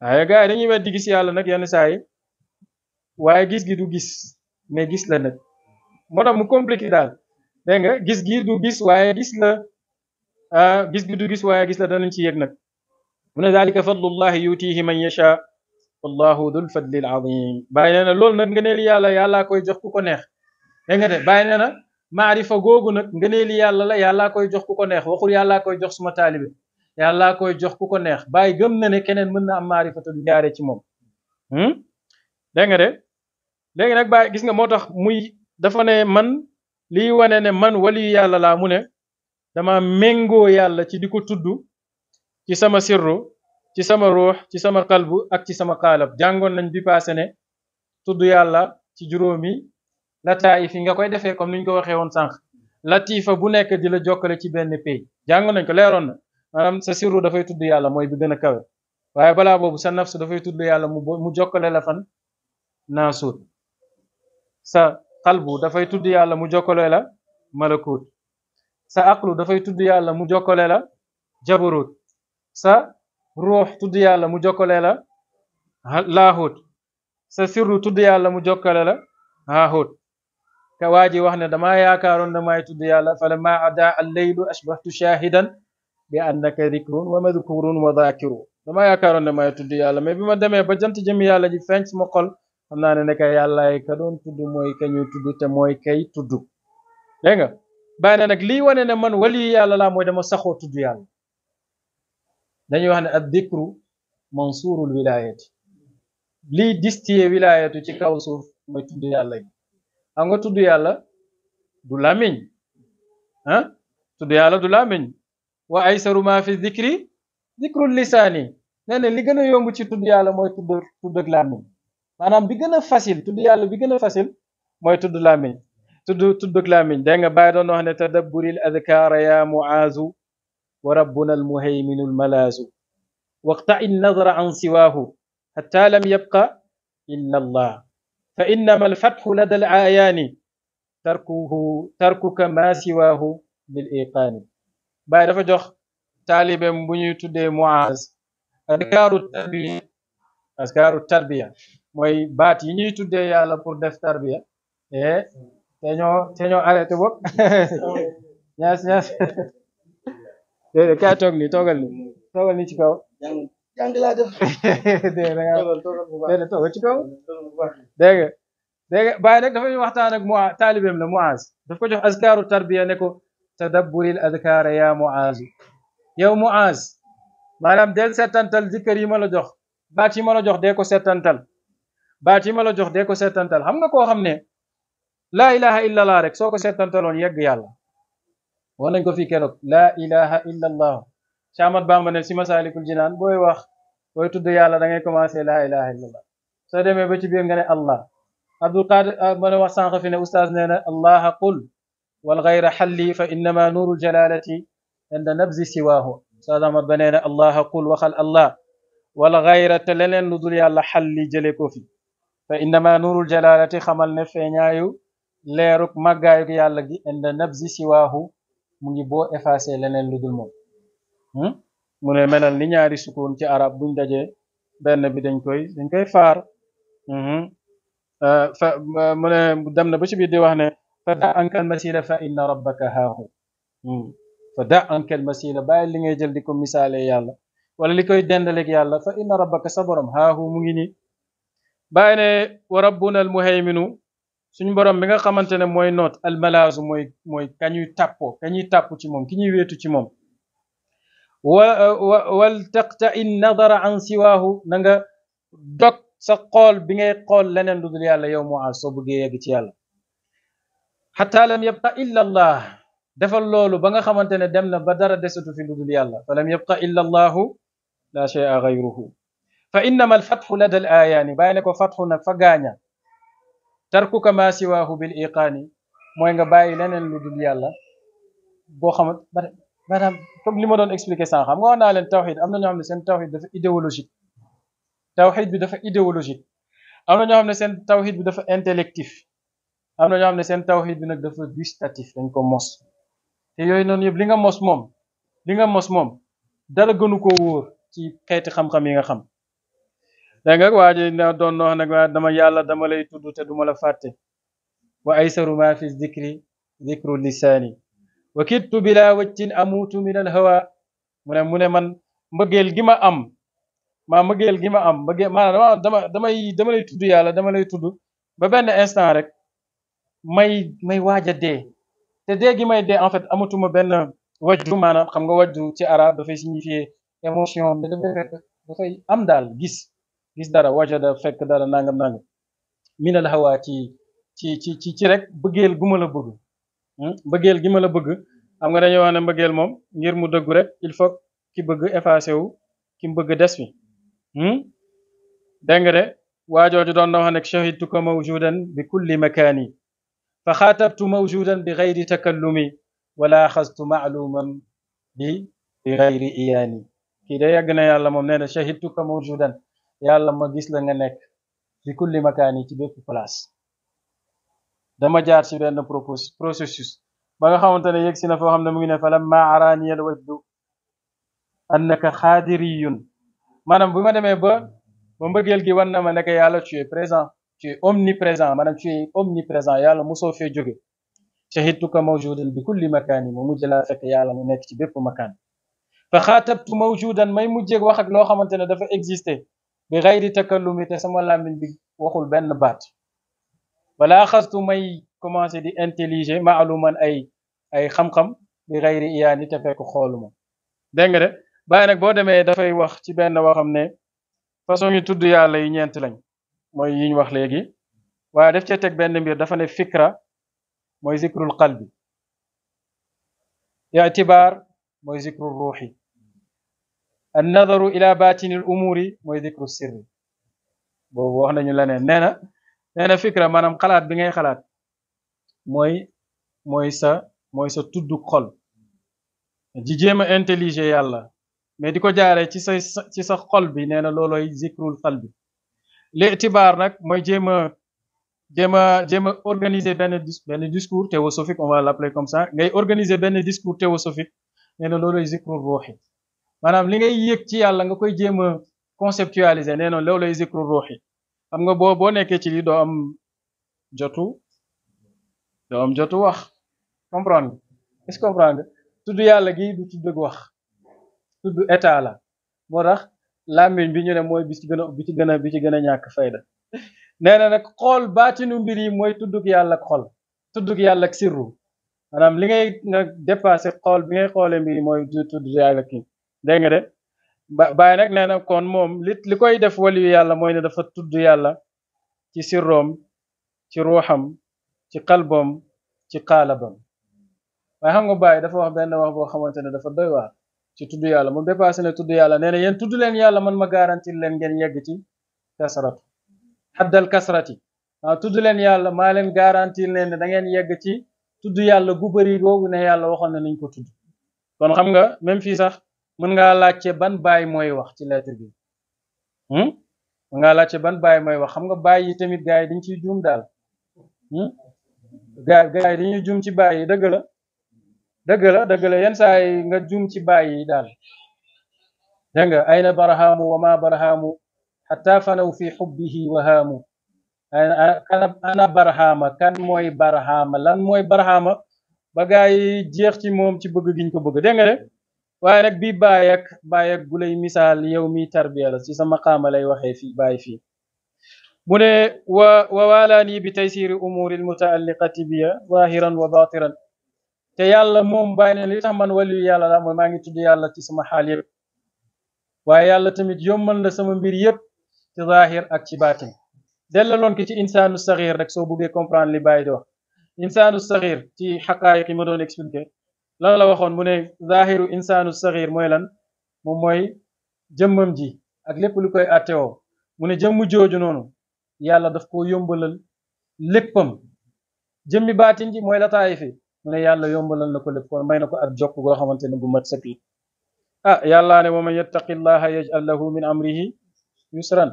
waaye gars yi dañuy wet gis yàlla nag yenn saa waaye gis gi du gis mais gis la nag moo tax mu compliqué daal dégg nga gis gi du gis waaye gis la gis gi du gis waaye gis la danañ ci yëg nag mu ne dalika fadlullahi yutihi man yasha wallahu dul fadlil azim bàyyi nee na loolu nag ngëneeli yàlla yàlla koy jox ku ko neex dégg nga de bàyyi nee na maarifa googu nag ngëneeli yàlla la yàlla koy jox ku ko neex waxul yàlla koy jox suma taalibe yàlla koy jox ku ko neex bàyyi gëm na ne keneen mën na am maarifa te du jaare ci moom dégg nga de léegi nag bàyyi gis nga moo tax muy dafa ne man li wane ne man waliyu yàlla laa mu ne dama méngoo yàlla ci di ko tudd ci sama sirru ci sama ruux ci sama qalbu ak ci sama xaalab jàngoon nañ bi paase ne tudd yàlla ci juróomi lataayif yi nga koy defee comme ñu ko waxee woon sànq latifa bu nekk di la jokkale ci benn pay jàngoon nañ ko leeroon na maanaam sa sirru dafay tudd yàlla mooy bi a kawe waaye boobu sa nafsu dafay tudd yàlla mu mu jokkale la fan naasuut sa qalbu dafay tudd yàlla mu jokkale la malakut sa aqlu dafay tudd yàlla mu jokkale la jabarut sa ruux tudd yàlla mu jokkale la laahut sa sirru tudd yàlla mu jokkale la haahut ka waa ji wax ne damaa yaakaaroon ne maay tudd yàlla fa lamma adaa alleylu asbahtu shaahidan bi annaka dikrun wa madkurun wa daakirun damaa yaakaaroon ne maay ma demee ba jant jëmi yàlla ji fenc xam naa ne nekk yàllaay ka doon tudd mooy ka ñuy tudd te mooy kay tudd dégg nga na nag li wane ne man wali yàlla laa mooy dama saxoo tudd yàlla dañuy wax ne ad dikru mansurul wilayati lii distiyee ci kaw suuf mooy tudd yàlla xam nga tudd yàlla du làmmiñ ah tudd yàlla du làmmiñ wa aysaru ma fi dikri dikrul lisaani nee li gën a yomb ci tudd yàlla mooy tudd tudd manam bi gëna facile tuddu yàlla bi gëna facile moy tuddu lamine tuddu tuddu lamine de nga bàyyi doon wax ne tadabburil adkaara ya muaazu wa rabbuna al muhaymin al almalaazu waqta in nazara an siwahu hatta lam yabqa illa allah fa innama alfatxu lada ayan tarkuhu tarkuka ma siwahu bil iqan bàyyi dafa jox talibem buñuy tuddé muaz muaaz adkaaru tarbiya adkaaru tarbiya mooy baat yi ñuy tuddee yàlla pour def tarbiya e eh, teñoo teñoo arrêté bokk ñaas ñaas déedéet kaay toog nii toogal nii toogal nii ci kaw jàng laa def déedéet toogal ci kaw dégg waxtaan ak Muaz la Muaz daf ko jox askaaru tarbiya ne ko tadabburil adkaar yaa Muaz yow Muaz maanaam del settantal zikkar yi ma la jox baat yi ma la jox dee ko settantal baat yi ma la jox dee ko seetantal xam nga koo xam ne laa ilaha illa allah rek soo ko seetantaloon yegg yàlla wax nañ ko fii keroog laa ilaha illa allah Ahmad Bamba ne si Masaalikul Jinaan booy wax booy tudd yàlla da ngay commencé laa ilaha illa allah soo demee ba ci biir nga ne allah Abdul Qadir ma ne wax sànq fi ne oustaz nee na allah qul wal gayra xalli fa innama nuuru jalalati inda nabzi siwaahu oustaz Ahmad ba nee na allah qul waxal allah wal gayra te leneen lu dul yàlla xalli jëlee ko fi fa indama nuurul jalalati xamal ne feeñaayu leeruk màggaayuk yàlla gi inda si siwaahu mu ngi boo effacé leneen lu dul moom hmm? mu ne melal ni ñaari sukoon ci arab buñ dajee benn bi dañ koy dañ koy faar hmm? euh, fa mu ne dem na ba ci biir di wax ne fa da ankal masila fa inna rabbaka haahu hmm? fa da ankal masila bàyyi li ngay jël di ko misaale yàlla wala li koy dendaleeg yàlla fa inna rabbaka sa borom mu ngi nii bàyyi ne wa rabbuna almuhayminu suñu borom bi nga xamante ne mooy noot almalaasu mooy mooy kañuy tàppoo kañuy tàpp ci moom ki ñuy wéetu ci moom wa wal taqta in nadara an siwaahu na nga sa xool bi ngay xool leneen lu dul yàlla yow mu aas soo ci yàlla xataa lam yabqa illa allah defal loolu ba nga xamante ne dem na ba dara desatu fi lu dul fa lam yabqa illa allahu la shay'a ghayruhu fa innamal fathu lada al ayani bàyyi ne ko fathu nag fa gaaña tarkuka ma siwaahu bil iqaani mooy nga bàyyi leneen lu dul yàlla boo xamat maanaam comme li ma doon expliqué sànq xam nga wax naa leen tawxid am na ñoo xam ne seen tawxid dafa idéologique tawxid bi dafa idéologique am na ñoo xam ne seen tawxid bi dafa intellectif am na ñoo xam ne seen tawxid bi nag dafa gustatif dañ ko mos te yooyu noonu yëpp li nga mos moom li nga mos moom dara gënu koo wóor ci xeeti xam-xam yi nga xam danga waaji doon noo nag dama yàlla dama lay tudd te duma la fàtte wa aysaru ma fi zikri zikru lisaani wa kittu bila waccin amutu min al hawa mu ne mu ne man mbëggeel gi ma am maa mbëggeel gi ma am mbëggeel maanaam dama damay dama lay tudd yàlla dama lay tudd ba benn instant rek may may waaj a dee te dee gi may dee en fait amatuma benn wajdu maanaam xam nga wajdu ci arab dafay signifier émotion dafay am daal gis gis dara wàcce da nangam nangam mi ne la xawaa ci ci ci ci ci rek bëggeel gu ma la bëgg mbëggeel gi ma la bëgg xam nga dañoo wax ne mbëggeel moom ngir mu dëggu rek il faut ki bëgg effacé wu ki mu bëgg des fi dégg nga de waajooju doon na wax ne shahidtu ko mawjudan bi kulli makaani fa xaatabtu mawjudan bi gayri takallumi wala axastu maaluman bi bi gayri iyaani kii de yàgg na yàlla ma gis la nga nekk fi kulli makaan yi ci bépp place dama jaar ci benn propos processus ba nga xamante ne yegg si na foo xam ne mu ngi ne falamma araani al wajdu annaka xaadiriyun maanaam bu ma demee ba ba mbëggeel gi wan na ma nekk yàlla tu es présent tu es omniprésent maanaam tu es omniprésent yàlla mosoo fee jóge shahidtuka mawjudan bi kulli makaan mu mujj laa yàlla mu nekk ci bépp makaan fa xaatabtu mawjudan may mujjeeg wax ak loo xamante dafa exister بغير تكلم تسمى لامن بي وخل بن بات ولا اخذت مي كومونسي دي انتليجي معلوما اي اي خم خم بغير اياني تفك خولما دنگ ري باي نك بو ديمي دا فاي واخ سي بن واخ ني فاصوني تود يالا ي نينت لاني موي يي واخ ليغي وا داف تك بن مير دا فاني فكره موي ذكر القلب اعتبار موي ذكر الروحي النظر الى باطن الامور موي ذكر السر بو واخنا نيو لنن ننا ننا فكره مانام خلات بي غي خلات موي موي سا موي سا تود خول دي جيما انتليجي يالا مي ديكو جاري سي سي سا خول بي ننا لولوي ذكر القلب l'étibar nak moy jema jema jema organiser ben ben discours théosophique on va l'appeler comme ça ngay organiser ben discours théosophique néna lolo zikrul ruhi maanaam li ngay yëg ci yàlla nga koy jéem a conceptualiser nee noonu loolu lay zikru ruuxi xam nga boo boo nekkee ci li doo am jotu doo am jotu wax comprendre nga est-ce tudd yàlla gi du tudd wax tudd état la moo tax làmmiñ bi ñu ne mooy bi ci gën a bi ci gën a bi ci gën a ñàkk fayda nee na nag xool baatinu mbir yi mooy tuddug yàlla ak xol yàlla ak sirru maanaam li ngay nga dépassé xool bi ngay xoolee mbir yi mooy tudd yàlla kii dégg nga de Baay nag nee na kon moom li li koy def waliyu yàlla mooy ne dafa tudd yàlla ci sirroom ci ruuxam ci xalboom ci xaalabam waaye xam nga Baay dafa wax benn wax boo xamante ne dafa doy waar ci tudd yàlla moom dépassé ne tudd yàlla nee na yéen tudd leen yàlla man ma garanti leen ngeen yegg ci kasratu xaddal kasrati waaw tudd leen yàlla maa leen garanti leen ne da ngeen yegg ci tudd yàlla gu bëri googu ne yàlla waxoon na niñ ko tudd kon xam nga même fii sax mën nga laccé ban bay moy wax ci lettre bi hmm? mën nga laccé ban bay moy wax xam nga bay yi tamit gaay yi dañ ciy juum daal hmm? gars gaay yi dañuy ci bay yi deug la deug la deug la yeen say nga joom ci bay yi dal danga ayna barahaamu wa ma barahaamu Hatta fanaw fi wa hamu ana barhama kan moy barhama lan moy barhama ba gars jeex ci mom ci bëgg giñ ko bëgg de nga waaye nag bii baay ak baay ak gu lay misaal yow mi tarbiya la ci sa maqaama lay waxee fii baay fii mu ne wa wa waalaani bi taysiiri umuuri almutaalliqati biya zaahiran wa baatiran te yàlla moom bàyyi ne li tax man wàllu yàlla la mooy maa ngi tudd yàlla ci sama xaal yëpp waaye yàlla tamit yombal na sama mbir yëpp ci zaahir ak ci baatin dellaloon ko ci insaanu saxiir rek soo buggee comprendre li bàyyi di wax insaanu saxiir ci xaqaayiq yi ma doon expliqué لا لا واخون مو نه ظاهر انسان الصغير موي لان مو موي جمم جي اك ليپ لوكاي اتيو مو نه جم جوجو نونو يالا داف كو يومبالل ليپم جمي باتين جي موي لا تايفي مو نه يالا يومبالل نكو ليپ كون ماينا كو ات جوك غو خامتيني بو مات سكي اه يالا ني ومن يتق الله يجعل له من امره يسرا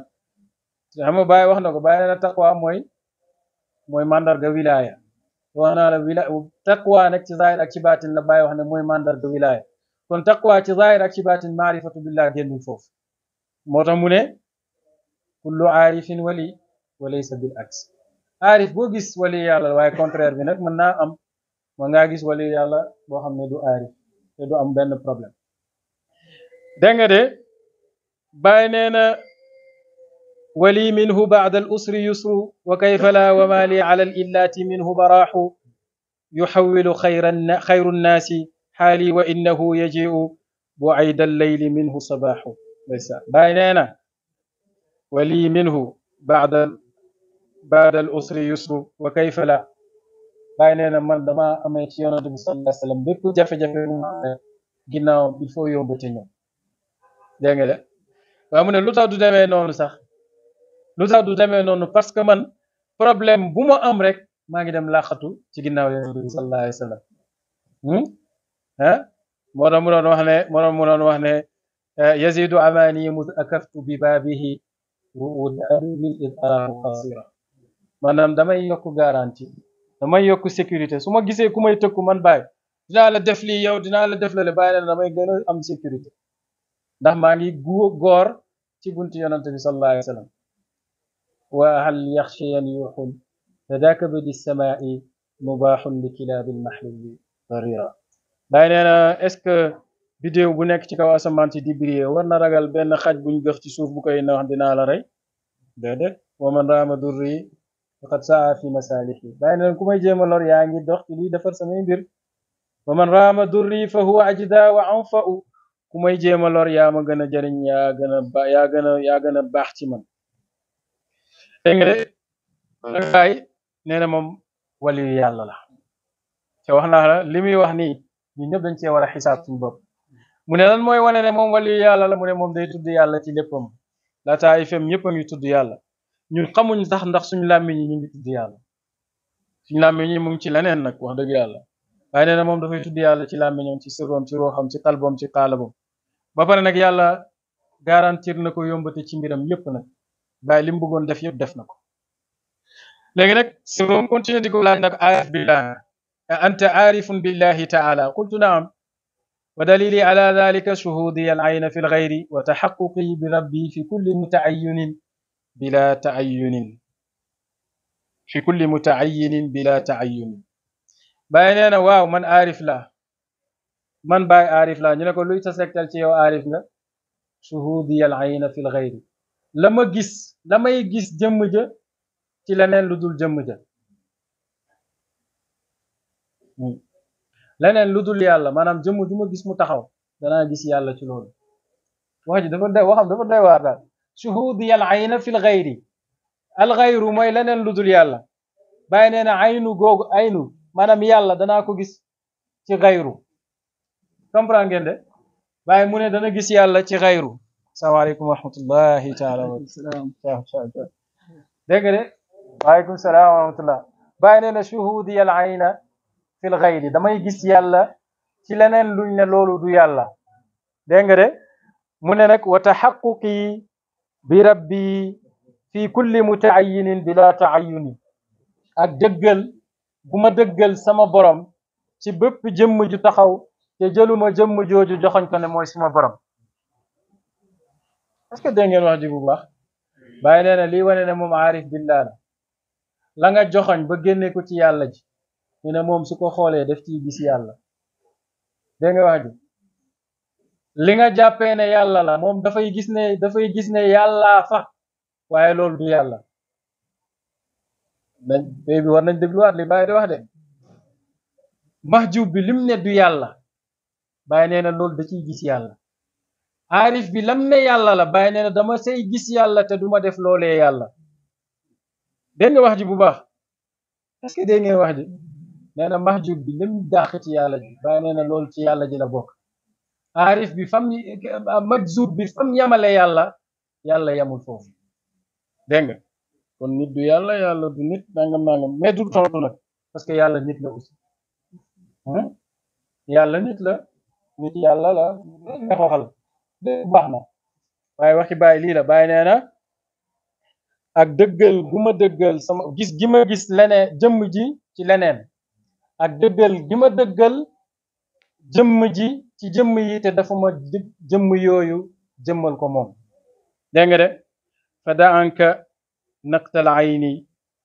هما باي واخنا كو باي لا تقوى موي موي ماندار غويلايا wax naa la wilaya taqwa nag ci zahir ak ci baatin la bàyyi wax ne mooy mandarga wilaya kon taqwa ci zahir ak ci baatin maarifatu billah génnul foofu moo tax mu ne kullu aarifin wali walaysa bil aks aarif boo gis wali yàlla waaye contraire bi nag mën naa am man ngaa gis wali yàlla boo xam ne du aarif te du am benn problème dégg de bàyyi nee ولي منه بعد الأسر يسر وكيف لا وما لي على الإلات منه براح يحول خير, خير الناس حالي وإنه يجيء بعيد الليل منه صباح ليس باينانا ولي منه بعد بعد الأسر يسر وكيف لا باينانا من دما أما يتيونا صلى الله عليه وسلم بك جف جف جناو بفو يوم yóbbu ci ñoom dégg nga de waaye mu lu tax du demee noonu parce que man problème bu ma am rek maa ngi dem laaxatu ci ginnaaw yonent bi sallallahu alayhi wa sallam ah moo doon mu doon wax ne moo doon mu doon wax ne eh, yazidu amaani mut akaftu bi baabihi ruudamin id araahu qasira maanaam damay yokk garantie damay yokk sécurité su ma gisee ku may tëkku man bàyyi dinaa la def lii yow dinaa la def lale bàyyi la damay gën a am sécurité ndax maa ngi góor ci buntu yonent bi sallallahu alayhi wa sallam وهل يخشي أن يوحل فذاك بد السماء مباح لكلاب المحلول ضريرا باين انا اسك فيديو بو نيك تي كاو اسمان تي ديبري ورنا راغال بن خاج بو نغخ تي سوف بو كاي نخ دينا لا ري دد ومن رام دري فقد سعى في مصالحه باين انا كوماي جيما لور ياغي دوخ تي لي دفر سامي مبير ومن رام دري فهو اجدا وعنفا كوماي جيما لور ياما غنا جارين يا غنا يا غنا يا غنا باخ من dégg nga de gaay nee na moom waliyu yàlla la te wax naa la li muy wax nii ñun ñëpp dañ cee war a xisaab suñu bopp mu ne lan mooy wane ne moom waliyu yàlla la mu ne moom day tudd yàlla ci léppam laataa ay fem ñëpp a ngi tudd yàlla ñun xamuñ sax ndax suñu làmmiñ yi ñu ngi tudd yàlla suñu làmmiñ yi mu ngi ci leneen nag wax dëgg yàlla waaye nee moom dafay tudd yàlla ci làmmiñam ci sirroom ci ruuxam ci qalbam ci xaalabam ba pare nag yàlla garantir na ko yombati ci mbiram yëpp nag bàyyi li mu bëggoon def yëpp def na ko léegi nag si moom continuer di ko laaj nag aarif billah anta aarifun billahi taala qultu naam wa dalili ala dalika shuhudi al ayna fi lgayri wa taxaquqi bi rabbi fi kulli mutaayinin bila taayunin fi kulli mutaayinin bila taayunin bàyyi nee na waaw man aarif la man bàyyi aarif la ñu ne ko luy tasektal ci yow aarif nga shuhudiya al ayna fi lgayri la ma gis la may gis jëmm ja ci leneen lu dul jëmm ja hmm. leneen lu dul yàlla maanaam jëmm ju ma gis mu taxaw danaa gis yàlla ci loolu ji dafa de waxam dafa doy waar daal shuhuudi al ayna fi l gayri al gayru mooy leneen lu dul yàlla bàyyi nee na aynu googu aynu maanaam yàlla danaa ko gis ci gayru comprendre ngeen de mu ne dana gis yàlla ci gayru salaamu aleykum wa rahmatullahi taala dégg nga de waaleykum salaam wa rahmatullah bàyyi nee na shuhudiya al ayna fil xayri damay gis yàlla ci leneen luñ ne loolu du yàlla dégg nga de mu ne nag wa taxaquqi bi rabbi fi kulli mutaayinin bila taayuni ak dëggal bu ma dëggal sama borom ci bépp jëmm ju taxaw te jëluma jëmm jooju joxoñ ko ne mooy suma borom est-ce que dégg ngeen wax ji bu baax bàyyi nee na lii wane ne moom aarif billah la la nga joxoñ ba génnee ko ci yàlla ji ñu ne moom su ko xoolee daf ci gis yàlla dégg nga wax ji li nga jàppee ne yàlla la moom dafay gis ne dafay gis ne yàlla fa waaye loolu du yàlla nañ bi war nañ dégluwaat li wax de mahjub bi lim ne du yàlla bàyyi nee na loolu da ciy gis yàlla aarif bi lam ne yàlla la bàyyi nee dama say gis yàlla te duma def loole yàlla dégg wax ji bu baax est-ce que dégg ngeen wax ji nee na mahjub bi lim dàq ci yàlla ji loolu ci yàlla ji la bokk aarif bi fam majzub bi fam yamale yàlla yàlla yamul foofu dégg kon nit du yàlla yàlla du nit nangam nangam mais du tontu nag parce que yàlla nit la aussi hmm? yàlla nit la nit yàlla la nga xoxal baxna waaye waxi bàyyi lii la bàyyi nee na ak dëggal gu ma dëggal sama gis gi ma gis leneen jëmm ji ci leneen ak dëggal gi ma dëggal jëmm ji ci jëmm yi te dafa ma jëmm yooyu jëmmal ko moom dégg nga de fa da anka naqta al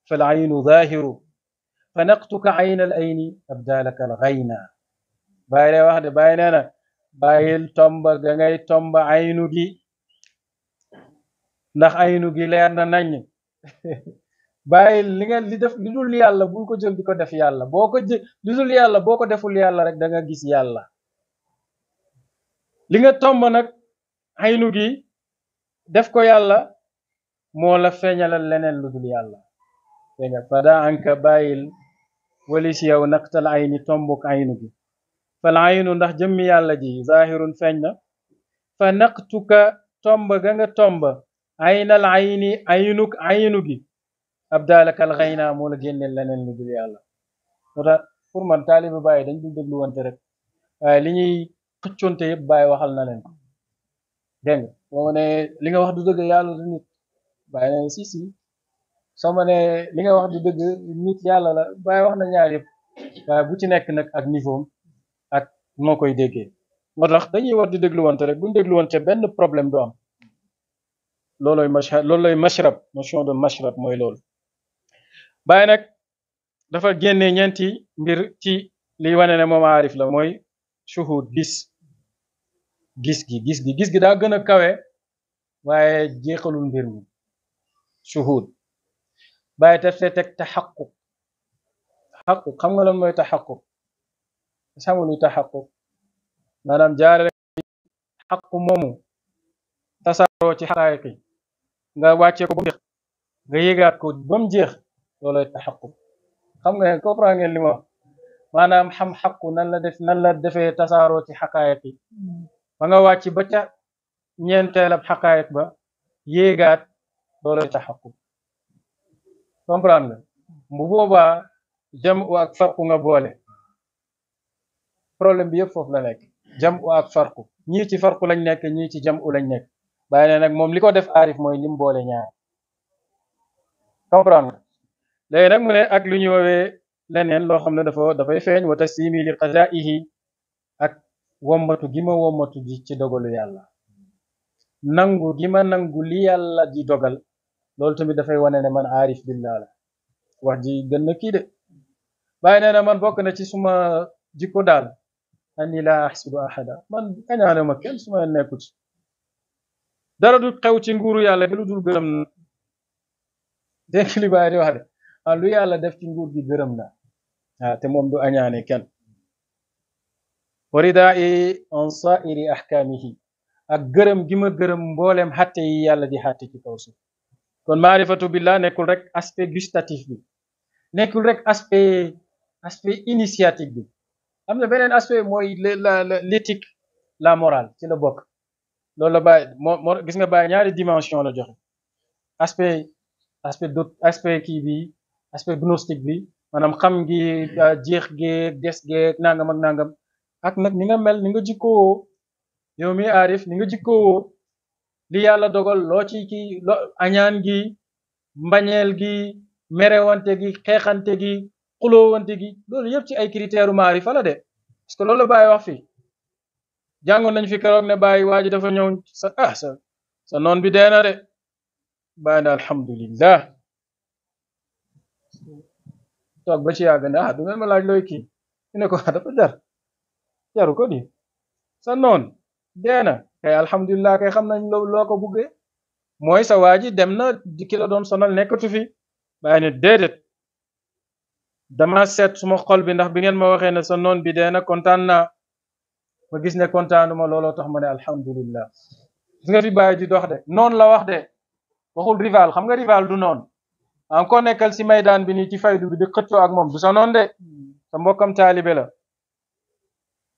fa al zahiru fa naqtuka ayna al ayni abdalaka al bàyyi lay wax de bàyyi nee na bayil tomba da ngay tomba aynu gi ndax aynu gi leer na nañ bayil li nga li def li yalla bu ko jël diko def yalla boko ko jël li yalla yàlla deful yalla rek da nga gis yalla li nga tomba nak aynu gi def ko yalla mo la feñalal lenen yalla feñal anka bayil walis yaw naqtal ayni tombuk aynu gi fal aynu ndax jëmmi yàlla ji zahirun feeñ na fa naqtuka tomb ga nga tomb aynal ayni aynuk aynu gi ab daalakal xaynaa moo la génneel leneen lu dul yàlla moo tax pour man taalibi bàyyi dañ dul déglu wante rek waaye li ñuy xëccoonte yëpp bàyyi waxal na leen ko dégg nga boo ma ne li nga wax du dëgg yàlla du nit bàyyi na si si soo ma ne li nga wax du dëgg nit yàlla la bàyyi wax na ñaar yëpp waaye bu ci nekk nag ak niveau moo koy déggee moo tax dañuy war di dégluwante rek bu ñu dégluwante benn problème du am loolooy macha loolu lay mashrab notion de mashrab mooy loolu bàyyi nag dafa génne ñeenti mbir ci liy wane ne moom aarif la mooy shuhud gis gis gi gis gi gis gi daa gën a kawe waaye jeexalul mbir mi shuhud bàyyi te fee teg taxaquq taxaquq xam nga lan mooy taxaquq xamaluy taxaquq maanaam jaarale xaqu moomu tasaaroo ci xaqaayiq nga wàccee ko jeex nga yëgaat ko ba jeex loolay taxaquq xam nga comprendre ngeen li ma maanaam xam xaqu nan la def nan la defee tasaaroo ci xaqaayiq yi ba nga wàcc ba ca ñeenteelab xaqaayiq ba yéegaat loolay taxaquq comprendre nga bu boobaa jam ak farqu nga boole problème bi yëpp foofu la nekk jam u ak farqu ñii ci farqu lañ nekk ñii ci jam u lañ nekk bàyyi ne nag moom li ko def aarif mooy lim boole ñaar comprendre léegi mu ne ak lu ñu woowee leneen loo xam ne dafa dafay feeñ wa taslimi li qadaihi ak wommatu gi ma wommatu ji ci dogalu yàlla nangu gi ma nangu li yàlla ji dogal loolu tamit dafay wane ne man aarif billaa la wax kii de bàyyi nee na man bokk na ci suma jikko daal أني لا أحسب أحدا من أنا أنا مكان سما أنا كنت dara du xew ci nguuru yàlla lu dul gërëm na dégg li baay di wax de ah lu yàlla def ci nguur gi gërëm na ah te moom du añaane kenn wa ridaa'i an saa'iri ahkaamihi ak gërëm gi ma gërëm mboolem xatte yi yàlla di xatte ci kaw suuf kon maarifatu billah nekkul rek aspect gustatif bi nekkul rek aspect aspect initiatique am na beneen aspect mooy la la l'éthique la morale ci la bokk loolu la bàyyi moo gis nga bàyyi ñaari dimension la joxe aspect aspect d' aspect kii bi aspect gnostique bi maanaam xam gi ah, jeex geeg des geeg nangam ak nangam ak nag ni nga mel ni nga jikkoo yow mi aarif ni nga jikkoo li yàlla dogal loo ci kii lo añaan gi mbañeel gi merewante gi xeexante gi xuloowante gi loolu yëpp ci ay critère u maarifa la de parce loolu la Baye wax fii jàngoon nañ fi keroog ne Baye waaju ji dafa ñëw ah, sa noon bi dee na de Baye na alhamdulillah toog ba ci yàgg ne ah du ngeen ma laaj looy kii ñu ne ko ah dafa jar jaru ko di sa noon dee na kay alhamdulillah kay xam nañ loo ko buggee mooy sa waa dem na di doon sonal nekkatu fi Baye ne déedéet dama set suma xol bi ndax bi ngeen ma waxee ne sa noon bi dee na kontaan naa ma gis ne kontaanuma looloo tax ma ne alhamdulillah gis nga fi bàyyi di dox de noonu la wax de waxul rival xam nga rival du noonu en ko nekkal si maydaan bi nii ci faydu bi di xëccoo ak moom du sa noon de sa mbokkam taalibe la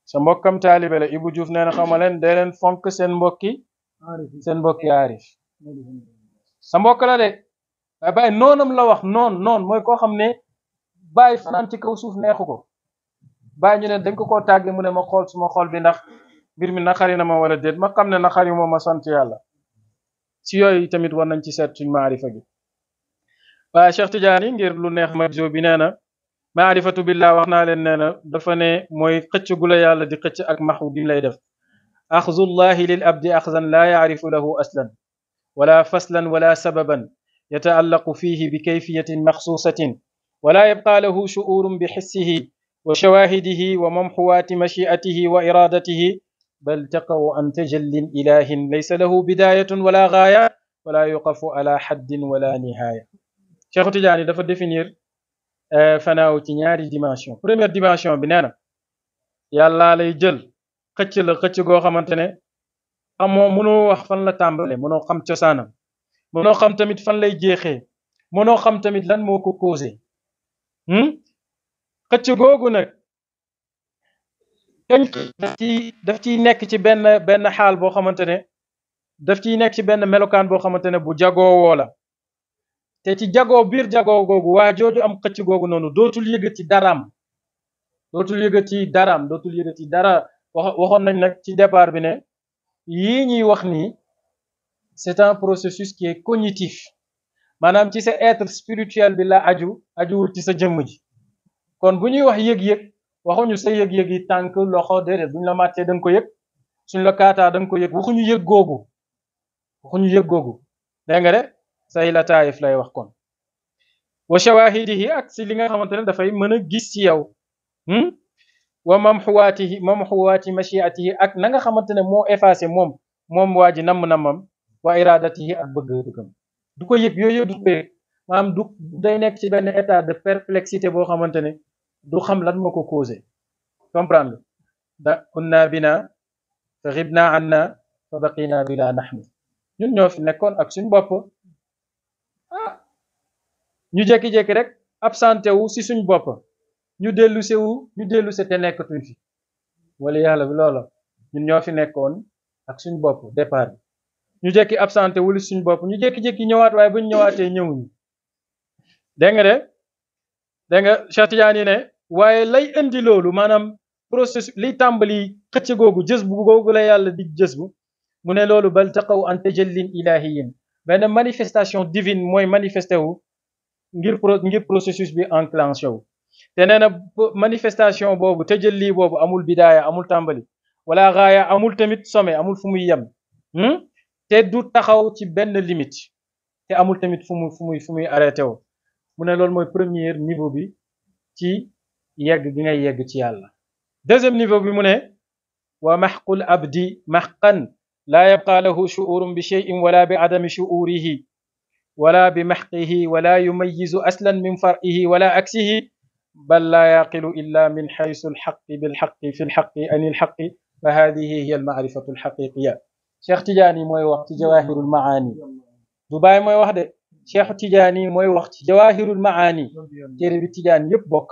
sa mbokkam taalibe la Ibou Diouf nee na xama leen dee leen fonk seen mbokki seen mbokki arif sa mbokk la de waaye bàyyi noonam la wax noon noon mooy koo xam ne bàyyi fanaan ci kaw suuf neexu ko bàyyi ñu ne dañ ko koo tàggee mu ne ma xool suma xool bi ndax mbir mi naxari na ma wala déet ma xam ne naxari moo ma sant yàlla si yooyu tamit war nañ ci seet suñ maarifa gi waaye Cheikh Tidiane ngir lu neex ma jo bi nee maarifatu billah wax naa leen dafa ne mooy xëcc gu la yàlla di xëcc ak maxu bi lay def axzullahi lil abdi axzan laa yaarifu lahu aslan wala faslan wala sababan yataallaqu fihi bi kayfiyatin maxsuusatin ولا يبقى له شعور بحسه وشواهده وممحوات مشيئته وإرادته بل تقع أن تجل إله ليس له بداية ولا غاية ولا يقف على حد ولا نهاية شيخ تجاني دفع دفنير فناو تنياري ديماشيون بريمير ديماشيون بنانا يالا لي جل خطش لخطش غو خمانتني أمو منو وحفن لتامبلي منو خم تسانم منو خم فن لي جيخي منو خم لن موكو كوزي Hmm? xëcc googu nag kañ daf ciy daf ciy nekk ci benn benn xaal boo xamante ne daf ciy nekk ci benn melokaan boo xamante ne bu jagoowoo la te ci jagoo biir jagoo googu waa jooju am xëcc googu noonu dootul yëgat ci daraam dootul yëgat ci daraam dootul yëgat ci dara waxoon nañ nag ci départ bi ne yi ñuy wax ni c'est un processus qui est cognitif manam ci sa être spirituel bi la aju ajuwul ci sa jëm ji kon buñuy wax yëg-yëg waxuñu sa yëg-yëg yi tànk loxo déedéet buñ la màttee da ko yëg suñ la kaataa da ko yëg waxuñu yëg googu waxuñu yëg gogu dégg nga de say la taif lay wax kon wa shawahidihi ak si li nga xamantene da fay mën gis ci yow hmm wa mamhuwatihi mamhuwati mashiatihi ak na nga xamantene mo effacer mom mom waji nam namam wa iradatihi ak bëgg dëggam du ko yëg yooyu yëpp du ko yëg maanaam du day nekk ci benn état de perplexité boo xamante ne du xam lan moo ko causé comprendre da kunna bina fa xibna anna fa baqina bila nahmi ñun ñoo fi nekkoon ak suñ bopp ah ñu jékki-jékki rek absenté wu si suñ bopp ñu dellu sewu ñu dellu se te nekkatuñ fi wala yàlla bi loola ñu ñoo fi nekkoon ak suñ bopp départ ñu jekki absenté wuli suñu bopp ñu jékki-jékki ñëwaat waaye buñ ñëwaatee ñëwuñu dégg nga de dégg nga Cheikh Tidiane waaye lay indi loolu maanaam processus liy tàmbali xëcc googu jës bu googu la yàlla di jës bu mu ne loolu bal taqaw an tajallin ilahiyin benn manifestation divine mooy manifesté wu ngir pro ngir processus bi enclenché wu te nee na manifestation boobu tajalli boobu amul bidaaya amul tàmbali wala gaaya amul tamit sommet amul fu muy yem hmm? te du taxaw ci ben limite te amul tamit fu mu fu mu fu muy arrêté wu mu ne loolu mooy premier niveau bi ci yegg gi ngay yegg ci yàlla deuxième niveau bi mu ne wa mahqul abdi mahqan la yabqa lahu shuurun bi shay'in wala bi adam shuurihi wala bi maxqihi wala yumayizu aslan min farihi wala aksihi bal laa yaqilu illa min xaysu alxaqi bilxaqi fi lxaqi an ilxaqi fa hadihi hiya almaarifatu cheikh Tidiane mooy wax ci jawahirul maani du Baay mooy wax de cheikh Tidiane mooy wax ci jawahirul maani téere bi Tidiane yëpp bokk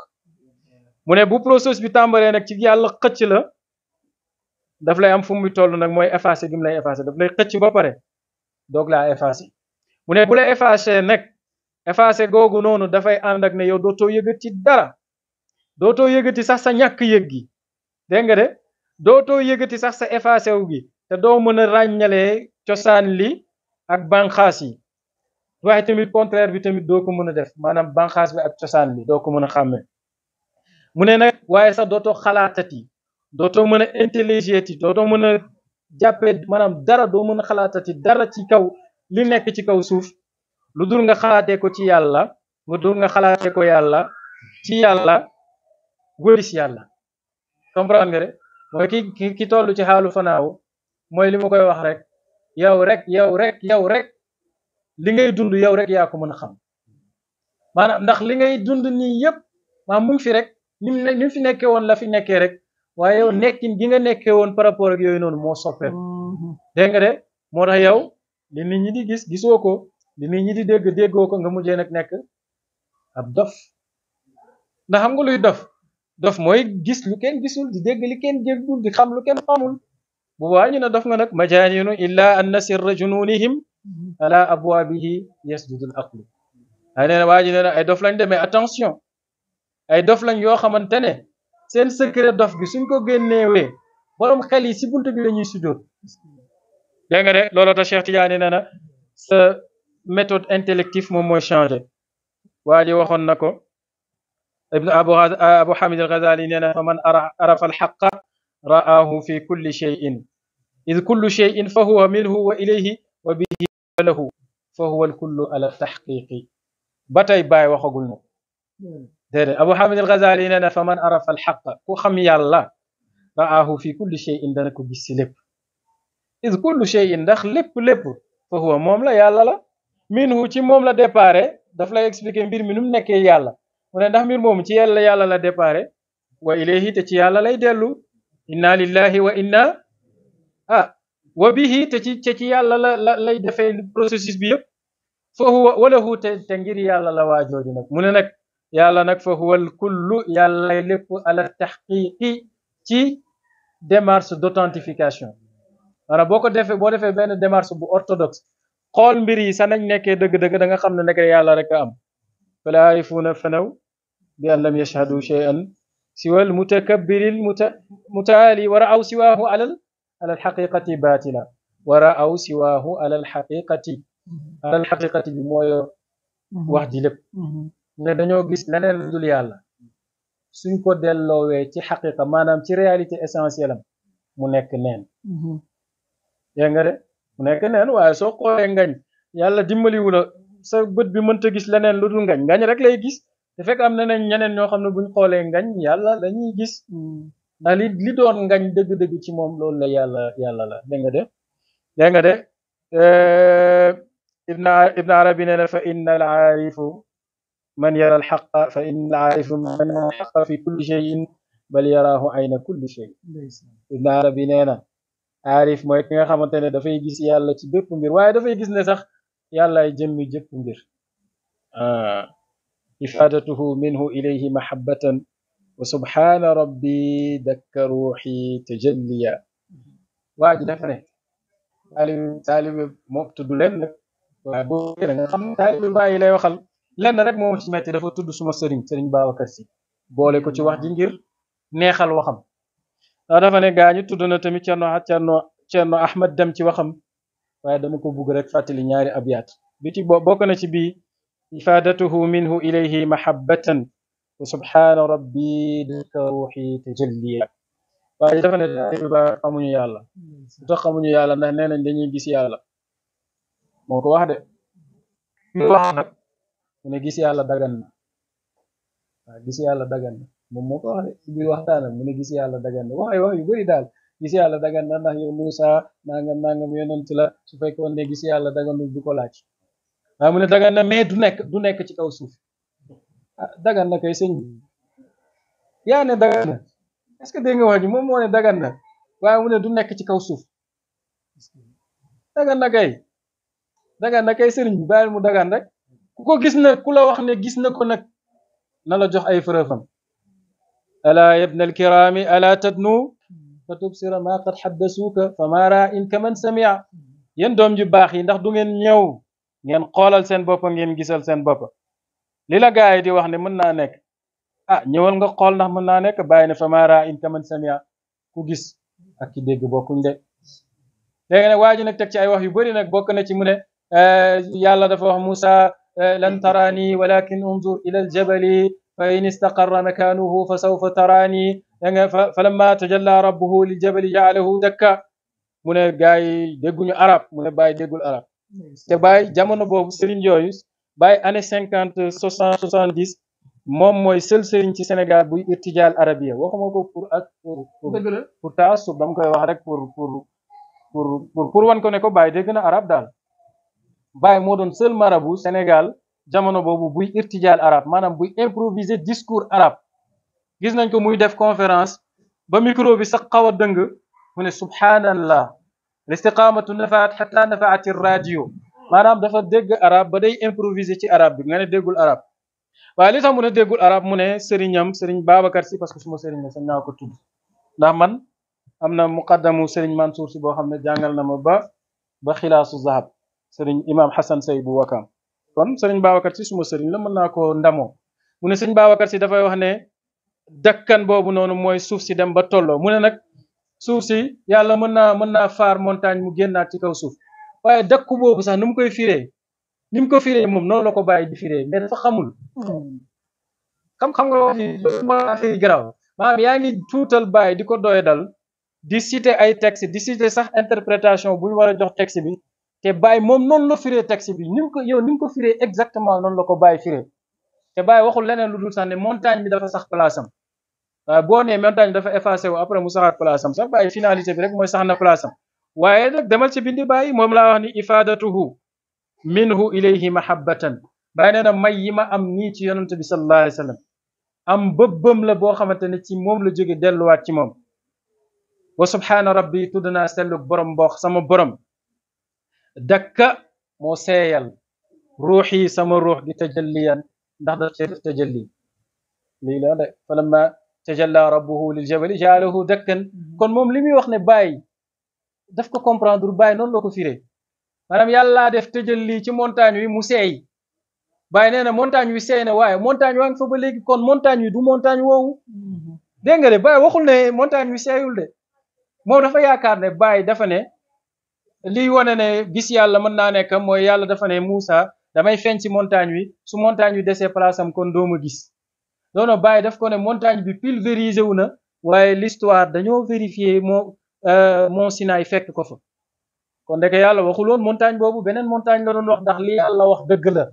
mu ne bu process bi tàmbalee nag ci yàlla xëcc la daf lay am fu muy toll nag mooy effacé gi mu lay effacé daf lay xëcc ba pare doog laa effacé mu ne bu la effacé nag effacé googu noonu dafay ànd ak ne yow dootoo yëgati dara dootoo yëgati sax sa ñàkk yëg gi dégg nga de dootoo yëgati sax sa effacé wu gi te doo mën a ràññalee cosaan li ak banqaas yi waaye tamit contraire bi tamit doo ko mën a def maanaam banqaas bi ak cosaan li doo ko mën a xàmme mu ne nag waaye sax dootoo xalaatati dootoo mën a intelligenti dootoo mën a jàppee maanaam dara doo mën a xalaatati dara ci kaw li nekk ci kaw suuf lu dur nga xalaate ko ci yàlla lu dur nga xalaatee ko yàlla ci yàlla wëris yàlla comprendre nga de mooy ki ki toll ci xaalu fanaaw mooy li ma koy wax rek yow rek yow rek yow rek li ngay dund yow rek yaa ko mën a xam maanaam ndax li ngay dund nii yëpp maanaam mu fi rek ni mu fi nekkee woon la fi nekkee rek waaye nekkin gi nga nekkee woon par rapport ak yooyu noonu moo soppeeku dégg nga de moo tax yow li nit ñi di gis gisoo ko li nit ñi di dégg déggoo ko nga mujjee nag nekk ab dof ndax xam nga luy dof dof mooy gis lu kenn gisul di dégg li kenn déggul di xam lu kenn xamul. بواني ندفن لك مجانين إلا أن سر جنونهم على أبوابه يسجد الأقل أنا واجد أنا أدف لن دمي أتنسيون أدف لن يو خمان تنه سين سكر دف بسين كو جن نيوي بلوم خلي سيبون تبي لن يسجد دعني لولا تشيخ تياني نانا س ميثود انتلكتيف مو مو شانجي واجي وخون نكو ابن أبو, أبو حميد الغزالي نانا فمن أرى الحق رآه في كل شيء إذ كل شيء فهو منه وإليه وبه له فهو الكل على التحقيق باتاي باي وخغول نو دير ابو حامد الغزالي ننا فمن عرف الحق كو خم يالا رآه في كل شيء دانكو غيس لب إذ كل شيء ndax لب لب فهو موم لا يالا لا منو تي موم لا ديباري دا فلا expliquer mbir mi num nekké yalla mu ne ndax mbir mom يالا yalla yalla la déparé تي يالا te ديلو yalla لله delu ah wa bihi te ci te ci yàlla la la lay defee processus bi yëpp fa huwa walahu te te ngir yàlla la waa jooju nag mu ne nag yàlla nag fa huwa al kullu yàlla lépp ala taxqiqi ci démarche d' authentification maanaam boo ko defee boo defee benn démarche bu orthodoxe xool mbir yi sa nañ nekkee dëgg-dëgg da nga xam ne nekk yàlla rek a am fala aarifuuna fanaw bi an lam yashhadu shay'an siwal mutakabbiril muta mutaali wara aw siwaahu alal ala al-haqiqati batila wa ra'aw siwahu ala al-haqiqati ala al-haqiqati bi moy wax di lepp ne dañu gis lenen dul yalla suñ ko delo we ci haqiqa manam ci realité essentielle mu nek ya nga re mu nek nen way so ko ngañ yalla dimbali wu la sa beut bi meunta gis lenen lu dul ngañ ngañ rek lay gis te fek am yalla dañuy ndax li li doon ngañ dëgg-dëgg ci moom loolu la yàlla yàlla la dégg nga de dégg nga de ibn ibn arabi nee na fa inna al aarifu man yara al xaqa fa inna al aarifu man yara al xaqa fi kulli cheyin bal yaraahu ayna kulli chey ibn arabi nee na aarif mooy ki nga xamante ne dafay gis yàlla ci bépp mbir waaye dafay gis ne sax yàllaay jëmmi jëpp mbir ifaadatuhu minhu ilayhi mahabbatan وسبحان ربي دك روحي تجليا waaji dafa ne taalibe taalibe moom tudd lenn waaye boo gën a xam taalibe bàyyi lay waxal lenn rek moom ci metti dafa tudd suma sëriñ sëriñ Babacar Si boole ko ci wax ji ngir neexal waxam ndax dafa ne gaañu tudd na tamit Cerno Cerno Cerno Ahmad dem ci waxam waaye dama ko bugg rek fàttali ñaari abyaat bi ci bokk na ci bii ifaadatuhu minhu ilayhi mahabbatan subhaana rabbi daka ruuxi tajalliya ya. ya waaye dafa ne ba xamuñu yàlla lu tax xamuñu yàlla ndax nee nañ dañuy gis yàlla ya moo ko wax de wax nag mu ne gis yàlla dagan na waaw gis yàlla dagan na moom moo ko wax de ci biir waxtaanam mu ne gis yàlla dagan na wax wax yu bëri daal gis yàlla dagan na ndax yow Muusa nangam nangam yonent la su fekkoon ne gis yàlla daganul du ko laaj nah, waaw mu ne dagan na mais du nekk du nekk ci kaw suuf Ah, dagan na kay sëñ bi hmm. ne dagan na est ce que dégg nga ji moom moo ne dagan na waaye mu du nekk ci kaw suuf dagan na kay dagan na kay sëriñ bi mu dagan rek ku ko gis na ku la wax ne gis na ko nag na la jox ay fërëfam ala yabna alkiraami ala tadnu fa tubsira ma qad xaddasuuka fa ma raa in kaman samia yéen doom ji baax yi ndax du ngeen ñëw ngeen xoolal seen bopp ngeen gisal seen bopp li la gaa yi di wax ne mën naa nekk ah ñëwal nga xool nax mën naa nekk bàyyi ne fa maara in taman samia ku gis ak ki bokkuñ de léegi nag waa ji nag teg ci ay wax yu bëri nag bokk na ci mu ne eh, yàlla dafa wax Musa eh, lan taraani walakin unzur ila aljabali fa in istaqarra makaanuhu fa sawfa taraani danga fa lamma tajalla rabbuhu liljabali jaalahu dakka mu ne gaa yi dégguñu arab mu ne bàyyi déggul arab te bàyyi jamono boobu sëriñ yooyu By années 50, 60, 70, dix moy seul serigne ci Sénégal bu irtijaal waxuma ko pour ak pour pour sou pour koy wax rek pour pour pour pour pour ko ne ko arab seul Sénégal jamono pour pour pour arab improviser discours arabe gis nañ ko muy def conférence ba micro bi sax pour pour subhanallah pour radio maanaam dafa dégg arab ba day improviser ci arab bi nga ne déggul arab waaye li tax mu ne déggul arab mu ne sëriñam sëriñ Babacar si parce que suma sëriñ la sañ naa ko tudd ndax man am na muqaddamu sëriñ Mansour si boo xam ne jàngal na ma ba ba xilaasu zahab sëriñ imam Hassan Sey bu Wakaam kon sëriñ Babacar si suma sëriñ mën naa koo ndamoo mu ne sëriñ Babacar si dafay wax ne dakkan boobu noonu mooy suuf si dem ba tolloo mu ne nag suuf si yàlla mën naa mën naa faar montagne mu génnaat ci kaw suuf waaye dakku boobu sax ni mu koy firee ni mu ko firee moom noonu la ko bàyyi di firee mais dafa xamul xam-xam nga wax ma affaire yi garaaw maanaam yaa ngi tuutal bàyyi di ko doy dal di citer ay texte di citer sax interprétation bu ñu war a jox texte bi te bàyyi moom noonu la firee texte bi ni mu ko yow ni mu ko firee exactement noonu la ko bàyyi firee te bàyyi waxul leneen lu dul sax ne montagne bi dafa sax place am waaye boo nee montagne dafa effacé wu après mu saxaat place am sax bàyyi finalité bi rek mooy sax na place waaye nag demal ci bindi bàyyi moom laa wax ni ifaadatuhu minhu ilayhi mahabbatan bàyyi nee na may yi ma am nii ci yonante bi sallallahu alayhi wa sallam am bëbbam la boo xamante ne ci moom la jóge delluwaat ci moom wa subhaana rabbi tudd naa sellu borom boo sama borom dakka moo seeyal ruux yi sama ruux di tajalliyan ndax daf cee def tajalli lii la de falamma tajalla rabbuhu lil jabali jaalahu dakkan kon moom li muy wax ne bàyyi daf ko comprendre bàyyi noonu loo ko firee maanaam yàlla def tëjal lii ci montagne wi mu seey bàyyi nee na montagne wi seey na waaye montagne waa ngi fa ba léegi kon montagne wi du montagne woowu mhm. dégg nga de bàyyi waxul ne montagne wi seeyul de moo dafa yaakaar ne bàyyi dafa ne li wane ne gis yàlla mën naa nekk mooy yàlla dafa ne Moussa damay feeñ ci montagne wi su montagne wi desee place kon doo ma gis non non daf ko montagne bi pulvérisé wu na waaye l'histoire mont Sinaï fekk ko fa kon ndeke yàlla waxul woon montagne boobu beneen montagne la doon wax ndax li yàlla wax dëgg la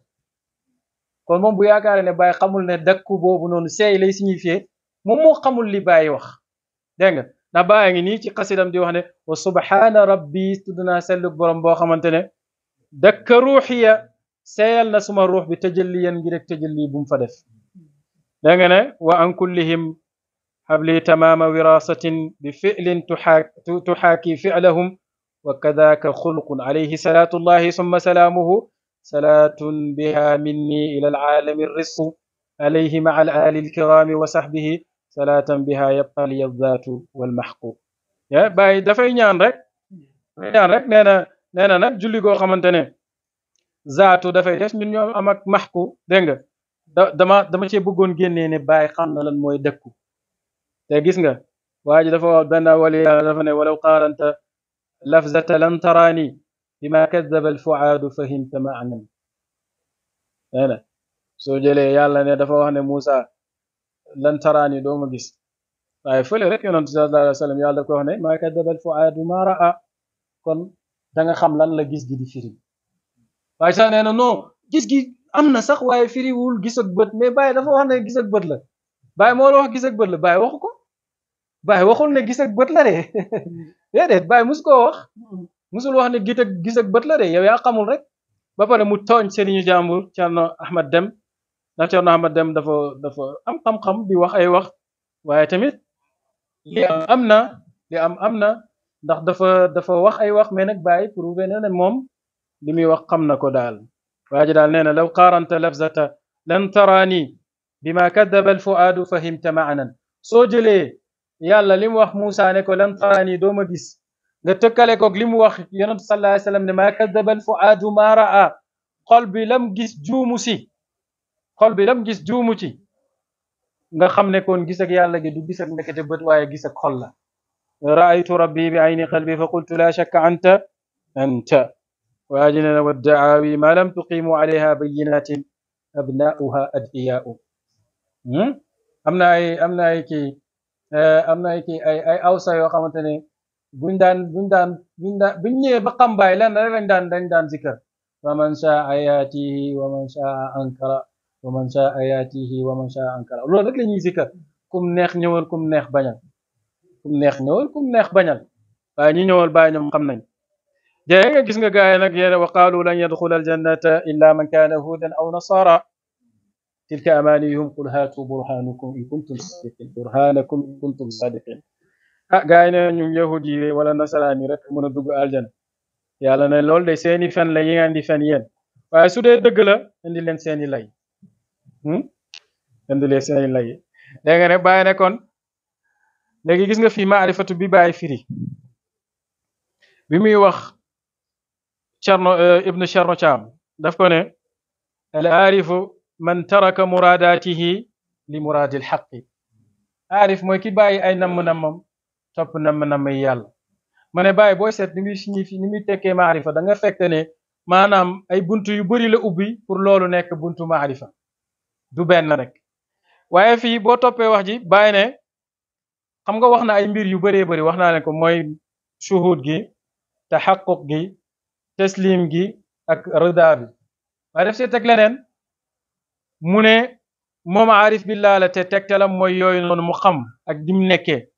kon moom bu yaakaare ne Baye xamul ne dëkku boobu noonu seey lay signifié moom moo xamul li Baye wax dégg nga ndax Baye ngi nii ci xasidam di wax ne wa subhaana rabbi tudd naa sellug borom boo xamante ne dëkka ruuxiya seeyal na suma ruux bi tëjalli yan ngi rek tëjalli bu mu fa def dégg nga ne wa an kullihim هب لي تمام وراسة بفعل تحاكي فعلهم وكذاك خلق عليه صلاة الله ثم سلامه صلاة بها مني إلى العالم الرص عليه مع الآل الكرام وصحبه صلاة بها يبقى لي الذات والمحقوق يا باي دافاي ñaan rek ñaan rek neena neena nak julli go xamantene zaatu dafay des ñun ñoo am ak mahku dégg nga dama dama ci bëggoon génnee ne bàyyi xam te gis nga waa dafa wax benn wali dafa ne walaw qaaranta lafzata lan taraani bima kadaba alfuaadu fahimta maanan nee na soo jëlee yàlla ne dafa wax ne Muusa lan taraani doo ma gis waaye fële rek yonent sallallahu alayhi wa sallam wax ne maa raa kon da xam lan la gis gi firi waaye sax nee na non gis am na sax waaye firiwul gis ak bët mais Baye dafa wax ne gis bët la Baye moo wax gis bët la Baye waxu ko Baye waxul ne gis ak bët la de déedéet Baye koo wax musul hmm. wax ne gis ak gis bët la de yow yaa rek ba pare mu tooñ sëriñu jàmbur Thierno Ahmed Dem ndax Thierno Ahmed Dem dafa dafa am xam-xam di wax ay wax waaye tamit li am am na am am na ndax dafa dafa wax ay wax mais nag Baye prouvé na moom li muy wax xam na ko daal waa ji daal nee na law qaaranta lafzata lan taraani bima kadaba alfuaadu fahimta maanan soo jëlee yàlla لم mu موسى Moussa لن تراني دوما taraani doo ma gis nga tëkkale koog li mu wax yonentu sallallahu alayhi wasallam ne maa kadabal fuaadu maa raa xol bi lam gis nga xamne kon gis ak yàlla gi du gis ak nekete bët waye gis ak xol la raaytu rabbi bi ayni qalbi fa qultu la shakka anta anta waajinana wa daawi ma lam tuqimu alayha bayyinatin abnauha adiyaau am na ay amna ay ki Eh, am na ay ay ay awsa yoo xamante ne buñ daan buñ daan bu daan buñ ñëwee ba xambaay lenn rek lañ daan dañ daan zikkër wa man shaa yaatihi wa man shaa ankara wa man shaa yaatihi wa man shaa ankara loolu rek la ñuy zikkër kum neex ñëwal kum neex bañal kum neex ñëwal kum neex bañal waaye ñi ñëwal bàyyi ñoom xam nañ jee nga gis nga gaay nag wa qaalu lan yadxula aljannata illa man aw nasara تلك امانيهم قل هاتوا برهانكم ان كنتم صادقين برهانكم ان كنتم صادقين غاينا نيم يهودي ولا نصراني رك من دوغ الجنه يالا ن لول دي سيني فن لا يي اندي فن يين واي سودي دغ لا اندي لين سيني لاي هم اندي لي سيني لاي داغا ري باي نكون لغي غيسغا في معرفه بي باي فري بيمي واخ تشارنو ابن شارنو تشام داف كو ني الا عارفو man taraka muraadaatihi li muraadil xaqi aarif mooy ki bàyyi ay namm-nammam topp namm-namm yi yàlla ma ne bàyyi booy seet ni muy signifi ni muy tekkee maarifa da nga fekk ne maanaam ay buntu yu bari la ubbi pour loolu nekk buntu maarifa du benn rek waaye fii boo toppee wax ji bàyyi ne xam nga wax na ay mbir yu bëree bëri wax naa leen ko mooy shuhud gi taxaquq gi taslim gi ak rida bi waaye def see teg leneen mune mom arif billah la te tektalam moy yoy non mu xam ak dim nekké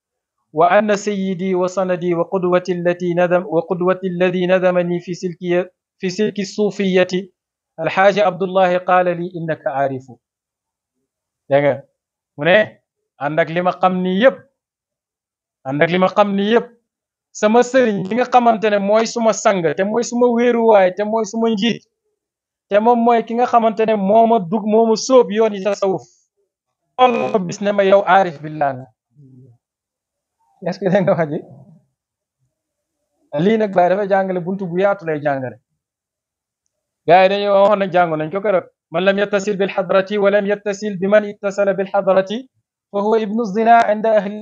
wa anna sayyidi wa sanadi wa qudwati allati nadam wa qudwati alladhi nadamani fi silki fi silki suufiyati alxaaji abdullahi qaala li innaka aarifu dégg nga mu ne ànd ak li ma xam ni yëpp ànd ak li ma xam ni yëpp sama sëriñ li nga xamante ne mooy suma sang te mooy suma wéeruwaay te mooy suma njiit te mom moy ki nga xamantene moma dug moma dugg yoni sa sawuf yoon yi bis ne ma yow arif billah est-ce que dégg nga nak bay dafa jàngale buntu bu yaatu lay jàngale gars dañu dañoo na jàngu nañ ko keroog man lam yattasil bil hadrati wa lam yattasil biman ittasala bil hadrati fa huwa ibnu zina inda ahli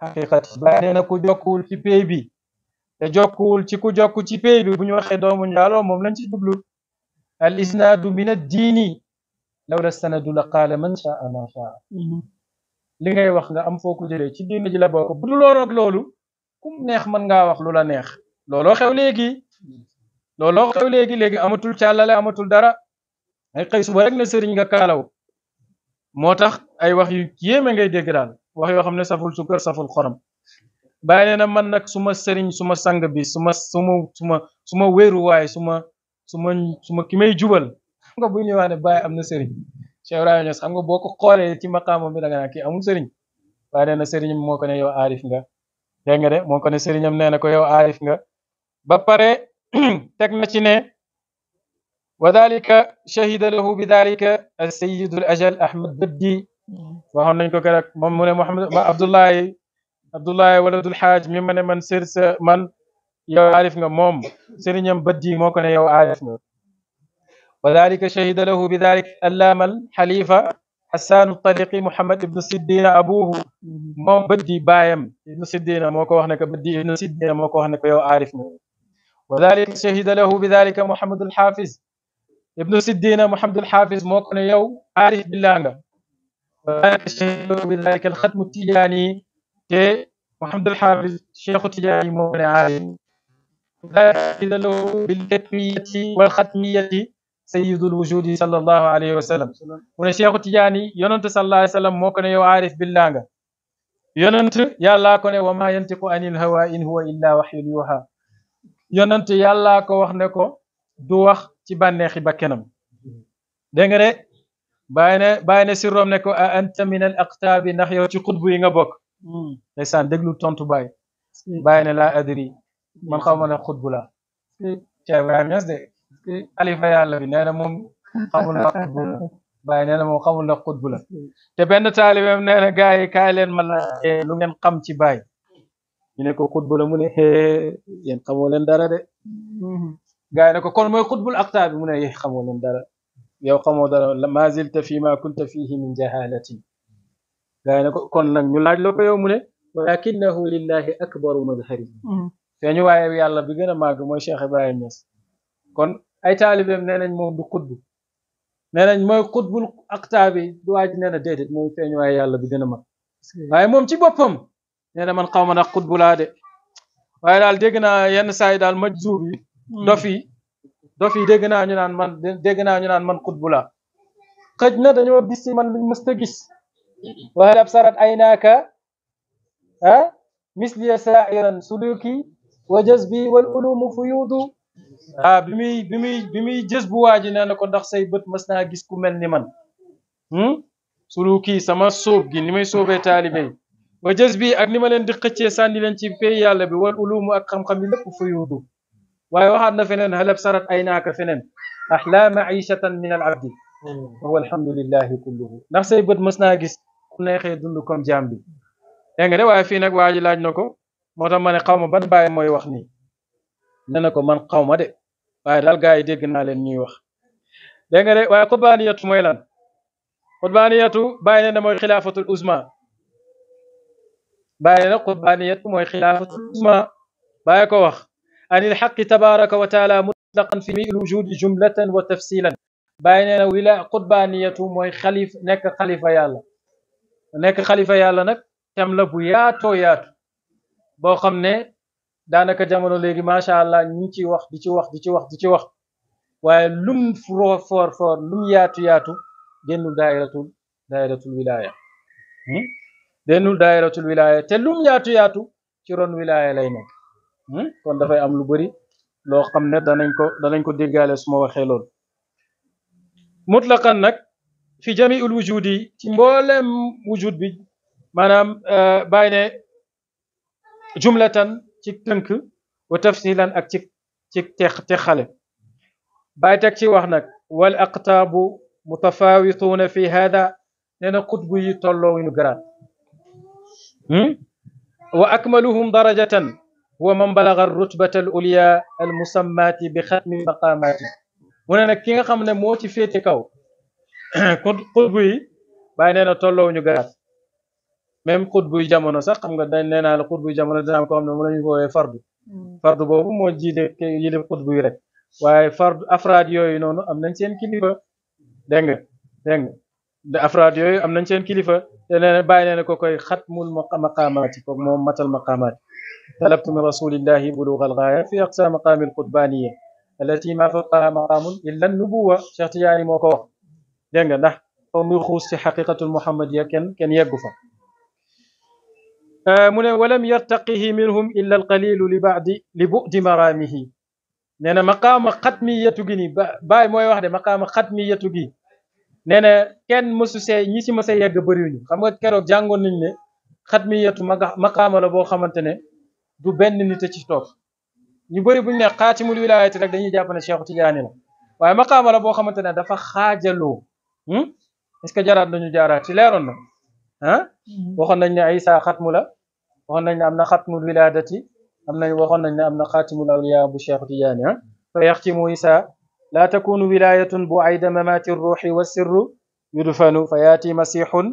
haqiqat Baye nee na ku jokkuwul ci pey bi te jokul ci ku jokku ci pey bi bu ñu waxee doomu ndalo mom lañ ci dublu الإسناد من الدين لولا السند لقال من شاء ما شاء لغاية وخنا أم فوكو جري تي دين جلا بوك بلو روك لولو كم نيخ من غا وخ لولا نيخ لولو خيو ليكي لولو خيو ليكي ليكي أمو تول چالا لأ أمو تول دارا أي قيس بارك نسر نيغا كالاو موتاخ أي وخ يكي من غاية دقران وخ يوخ من سفل سكر سفل خرم بايلنا من نك سما سرين سما سنگ بي سما سما سما ويرو واي سما su ma su ma ki may jubal xam nga bu ñuy wax ne Baye am na sëriñ Cheikh Ibrahima Niass xam nga boo ko xoolee ci maqaamam bi da nga naan kii amul sëriñ waaye nee na sëriñam moo ko ne yow aarif nga dégg nga de moo ko ne sëriñam nee na ko yow aarif nga ba pare teg na ci ne wa dalika shahida lahu bi dalika as-sayyidu al-ajal Ahmad Baddi waxoon nañ ko keroog moom mu ne Mouhamed Abdoulaye Abdoulaye wala dul xaaj mi ma ne man sër sa man يو عارف نعم مم سرني يوم بدي موكنا يو عارف نعم وذلك شهد له بذلك اللام الحليفة حسان الطريقي محمد ابن سيدنا أبوه مم بدي بايم ابن سيدنا موكو هناك بدي ابن سيدنا موكو هناك يو عارف نعم وذلك شهد له بذلك محمد الحافظ ابن سيدنا محمد الحافظ موكنا يو عارف بالله وذلك شهد له بذلك الختم التجاني محمد الحافظ شيخ التجاني موكنا عارف داخل له بالتقمية والختمية سيد الوجود صلى الله عليه وسلم ونشيخ تياني يننت صلى الله عليه وسلم موكنا يعارف بالله يننت يا الله كنا وما ينتقو عن الهواء إن هو إلا وحي ليوها يننت يا الله كوخنكو دوخ تبان نخي بكنم دنگره باينة باينة سيروم نكو أنت من الأقتاب نحيو تقدبو ينبوك نسان دقلو تنتو باي باينة لا أدري man xaw ma ne xutbu la Cheikh Ibrahima Niass de xalifa yàlla bi nee na moom xamul na xutbu la bàyyi nee na moom xamul na xutbu la te benn taalibeem nee na gars yi kaay leen ma laaj lu ngeen xam ci baay ñu ne ko xutbu la mu ne yéen xamoo leen dara de gars yi ne ko kon mooy xutbul aqtaa bi mu ne yéen xamoo leen dara yow xamoo dara ma zilta fi ma kunta fihi min jahalati gars yi ne ko kon nag ñu laaj la ko yow mu ne walakinahu lillahi akbaru mazhari feeñu waaye yàlla bi gën a màgg mooy Cheikh Ibrahim Niass kon ay taalibeem nee nañ moom du xutbu nee nañ mooy xutbul aktaabi du na déedéet mooy feeñu waaye yàlla waaye moom ci boppam nee na man xaw ma nag xutbu laa de daal dégg naa yenn saa yi daal majzuub yi hmm. dof yi dof naa ñu naan man dégg naa ñu man xutbu laa xëj na dañoo gis ci man luñ mës gis waaye ab sarat ay naaka ah misliya suluki waa jazbi wal ulumu fuyuudu ah bi muy bi muy bi muy jës bu waa ji nee ko ndax say bët mës naa gis ku mel ni man hmm? suluki sama sóob gi ni may sóobee taalibe waa wa jës bi ak ni ma leen di xëccee sànni leen ci pay yàlla bi wal ulumu ak xam-xam yi lépp fuyuudu waaye waxaat na feneen halab sarat ay naaka feneen axlaa maishatan min al abdi wa alhamdulillahi kulluhu ndax say bët mës naa gis ku neexee dund comme jaam bi dégg de waaye fii nag waa ji laaj na ko moo tax ma ne xaw ma ban bàyyi mooy wax nii nee na ko man xaw ma de waaye daal gaa yi dégg naa leen ñuy wax dégg nga de waaye xutbaaniyatu mooy lan xutbaaniyatu bàyyi ne na mooy xilaafatul usma bàyyi ne na xutbaaniyatu mooy xilaafatul usma bàyyi ko wax an il xaqi tabaraka wa taala mutlaqan fi mi il wujudi jumlatan wa tafsilan bàyyi ne na wila xutbaaniyatu mooy xalif nekk xalifa yàlla nekk xalifa yàlla nag tem la bu yaatoo yaatu bo xamne danaka jamono jamono ma sha allah ñi ci wax di ci wax di ci wax di ci wax waye lum fro for for lum yaatu yaatu denu dairatul dairatul wilaya hmm denu dairatul wilaya te lum yaatu yaatu ci ron wilaya lay nek hmm kon da fay am lu bari lo xamne ne danañ ko danañ ko degalé suma waxé lool mutlaqan nak fi jami'ul wujudi ci mboolem wujud bi manam bàyyi ne جملة تيك تنك وتفصيلا اك تيك تيك تيك تيخال باي تك تي واخناك والاقطاب متفاوتون في هذا لان قطب يطلو ان غرات واكملهم درجه هو من بلغ الرتبه الاولياء المسماة بختم المقامات هنا نك كيغا خامن موتي فيتي كاو قطب باي نانا تولو ني غرات même xutbuy jamono sax xam nga dañ nee naa la xutbuy jamono dina am ko xam ne moom la ñu woowee fardu fardu boobu moo jiite yile xutbu yi rek waaye fardu afraad yooyu noonu am nañ seen kilifa dégg nga dégg nga afraad yooyu am nañ seen kilifa te nee na bàyyi nee na ko koy xatmul maqaamaati ko moom matal maqaamaati talabtu min rasulillahi buluga algaaya fi aqsa maqaami alqutbaaniya allati ma fawqaha maqaamun illa nubuwa Cheikh Tijaani moo ko wax dégg nga ndax xaw muy xuus ci xaqiqatul muhammadiya kenn kenn yeggu fa mu ne walam yartaqihi minhum illa alqalilu li baadi li bu'di maraamihi nee na maqaama xatmiyatu gi ni baa baay mooy wax de maqaama xatmiyatu gi nee na kenn mësu see ñi si mës a yegg bëriwuñu xam nga keroog jàngoon nañ ne xat xatmiyatu maqaama la boo xamante ne du benn nit a ci toog ñu bëri buñ ne xaatimul wilaayati rek dañuy jàpp ne Cheikh Tidiane la waaye maqaama la boo xamante ne dafa xaajaloo est-ce que jaraat nañu jaaraat ci leeroon na ah waxoon nañ ne Isa xatmu la waxoon nañ ne am na xatmul wilaadati am nañ waxoon nañ ne am na xaatimul awliya bu Cheikh Tidiane ah fa yaxtimu Isa laa takunu wilayatun bu ayda mamaati ruuxi wa sirru yudfanu fa yaati masixun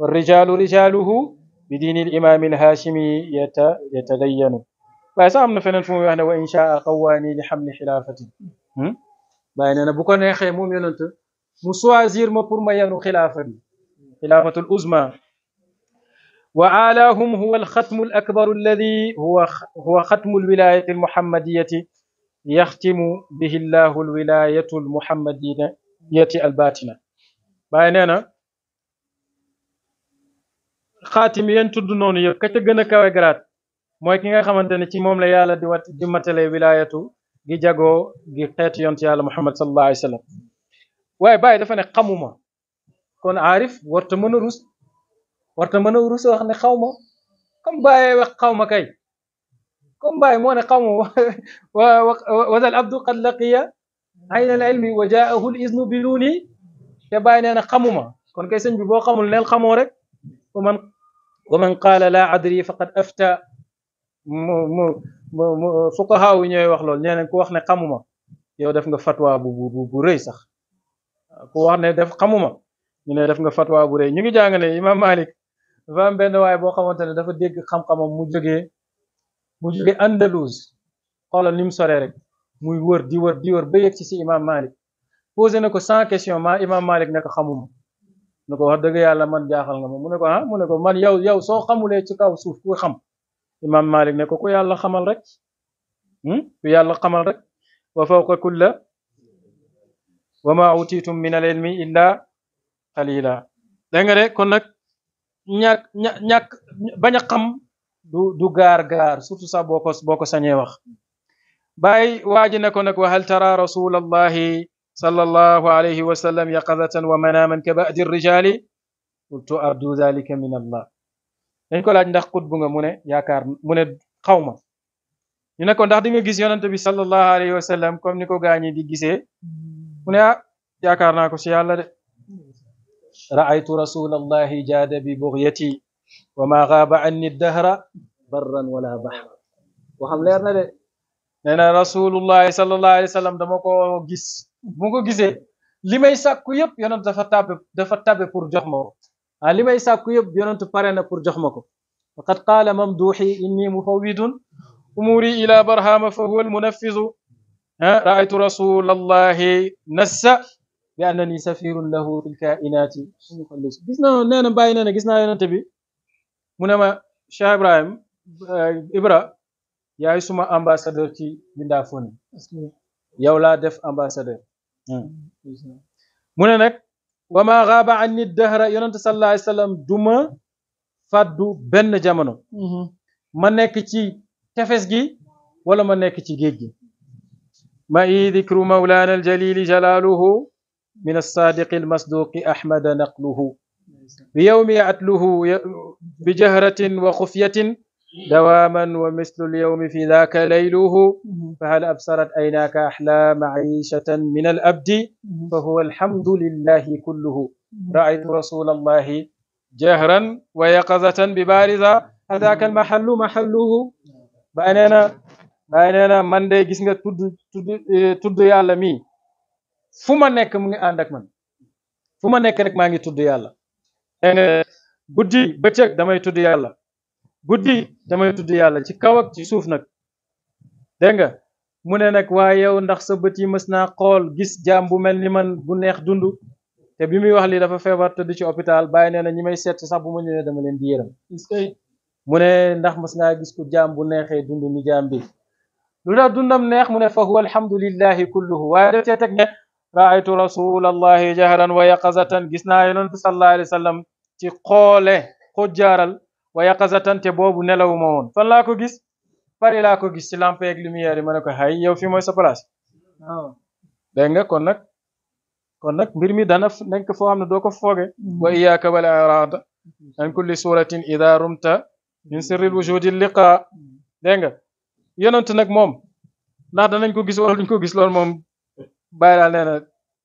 والرجال رجاله بدين الإمام الهاشمي يتدين waaye sax am na feneen fu muy wax ne wa inchaa xawaani li xam li xilaafati bàyyi nee na bu ko neexee moom yonent mu choisir ma pour ma yenu xilaafa bi الخلافة الأزمة وعلاهم هو الختم الأكبر الذي هو هو ختم الولاية المحمدية يختم به الله الولاية المحمدية الباتنة بيننا خاتم ينتدنون كتجنا كوجرات ما يكين خمنتني كم لا يالا دوات دمة الولاية جيجو جيتيون تيال محمد صلى الله عليه وسلم واي باي قموما kon aarif warta mën a rus warta mën a rus wax ne xaw ma comme bàyyee wax xaw ma kay comme bàyyi moo ne xaw ma wazal abdu qad laqiya ayna al ilmi wa jaahu l iznu bi nuuni te bàyyi nee na xamuma kon kay sëñ bi boo xamul neel xamoo rek wa man wa man qaala laa adri faqad afta mu mu mu fuqahaa yi ñooy wax loolu nee nañ ku wax ne xamuma yow def nga fatwa bu bu bu rëy sax ku wax ne def xamuma ñu ne def nga fatwa bu rëy ñu ngi jàng ne imam malik dafa am benn waay boo xamante ne dafa dégg xam-xamam mu jógee mu jógee andalous xoolal ni mu soree rek muy wër di wër di wër ba yegg ci si imam malik posé na ko sans question ma imam malik ne ko xamuma ne ko wax dëgg yàlla man jaaxal nga ma mu ne ko ah mu ne ko man yow yow soo xamulee ci kaw suuf ku xam imam malik ne ko ku yàlla xamal rek ku yàlla xamal rek wa fawqa kulla wa ma utitum min al ilmi illa qalila dégg nga de kon nag ñàkk ñàkk bañ a xam du du gaar gaar surtout sax boo ko boo ko sañee wax bàyyi waa ji ne ko nag wa hal tara rasulallahi sallallahu alayhi wa sallam yaqadatan wa manaman ka ba'di rijali qultu ardu dhalika min allah dañ ko laaj ndax xutbu nga mu ne yaakaar mu ne xaw ma ñu ne ndax di nga gis yonante bi sallallahu alayhi ni ko gaañi di gisee mu ah, naa ko si yàlla de رأيت رسول الله جاد ببغيتي وما غاب عني الدهر برا ولا بحر وهم ليرنا دي نانا رسول الله صلى الله عليه وسلم دمكو غيس بوكو غيسه لي ساكو ييب يونت دا فتاب دا فتاب بور جوخمو آه، لي ماي ساكو ييب يونت بارينا بور جوخمكو وقد قال ممدوحي اني مفوض اموري الى برهام فهو المنفذ ها آه، رايت رسول الله نس bi annani safirun lahu fil kainaati gis na nee na bàyyi nee na gis bi mu ne ma Cheikh Ibrahim eh, Ibra yaay suma ambassadeur ci bindaa fon yow laa def ambassadeur hmm. mu ne nag wa ma xaaba an ni dahra yonente wasallam duma fàddu benn jamono mm-hmm. ma nekk ci tefes gi wala ma nekk ci géej gi ma i dikru mawlana aljalili jalaluhu من الصادق المصدوق أحمد نقله بيوم عتله بجهرة وخفية دواما ومثل اليوم في ذاك ليله فهل أبصرت عيناك أحلام عيشة من الأبد فهو الحمد لله كله رأيت رسول الله جهرا ويقظة ببارزة هذاك المحل محله بأننا بأننا من دي جسنك تد, تد, تد يا fu ma nekk mu ngi ànd ak man fu ma nekk rek maa ngi tudd yàlla eh, guddi bëccëg damay tudd yàlla guddi damay tudd yàlla ci kaw ak ci suuf nag dégg nga mu ne nag waa yow ndax sa bët yi mës naa xool gis jaam bu mel ni man bu neex dund te bi muy wax lii dafa feebar tëdd ci hôpital bàyyi nee na ñi may seet sax bu ma ñëwee dama leen di yërëm mu ne ndax mës ngaa gis ku jaam bu neexee dund ni jaam bi lu tax dundam neex mu ne fa huwa alhamdulillahi kulluhu waaye def رأيت رسول الله جهرا ويقظة قسنا يلون صلى الله عليه وسلم تقول خجارا ويقظة تبوب نلو مون فلاكو قس فلاكو قس سلام فيك لمياري منك هاي يو في موسى فلاس دنگا كونك كونك برمي دانف ننك فوام ندوك فوق وإياك والعراض عن كل سورة إذا رمت من سر الوجود اللقاء دنگا ينون تنك موم نا دانن كو قس ورن كو قس لور موم bàyyi daal nee na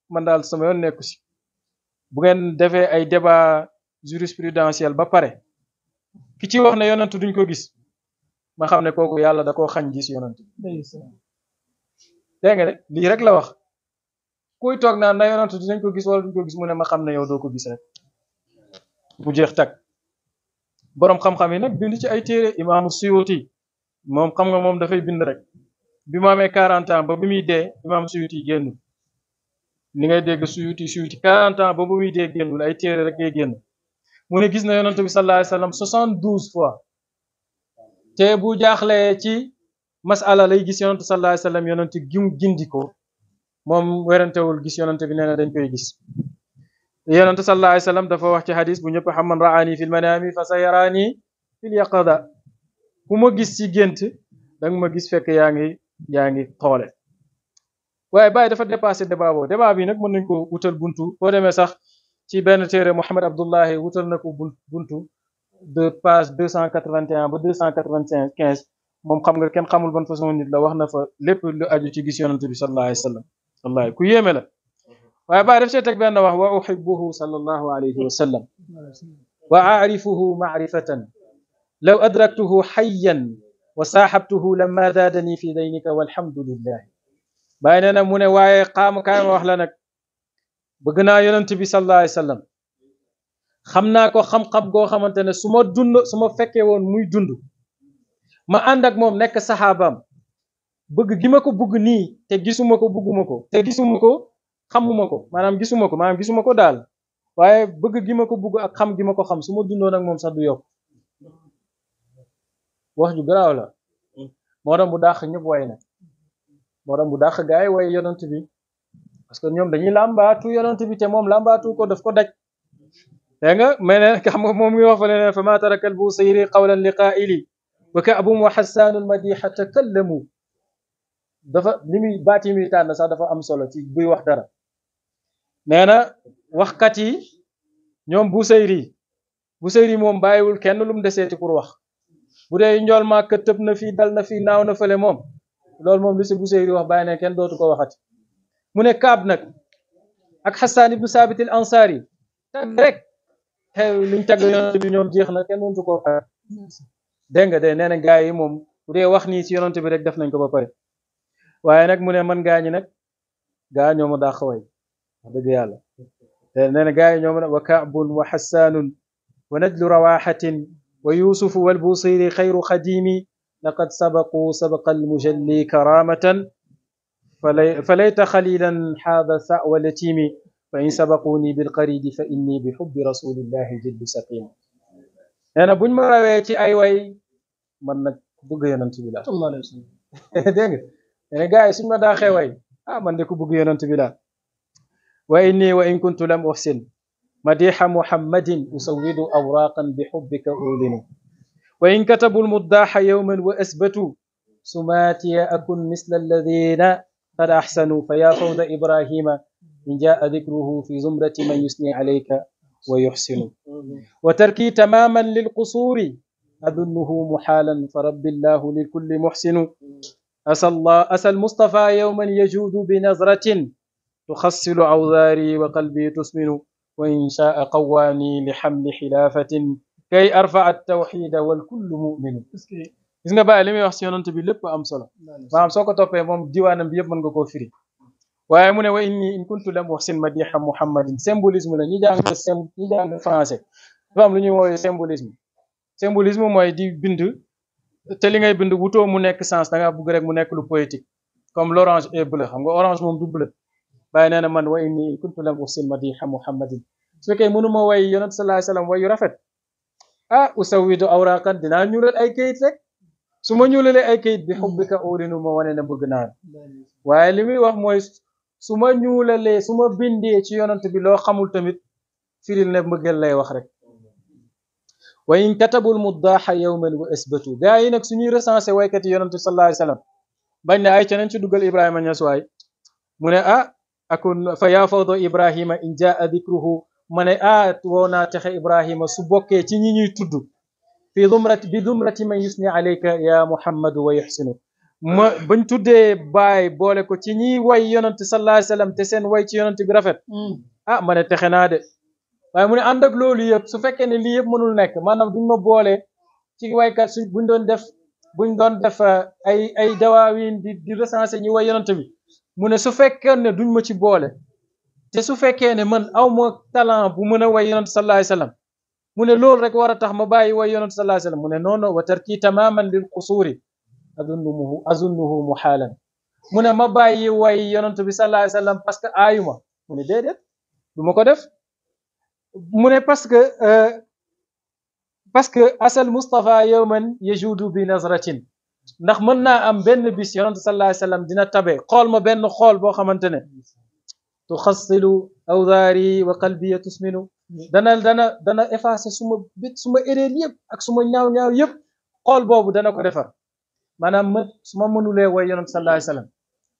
man daal sama yoon nekku si bu ngeen defee ay débat jurisprudentiel ba pare ki ci wax ne yonent duñ ko gis ma xam ne kooku yàlla da koo xañ gis yonent dégg nga lii rek la wax kuy toog naan na yonent dinañ ko gis wala duñ ko gis mu ne ma xam ne yow doo ko gis rek bu jeex tag boroom xam-xam yi nag bind ci ay téere imaamu suyuti moom xam nga moom dafay bind rek bi mu amee quarante ans ba bi muy dee imaam suyuti génnul li ngay dégg suyuti suyuti quarante ans ba bu muy dee génnul ay téere rek ngay génn mu ne gis na yonent bi sallallahu alayhi wasallam fois te bu jaaxlee ci masala lay gis yonent sallallahu alayhi wasallam yonent gim moom werantewul gis yonent bi nee na dañ koy gis yonent sallallahu alayhi wasallam dafa wax ci xadis bu ñëpp xam man raani fil manami fa sa yaraani fil yaqada ma gis ci gént danga ma gis fekk yaa ngi yaangi ngi xoole waaye Baye dafa dépasser débat bo débat bi nak mën nañ ko wutal buntu bo démé sax ci ben téré mohammed abdullah wutal nako buntu de page 281 ba 295 mom xam nga ken xamul ban façon nit la wax na fa lépp lu aju ci gis yonante bi sallallahu alayhi wasallam wallahi ku yéme la waaye Baye daf see teg benn wax wa uhibbuhu sallallahu alayhi wasallam wa a'rifuhu ma'rifatan لو أدركته حيا وصاحبته لما زادني في دينك والحمdu lillahi bàyyi nee na mu ne waaye xaama kaay ma wax la nag bëgg naa yonent bi sallallahu alayhi wasallam xam naa ko xam-xam goo xamante ne su ma dund su ma fekkee woon muy dund ma ànd ak moom nekk saxaabaam bëgg gi ma ko bëgg nii te gisuma ko bëgguma ko te gisuma ko xamuma ko maanaam gisuma ko maanaam gisuma ko daal waaye bëgg gi ma ko bëgg ak xam gi ma ko xam su ma dundoon ak moom sax du yokk wax ju garaaw la moo tax mu dàq ñëpp way na moo tax mu dàq gars yi way yonent bi parce que ñoom dañuy làmbaatu yonent bi te moom làmbaatu ko daf ko daj dégg nga mais neen xam nga moom ngi wax fa leneen fa ma taraka albusiri qawlan li qaa'ili wa kaabum wa xassaanu almadixa takallamu dafa li muy baat yi muy tànn sax dafa am solo ci buy wax dara nee na waxkat yi ñoom busayri busayri moom bàyyiwul kenn lu mu deseeti pour wax بودي نجول ما كتب نفي دل نفي ناو نفل موم لول موم لسي بوسي يري واخ باينه كين دوتو كو واخات موني كاب نك اك حسان بن ثابت الانصاري تك هاو لين تاغ يونت بي نيوم جيخنا كين مونتو كو واخات دنگ دي نينا غاي موم بودي واخ ني سي يونت بي ريك داف نانكو با بار وايي نك موني مان غاني نك غاني مو داخ واي دغ يالا نينا غاي نيوم وكعب وحسان وندل رواحه ويوسف والبوصير خير خديم لقد سبقوا سبق المجلي كرامة فليت خليلا حاذ سأو اليتيم فإن سبقوني بالقريد فإني بحب رسول الله جل سقيم أنا بن مرويتي أي وي من بغي ننت بلا ثم الله يسلم دينك أنا جاي سما داخل وي آه من بغي ننت بلا وإني وإن كنت لم أحسن مديح محمد أسود أوراقا بحبك أولن وإن كتبوا المداح يوما وأثبتوا سماتي أكن مثل الذين قد أحسنوا فيا فوز إبراهيم إن جاء ذكره في زمرة من يثني عليك ويحسن وتركي تماما للقصور أظنه محالا فرب الله لكل محسن أسى الله أسى المصطفى يوما يجود بنظرة تخصل عوذاري وقلبي تسمن وإن شاء قواني لحمل خلافة كي أرفع التوحيد والكل مؤمن إذن نبا علمي وحسي أن تبي لب أم صلاة ما أم صلاة كتب يوم ديوان بيب من كفري وأمنا وإني إن كنت لم أحسن مديح محمد سيمبوليزم لا نيجا عند سيم نيجا عند فرنسي فهم لني هو سيمبوليزم سيمبوليزم هو يدي بندو تلينغ بندو غوتو منك سانس نعاب بغرق منك لو بوليتيك كم لورانج إبلة هم غو أورانج مم دبلة bàyyi nee na man wa inni kuntu lam usil madiha muhammadin su fekkee mënu ma way yonent sallallahu alayhi wasallam wayu rafet ah usawidu awraqan dinaa ñuulal ay kayit rek su ma ñuulalee ay kayit bi xubbika urinu ma wane na bëgg naa waaye li muy wax mooy su ma ñuulalee su ma bindee ci yonent bi loo xamul tamit firil na mbëggeel lay wax rek way in katabul muddaaxa yawman wa asbatu gaa yi nag suñuy recensé waykat yi yonent bi sallallahu alayhi bañ ne ay ca nañ ci dugal akun fa yaa fawdo ibrahima in jaa dikruhu ma ne ah woo naa texe ibrahima su bokkee ci ñi ñuy tudd fi dumrat bi dumrati man yusni alayka ya muhammadu wa yuxsinu ma bañ tuddee baay boole ko ci ñi way yonent sallallahu alayhi wasallam way ci yonent bi rafet mm. ah mane texe naa de waaye mu ne ànd ak loolu yëpp su fekkee ne lii yëpp mënul nekk maanaam duñ ma boole ci waykat su buñ doon def buñ doon def ah, ay ay dawaawin di di recenser ñi way yonent bi mune su fekkene duñ ma ci boole te su fekkene man aw ma talent bu mën way yunus sallallahu alayhi wasallam mune lool rek wara tax ma bàyyi way yunus sallallahu alayhi wasallam mune nono wa tarki tamaman lil qusuri adunnuhu azunnuhu muhalan mune ma bàyyi way yunus bi sallallahu alayhi wasallam parce que ayuma mune dedet duma ko def mune parce que euh parce que asal Mustafa yawman yajudu bi nazratin ndax mën naa am benn bis yonent sallallahu alayhi wasallam dina tabe xool ma benn xool boo xamante ne tuxassilu awdaari wa qalbi ya tusminu dana dana dana effacer suma bit suma erreur yëpp ak suma ñaaw ñaaw yëpp xool boobu dana ko defar maanaam ma su ma mënulee way yonent sallallahu alayhi wasallam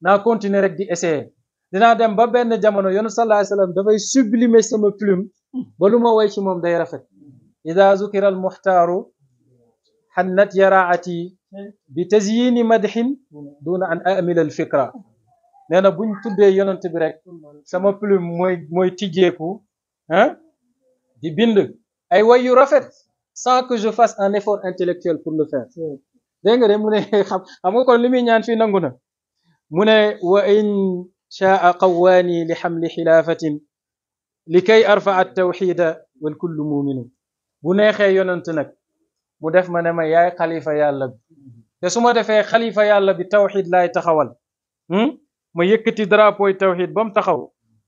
naa continuer rek di essayer dinaa dem ba benn jamono yonent sallallahu alayhi wasallam dafay sublimer sama plume ba lu ma way ci moom day rafet ida zukira almuxtaaru xannat yaraati بتزيين مدح دون ان اامل الفكره نانا بون تودي يونتي بي رك سما بلوم موي موي تيجيكو ها دي بيند اي ويو رافيت سان كو جو فاس ان ايفور انتيليكتوال بور لو فير دنگ ري موني خام خامو كون لي مي نيان في نانغونا موني وان شاء قواني لحمل خلافه لكي ارفع التوحيد والكل مؤمن بو نخه يونتي نك mu def ma ne ma yaay xalifa yàlla bi te su ma defee xalifa yàlla bi tawxid laay taxawal ma yëkkati drapeau yi tawxid ba mu taxaw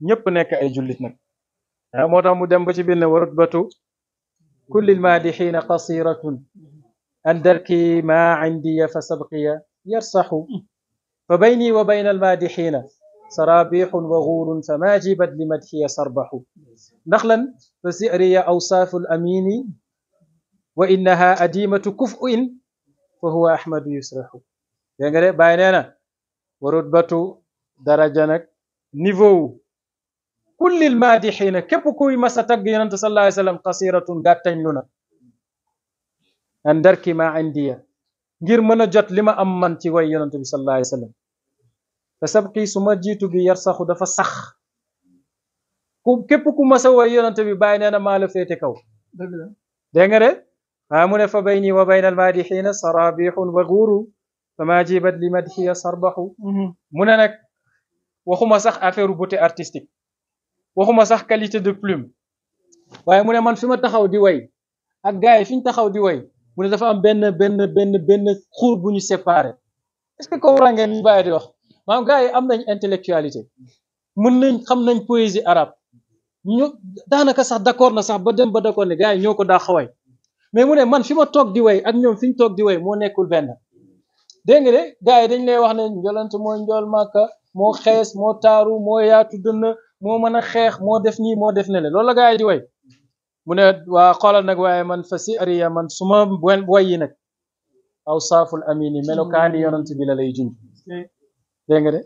ñëpp nekk ay jullit nag moo tax mu dem ba ci biir ne wa rutbatu kullil maadixiina qasiratun an darki maa indiya fa sabqiya yarsaxu fa bayni wa bayna al maadixiina saraabixun wa guurun fa maajibat li madxiya sarbaxu ndax lan fa siriya awsaafu al amini وإنها أديمة كفء فهو أحمد يسرح يعني بيننا ورتبة درجنا نيفو كل المادحين كيف كوي ما ستجينا أنت صلى الله عليه وسلم قصيرة قاتين لنا أندرك ما عندي غير من جت لما أمن تيوي أنت صلى عليه وسلم فسبقي سمجي تبي يرسخ دفا سخ كيف كوي ما سوى أنت بيننا ما لفتكو دعنا آمنف بيني وبين المادحين صرابيح وغور فما جيبت لمدحي صربح منانك وخما صح افيرو بوتي ارتستيك وخما صح كاليتي دو بلوم واي من من فيما تخاو دي واي اك غاي فين تخاو دي واي من دا فا ام بن بن بن بن خور بو ني سيباري است كو رانغي ني باي دي واخ مام غاي ام نان انتليكتواليتي من نان خم نان بويزي عرب ني دانا كا صح داكور نا صح با ديم با داكور ني غاي نيوكو دا خواي mais mu ne man fi ma toog di way ak ñoom fi toog di way moo nekkul benn dégg nga de gars yi dañ lay wax ne njolant mooy njool màkka moo xees moo taaru moo yaatu dënn moo mën a xeex moo def nii moo def ne le loolu la gars yi di way mu ne waa xoolal nag waaye man fa si ariya man suma ma way yi nag aw saaful amini melokaani ni bi la lay junj dégg nga de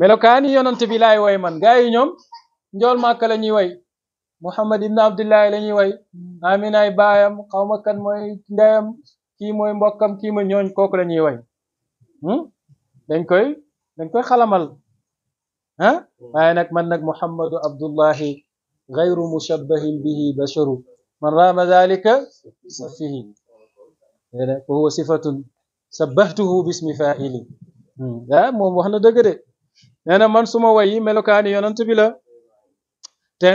melokaani yonant bi laay way man gars yi ñoom njool màkka la ñuy way Muhammad ibn Abdullah la ñuy way Amina ay baayam xaw ma kan mooy ndeyam kii mooy mbokkam kii mooy ñooñ kooku la ñuy way dañ koy dañ koy xalamal ah waaye nag man nag Muhammadu Abdullahi gayru mushabbahin bihi basharu man raama dalika safihi fa huwa sifatun sabbahtuhu bismi faili ah moom wax na dëgg de nee na man suma way yi melokaani yonant bi la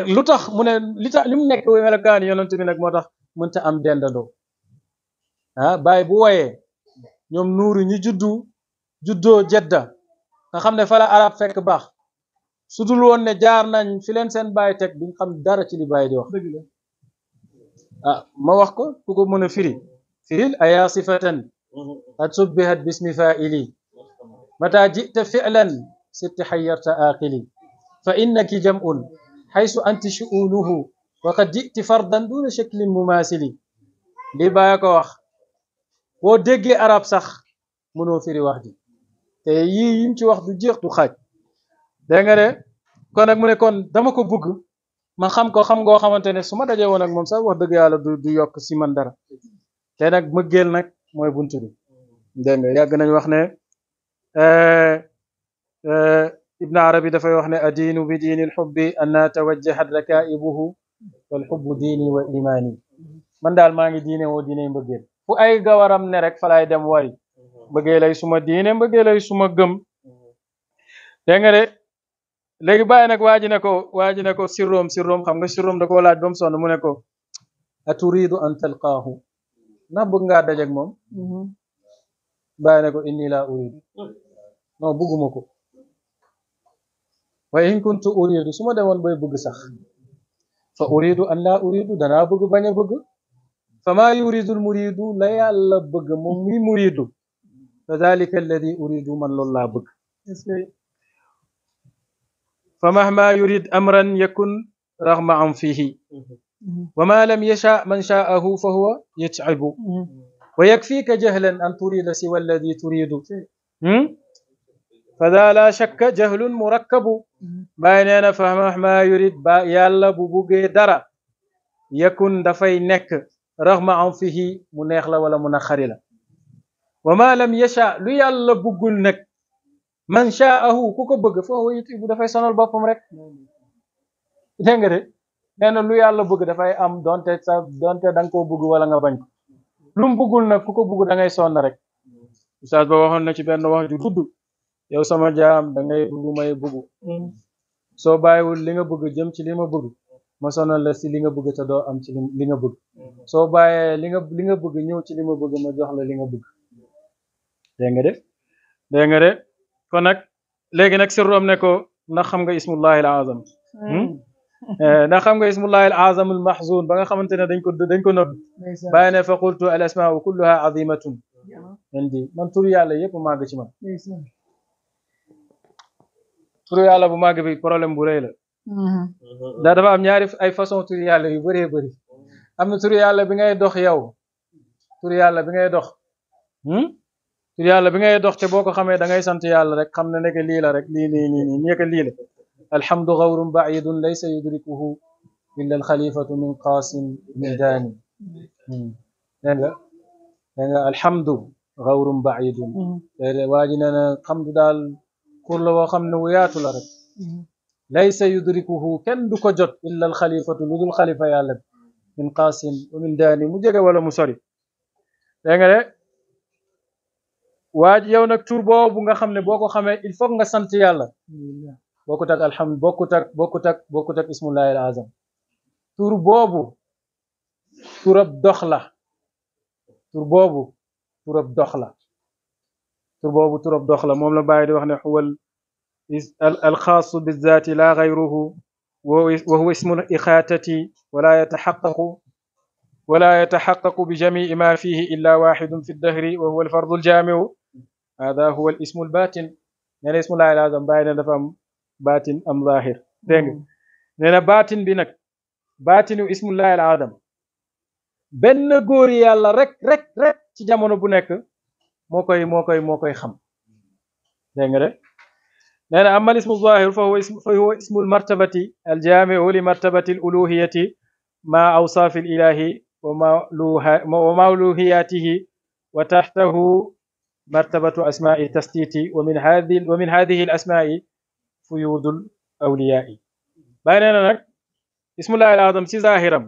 lu tax mu ne li tax li mu nekk melokaan yonent bi nag moo tax mënta am dendandoo ah bàyyi bu woyee ñoom nuuru ñu juddu juddoo jedda nga xam ne fala arab fekk baax su dul ne jaar nañ fi leen seen bàyyi teg duñ xam dara ci li di wax ah ma wax ko ku ko mën a firi firil ayaa sifatan mm-hmm. qad ji bismi faaili mata jita filan sitti xayarta aaqili fa innaki jam'un haythu anti shu'unuhu wa qad ji'ti fardan duna shaklin mumaasili li bàyyi ko wax boo déggee arab sax mënoo firi wax ji te yii yim ci wax du jeex du xaaj dégg nga ne kon nag mu ne kon dama ko bëgg ma xam ko xam ngoo xamante ne su du du yokk si man dara te nag mëggeel nag mooy buntu bi ibn arabi dafay wax ne adiinu bi diini lxubbi anna tawajjahat rakaibuhu wal xubbu diini wa imaani man daal maa ngi diine woo diine mbëggeel fu ay gawaram ne rek falaay dem wari mbëggee lay suma diine mbëggee lay suma gëm dégg nga de léegi bàyyi nag waaji ne siroom waaji ne ko xam nga sirroom da koo laaj ba mu sonn mu ne ko a turidu an talqaahu ndax bëgg ngaa dajeg moom mm-hmm. bàyyi ne ko inni laa uridu non bëgguma ko وإن كنت أريد سما دمون بي بغ سخ فأريد أن لا أريد دنا بغ بانا بغ فما يريد المريد لا يالا بغ ممي مريد فذلك الذي أريد من الله بغ فمهما يريد أمرا يكون رغم عن فيه وما لم يشاء من شاءه فهو يتعب ويكفيك جهلا أن تريد سوى الذي تريد فذا لا شك جهل مركب بين انا فهم ما يريد با يالا بوبوغي درا يكون دفاي نك رغم ان فيه منخلا ولا منخرلا وما لم يشاء لو يالا بوغول نك من شاءه كوكو بغ فهو يتيب دفاي سونال بوبم رك دنگ ري نانا لو يالا بوغ دفاي ام دونت سا دونت دانكو بوغ ولا nga bañ لوم بوغول نك كوكو بوغ داغي سون رك استاذ با واخون نتي بن واخ دي تودو yow sama jaam da ngay bëgg may bëgg mm. soo bàyyiwul li nga bëgg jëm ci li ma bëgg ma sonal la si li nga bëgg te doo am ci li nga mm. soo bàyyee li nga li nga bëgg ñëw ci li ma bëgg ma jox la li nga bëgg nga de dégg nga de nag léegi nag sirru am ne ko ndax xam nga ismu al azam mm. hmm? eh, ndax xam nga ismullahi al azam al mahzun ba nga xamante ne dañ ko dañ ko nodd bàyyi ne fa qultu al asmaa kulluha azimatun indi man tur yàlla yëpp màgg ci man turu yàlla bu màgg bi problème bu rëy la da dafa am ñaari ay façon turu yàlla yu bëree bëri am na turu yàlla bi ngay dox yow turu yàlla bi ngay dox turu yàlla bi ngay dox te boo ko xamee da ngay sant yàlla rek xam ne nekk lii la rek lii lii nii nii nekk lii la alhamdu gawrun baidun laysa yudrikuhu illa alxalifatu min qaasim midaani dégg nga dégg nga alhamdu gawrun baidun waa ji nee na xamdu daal كل وقم نويات الأرض ليس يدركه كن دكجت إلا الخليفة لذو الخليفة يالب من قاسم ومن داني مجد ولا مصري لأنه واج يو نك تور بو بوغا خامني بوكو خامي il faut nga sante yalla boko tak alhamd boko tak boko tak boko tak bismillah al azam tour bobu tourab dokhla tour bobu tourab تربو تراب دخل مم لا بعد وحنا هو الخاص بالذات لا غيره وهو اسم الإخاتة ولا يتحقق ولا يتحقق بجميع ما فيه إلا واحد في الدهر وهو الفرض الجامع هذا هو الاسم الباطن يعني اسم الله لازم بعدنا نفهم باطن أم ظاهر لأن باطن بينك باطن اسم الله العظم بن غوري الله رك رك رك تجمعنا بنك moo koy moo koy moo koy xam dégg nga de nee na amma ismu zahir fa huwa ismu fa huwa ismu almartabati aljaamiu li martabati aluluhiyati ma awsaafi alilahi wa mawluhiyatihi wa taxtahu martabatu asmaai tasditi wa min hadi wa min hadihi alasmaai fuyudu alawliyai bàyyi nee na nag ismullahi alazam ci zahiram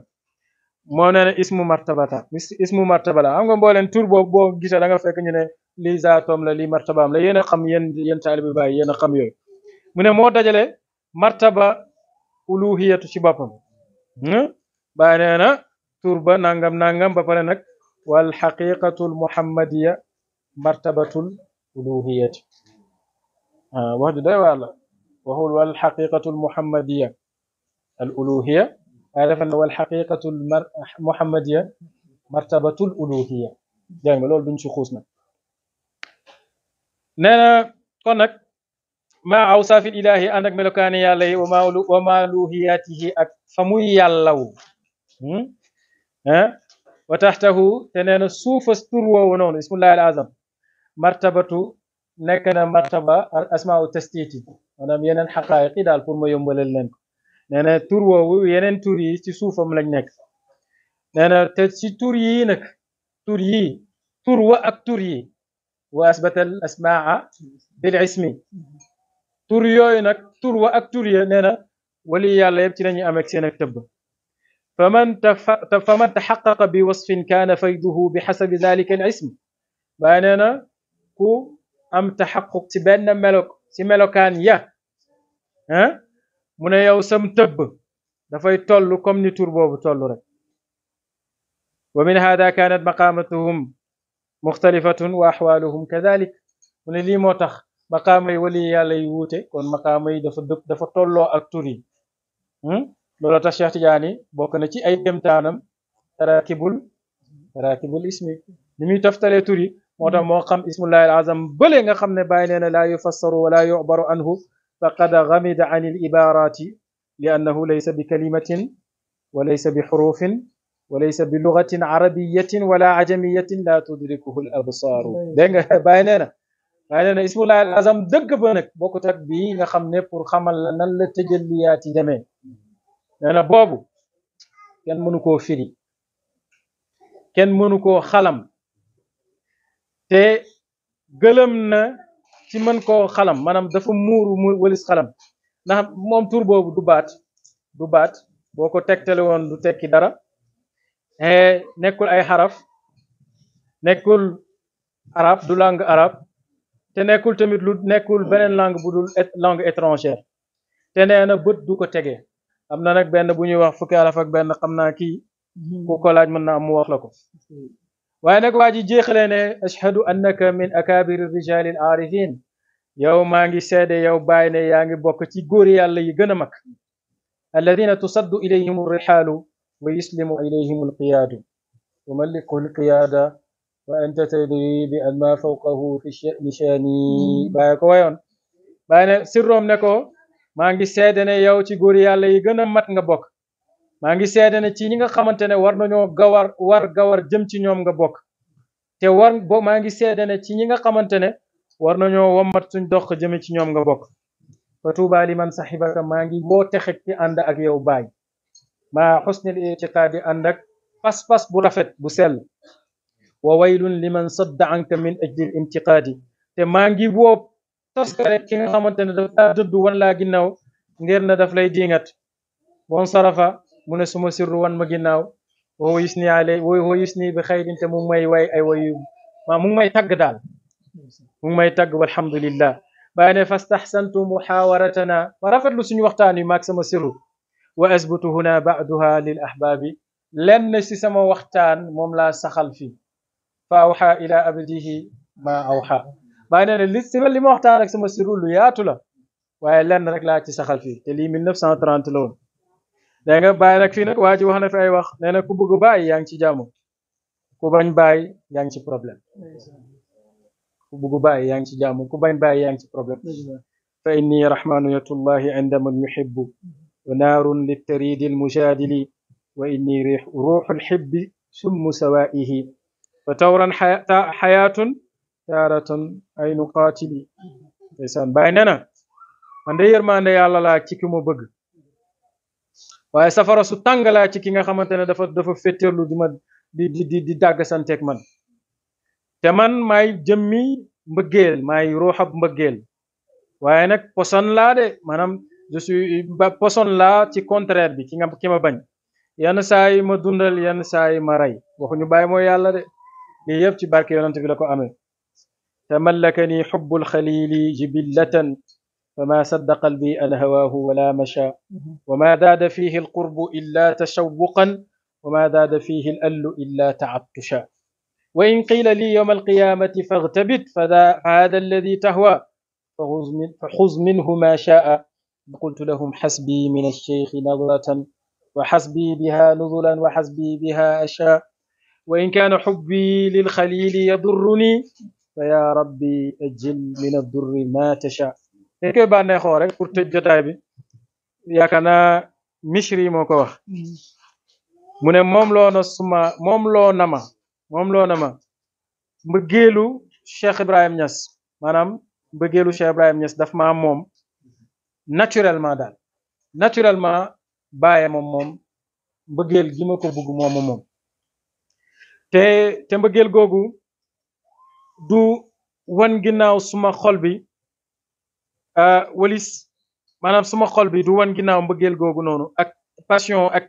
moo ne ismu martabata ismu martaba la xam nga mbooleen tur boobu boo gisee da nga fekk ñu ne lii zaatoom la lii am la yéen a xam yéen yéen taalibi bàyyi yéen a xam yooyu mu ne moo dajale martaba uluhiyatu ci boppam bàyyi nee na tur ba nangam nangam ba pare nag wal xaqiqatul muhammadiya martabatul uluhiyati ah, wax ju doy waar la waxul wal xaqiqatul muhammadiya al uluhiya عرف أن الحقيقة المحمدية مرتبة الألوهية دائما لول بن شخوصنا نانا كونك ما أوصاف الإله أنك ملكان يالي وما وما لوهياته أك فمي يالو وتحته تنين السوف استروا ونون اسم الله العظم مرتبة نكنا مرتبة الأسماء التستيتي ونمينا الحقائق دال فرمو يوم وللنكو nana tour tur yenen tour yi ci soufam lañ nek nana te ci tour yi nak tour yi tour wa ak tour yi wa asbatal asmaa bil ismi tour yoy nak tour wa ak tour ya nana wali yàlla yeb ci lañu am ak sen ak tëbb faman faman taxaqaqa bi wasfin kana faydahu bi xasabi dalika al ism waaye nee ku am tahaqquq ci ben melok ci melokan ya hein mune yow sam teub da fay tollu comme ni tour bobu tollu rek wa min hada kanat maqamatuhum muxtalifatun wa ahwaluhum kadhalik mune li motax maqamay wali yàlla yi wute kon maqamay dafa dëpp dafa tollo ak tour yi hmm lolo tax Cheikh Tidiane bok na ci ay dem tanam tarakibul tarakibul ismi ni taftale tour yi motax mo xam ismullahi alazam bële nga xamne bayne bàyyi nee na la yufassaru wala yubaru anhu فقد غمد عن العبارات لأنه ليس بكلمة وليس بحروف وليس بلغة عربية ولا عجمية لا تدركه الأبصار دنگ بايننا بايننا اسم الله العظم دق بنك بوكو تك بي nga xamne pour xamal nan la tejelliyat yi demé néna bobu kenn mënu ko firi kenn si mën koo xalam maanaam dafa mur mu wëlis xalam ndax moom tur boobu du baat du baat boo ko tegtale woon du tekki dara eh, nekkul ay xaraf nekkul arab du langue arab te nekkul tamit lu nekkul beneen langue bu dul langue étrangère te nee na bët du ko tege am na nag benn bu ñuy wax fukki araf ak benn xam naa kii ku ko laaj mën naa mu wax la ko hmm. وانا قواجي جيخ لاني اشهد انك من اكابر الرجال العارفين يو مانجي سادة يو بايني يانجي بوكتي غوري اللي يغنمك الذين تصد اليهم الرحال ويسلم اليهم القياد وملك القيادة وانت تدري بان ما فوقه في نشاني بايا قوايون بايني سرهم نكو مانجي سادة يو تي غوري اللي يغنمك نبوك maa ngi seede ne ci ñi nga xamante ne war nañoo gawar war gawar jëm ci ñoom nga bokk te war bo maa ngi seede ci ñi nga xamante ne war nañoo wommat suñ dox jëme ci ñoom nga bokk fa tuuba liman saxibaka maa ngi woo texeg ci ànd ak yow baay maa xusnil itiqaadi ànd ak pas-pas bu rafet bu sell wa waylun liman sadda anka min ajlil intiqaadi te maa ngi woo toskare ki nga xamante ne daf laa dëddu wan laa ginnaaw ngir na daf lay dingat bon sarafa mu ne suma sirru wan ma ginnaaw woo yus ni ale woo woo yus ni bi xayrin te mu ngi may way ay wayu ma mu ngi may tagg daal mu ngi may tagg walhamdulillah bàyyi ne fastaxsantu muxaawaratana ma rafetlu suñu waxtaan wi maag sama sirru wa asbutu huna baaduha lil ahbaabi lenn si sama waxtaan moom laa saxal fii fa awxa ila abdihi ma awxa bàyyi ne li si li ma waxtaan ak sama sirru lu yaatu la waaye lenn rek laa ci saxal fii te lii 1930 la woon danga nga nak fi nak waji waa wax na fi ay wax neena ku bëgg bàyyi yaang ci jàmm ku bañ bàyyi yaang ci problème ku bëgg bàyyi yaang ci jàmm ku bañ bàyyi yaang ci problème fa inni rahmaniyatullahi inda man yuhibbu wa narun litarid almujadili wa inni ruhu alhibb summu sawaihi wa tawran hayatun taaratun aynu qatili ndeysaan bàyyi neena na man de yërmande yàlla la ci ki mo bëgg waaye safara su tàng laa ci ki nga xamante ne dafa dafa fétteerlu di ma di di di dàgg santeeg man te man may jëmmi mbëggeel maay ruuxab mbëggeel waaye nag poson laa de maanaam je suis poson laa ci contraire bi ki nga ki ma bañ yenn saa yi ma dundal yenn saa yi ma rey waxuñu bàyyi mooy yàlla de lii yëpp ci barke yonent bi la ko amee te mallakani xubbul xalili jibillatan فما سد قلبي أن هواه ولا مشى وما زاد فيه القرب إلا تشوقا وما زاد فيه الأل إلا تعطشا وإن قيل لي يوم القيامة فاغتبت فهذا الذي تهوى فخذ منه ما شاء قلت لهم حسبي من الشيخ نظرة وحسبي بها نزلا وحسبي بها أشاء وإن كان حبي للخليل يضرني فيا ربي أجل من الضر ما تشاء dañ koy bànneexoo rek pour tëj jotaay bi yaakaar naa Misri moo ko wax mu ne moom loo na suma moom loo na ma moom loo na ma mbëggeelu Cheikh Ibrahim Niass maanaam mbëggeelu Cheikh Ibrahim Niass daf ma moom naturellement daal naturellement bàyye moom moom mbëggeel gi ko bugg moomu moom te te mbëggeel googu du wan ginnaaw suma xol bi walis maanaam suma xol bi du wan ginnaaw mbëggeel googu noonu ak passion ak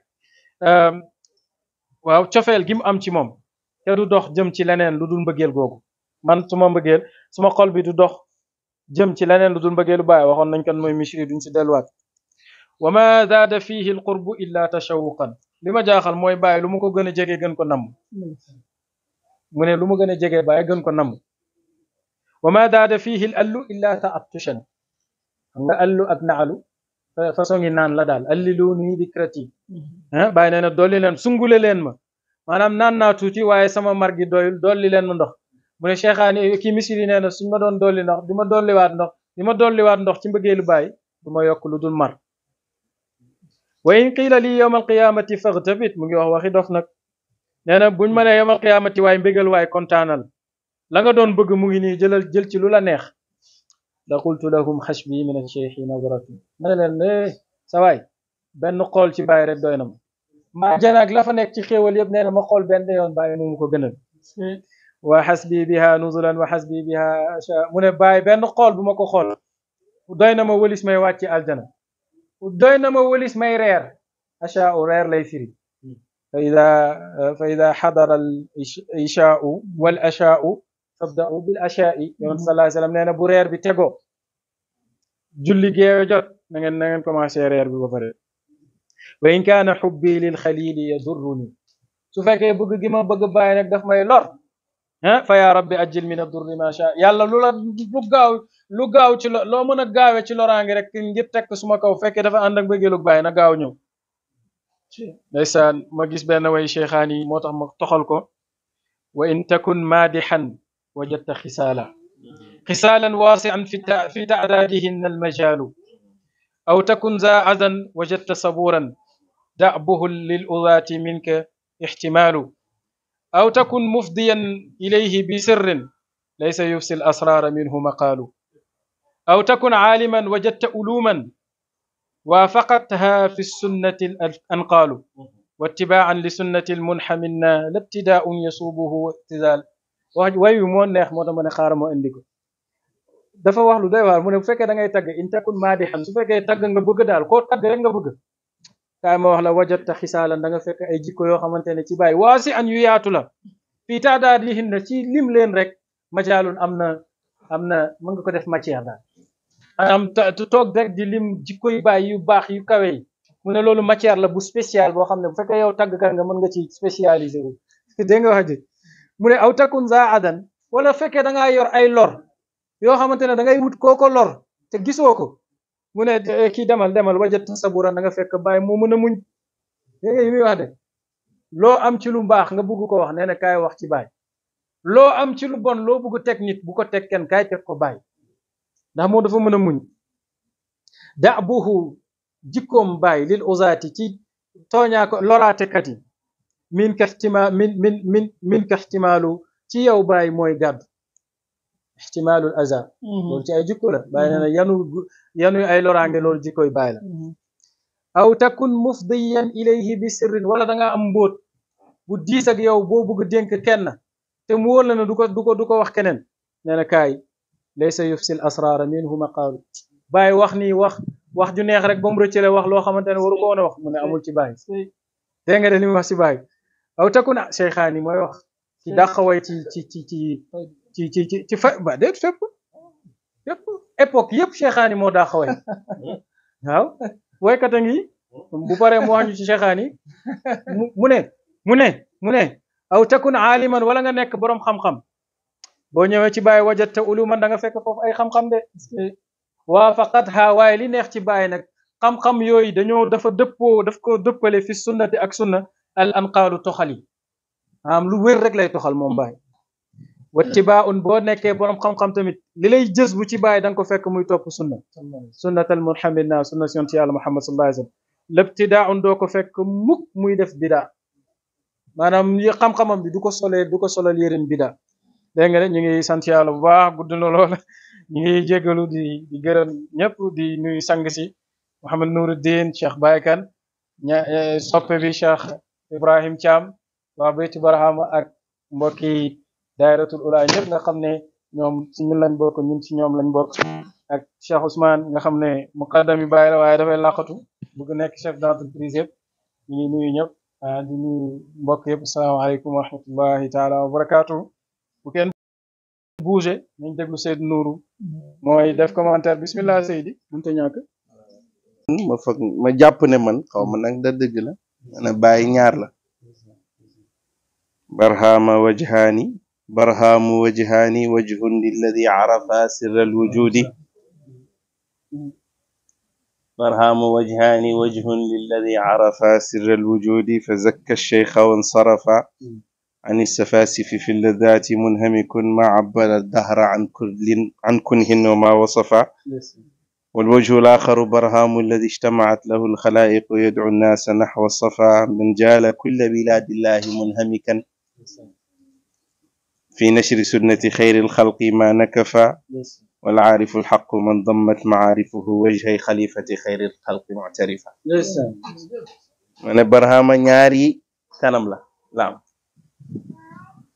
waaw cofeel gi mu am ci moom te du dox jëm ci leneen lu dul mbëggeel googu man suma mbëggeel suma xol bi du dox jëm ci leneen lu dul mbëggeelu baay waxoon nañ kan mooy misri duñ si delluwaat wa ma zaada fihi alqurbu illa tashawuqan li ma jaaxal mooy baay lu ma ko gën a jege gën ko namm mu lu ma gën a jege baay gën ko namm wa ma zaada fihi al illa taattushan xam nga allu ak naalu façon ngi naan la daal alliluu nii bi krati bàyyi nee na dolli leen sungule leen ma maanaam naan naa tuuti waaye sama mar gi doyul dolli leen ma ndox mu ne cheikhaani kii misiri nee na suñ ma doon dolli ndox di ma dolliwaat ndox di ma dolliwaat ndox ci mbëggeelu bàyyi du ma yokk mar wa in qiila lii yowma alqiyaamati faxtabit mu ngi wax waxi dof nag nee buñ ma nee yowma alqiyaamati waaye mbégal waaye la nga doon bëgg mu ngi nii jëlal jël ci lu neex لقلت لهم خشبي من شيخي نظرتي ma ne leen eh sa waay benn xool ci bàyyi rek doy na ma maa janaag la fa nekk ci xéewal yëpp nee na ma xool benn yoon bàyyi moomu ko gënal wa xasbi biha nuzulan wa xasbi biha asha mu ne bàyyi benn xool bu ma ko xool doy na ma wëlis may wàcc aljana doy na ma wëlis may reer asha u reer lay firi fa ida fa ida xadara al ishaau wal ashaau تبدأ بالأشياء يوم صلى الله عليه وسلم نحن بورير بتجو جلي جاي جات نحن نحن كما سيرير ببفر وإن كان حبي للخليل يضرني سوف كي بقى جم بقى باينك دخ ما يلور ها فيا ربي أجل من الضر ما شاء يلا لولا لقاو لقاو تلو لو من قاو تلو رانغ ركين جبتك كسمك أو فكر دفع عندك بقى لقى باين قاو نيو نيسان ما جيس بينا وين شيخاني ما تخلكو وإن تكن مادحا وجدت خسالا خسالا واسعا في في تعدادهن المجال أو تكن ذا عزا وجدت صبورا دأبه للأذاة منك احتمال أو تكن مفضيا إليه بسر ليس يفسي الأسرار منه مقال أو تكن عالما وجدت ألوما وافقتها في السنة الأنقال واتباعا لسنة المنحمنا لا ابتداء يصوبه wax way wi moo neex moo tax ma ne xaaral ma indi ko dafa wax lu doy waar mu ne bu fekkee da ngay tagg in takun maadihan su fekkee tagg nga bëgg daal koo tagg rek nga bëgg kaay ma wax la wajatta xisaalan da nga fekk ay jikko yoo xamante ne ci bàyyi waa si an yu yaatu la fii taadaat lihin na ci lim leen rek majaalun am na am na mën nga ko def matière daal am toog rek di lim jikko yu bàyyi yu baax yu kawe yi mu ne loolu matière la bu spécial boo xam ne bu fekkee yow ka nga mën nga ci spécialisé wu dégg wax ji mu ne aw takun za adan wala fekkee da ngaa yor ay lor yoo xamante ne da ngay wut kooko lor te gisoo ko mu ne eh, kii demal demal wajat saburan da nga fekk bàyyi moo mën a muñ dégg loo am ci lu mbaax nga bugg ko wax nee na kaay wax ci bàyyi loo am ci lu bon loo bugg teg nit bu ko teg kenn kaay teg ko bàyyi ndax moo dafa mën a muñ da buuxu jikkoom bàyyi lil usaati ci tooñaa ko loraatekat yi min kaxtima min min min min kaxtimaalu ci yow bàyyi mooy gàddu ixtimaalul aza mm-hmm. loolu ci ay jikko la bàyyi mm-hmm. ay loraange loolu jikkoy bàyyi la mm-hmm. aw takun mufdiyan ilayhi bi sirrin wala danga nga am mbóot bu diis ak yow boo bëgg dénk kenn te mu wóor la ne du ko du du ko wax keneen nee na kaay laysa yufsil min minhu maqaalu bàyyi wax nii wax wax ju neex rek ba mu rëccale wax loo xamante ne waru a wax mu ne amul ci bàyyi dégg nga de li mu wax ci bàyyi aw takku na Cheikhaani mooy wax ci dàqaway ci ci ci ci ci ci ci ci fa ba déet fépp fépp époque yëpp Cheikhaani moo dàqaway waaw woykat a ngi bu paree mu wax ñu ci Cheikhaani mu ne mu ne mu ne aw takun aaliman wala nga nekk boroom xam-xam boo ñëwee ci baay bàyyi wajatta uluman da nga fekk foofu ay xam-xam de waa faqat haa waaye li neex ci bàyyi nag xam-xam yooyu dañoo dafa dëppoo daf ko dëppale fi sunnati ak sunna الأمقال توخالي هم لو وير رك لا يتوخال مومباي واتباع ان بو نيكي بوروم خام خام تاميت لي جيس بو تي باي دانكو فك موي توپ سنة سنة المحمد نا سنة سنتي الله محمد صلى الله عليه وسلم لابتداء ان دوكو فك موك موي ديف بدا مانام ي خام خامام بي دوكو سولي دوكو سولال يرين بدا دنگ ري نيغي سنتي الله با غود نو لول ني جيغلو دي دي گيرن نيپ دي نوي سانغسي محمد نور الدين شيخ بايكان سوبي بي شيخ Ibrahim Thiam waa Bayti Barhama ak mbokki daayratul ula ñëpp nga xam ne ñoom si ñun lañ bokk si ñoom lañ bokk ak Cheikh Ousmane nga xam ne muqaddami bàyyi la waaye dafay làqatu bëgg nekk chef d'entreprise yëpp ñu ngi nuyu ñëpp ah, di nuyu mbokk yëpp asalaamaaleykum wa rahmatullahi taala wa barakaatu bu kenn bougé nañ déglu Seydou Nourou mooy def commentaire bismillah Seydi mënta ñàkk ma ma jàpp ne man xaw ma nag da dëgg la na bàyyi ñaar la barhama wajhaani barhamu wajhaani wajhun lilladi arafa sirra برهام وجهان وجه للذي عرف سر الوجود فزكى الشيخ وانصرف عن السفاسف في اللذات منهمك ما عبر الدهر عن كل عن كنه وما وصف والوجه الآخر برهام الذي اجتمعت له الخلائق يدعو الناس نحو الصفا من جال كل بلاد الله منهمكا في نشر سنة خير الخلق ما نكفى والعارف الحق من ضمت معارفه وجهي خليفة خير الخلق معترفا من برهام نياري كلام لا لا نعم.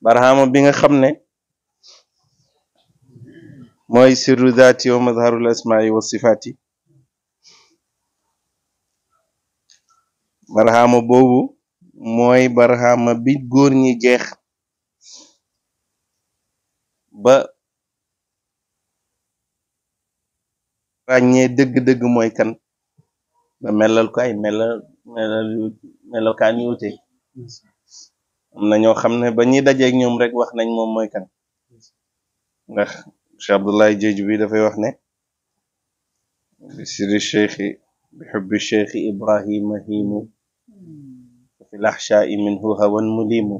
برهام بين خمنه mooy sirru daati wa mazharul asmaai wa sifaati barxaama boobu mooy barxaama bi góor ñi jeex ba ràññee dëgg-dëgg mooy kan ba melal ko ay melal melal melokaan yu am na ñoo xam ne ba ñuy dajeeg ñoom rek wax nañ moom mooy kan Cheikh Abdoulaye Jéej bi dafay wax ne bi siri cheikhi bi xubbi cheikhi ibrahima hiimu fi laxshaa i minhu hawan mu liimu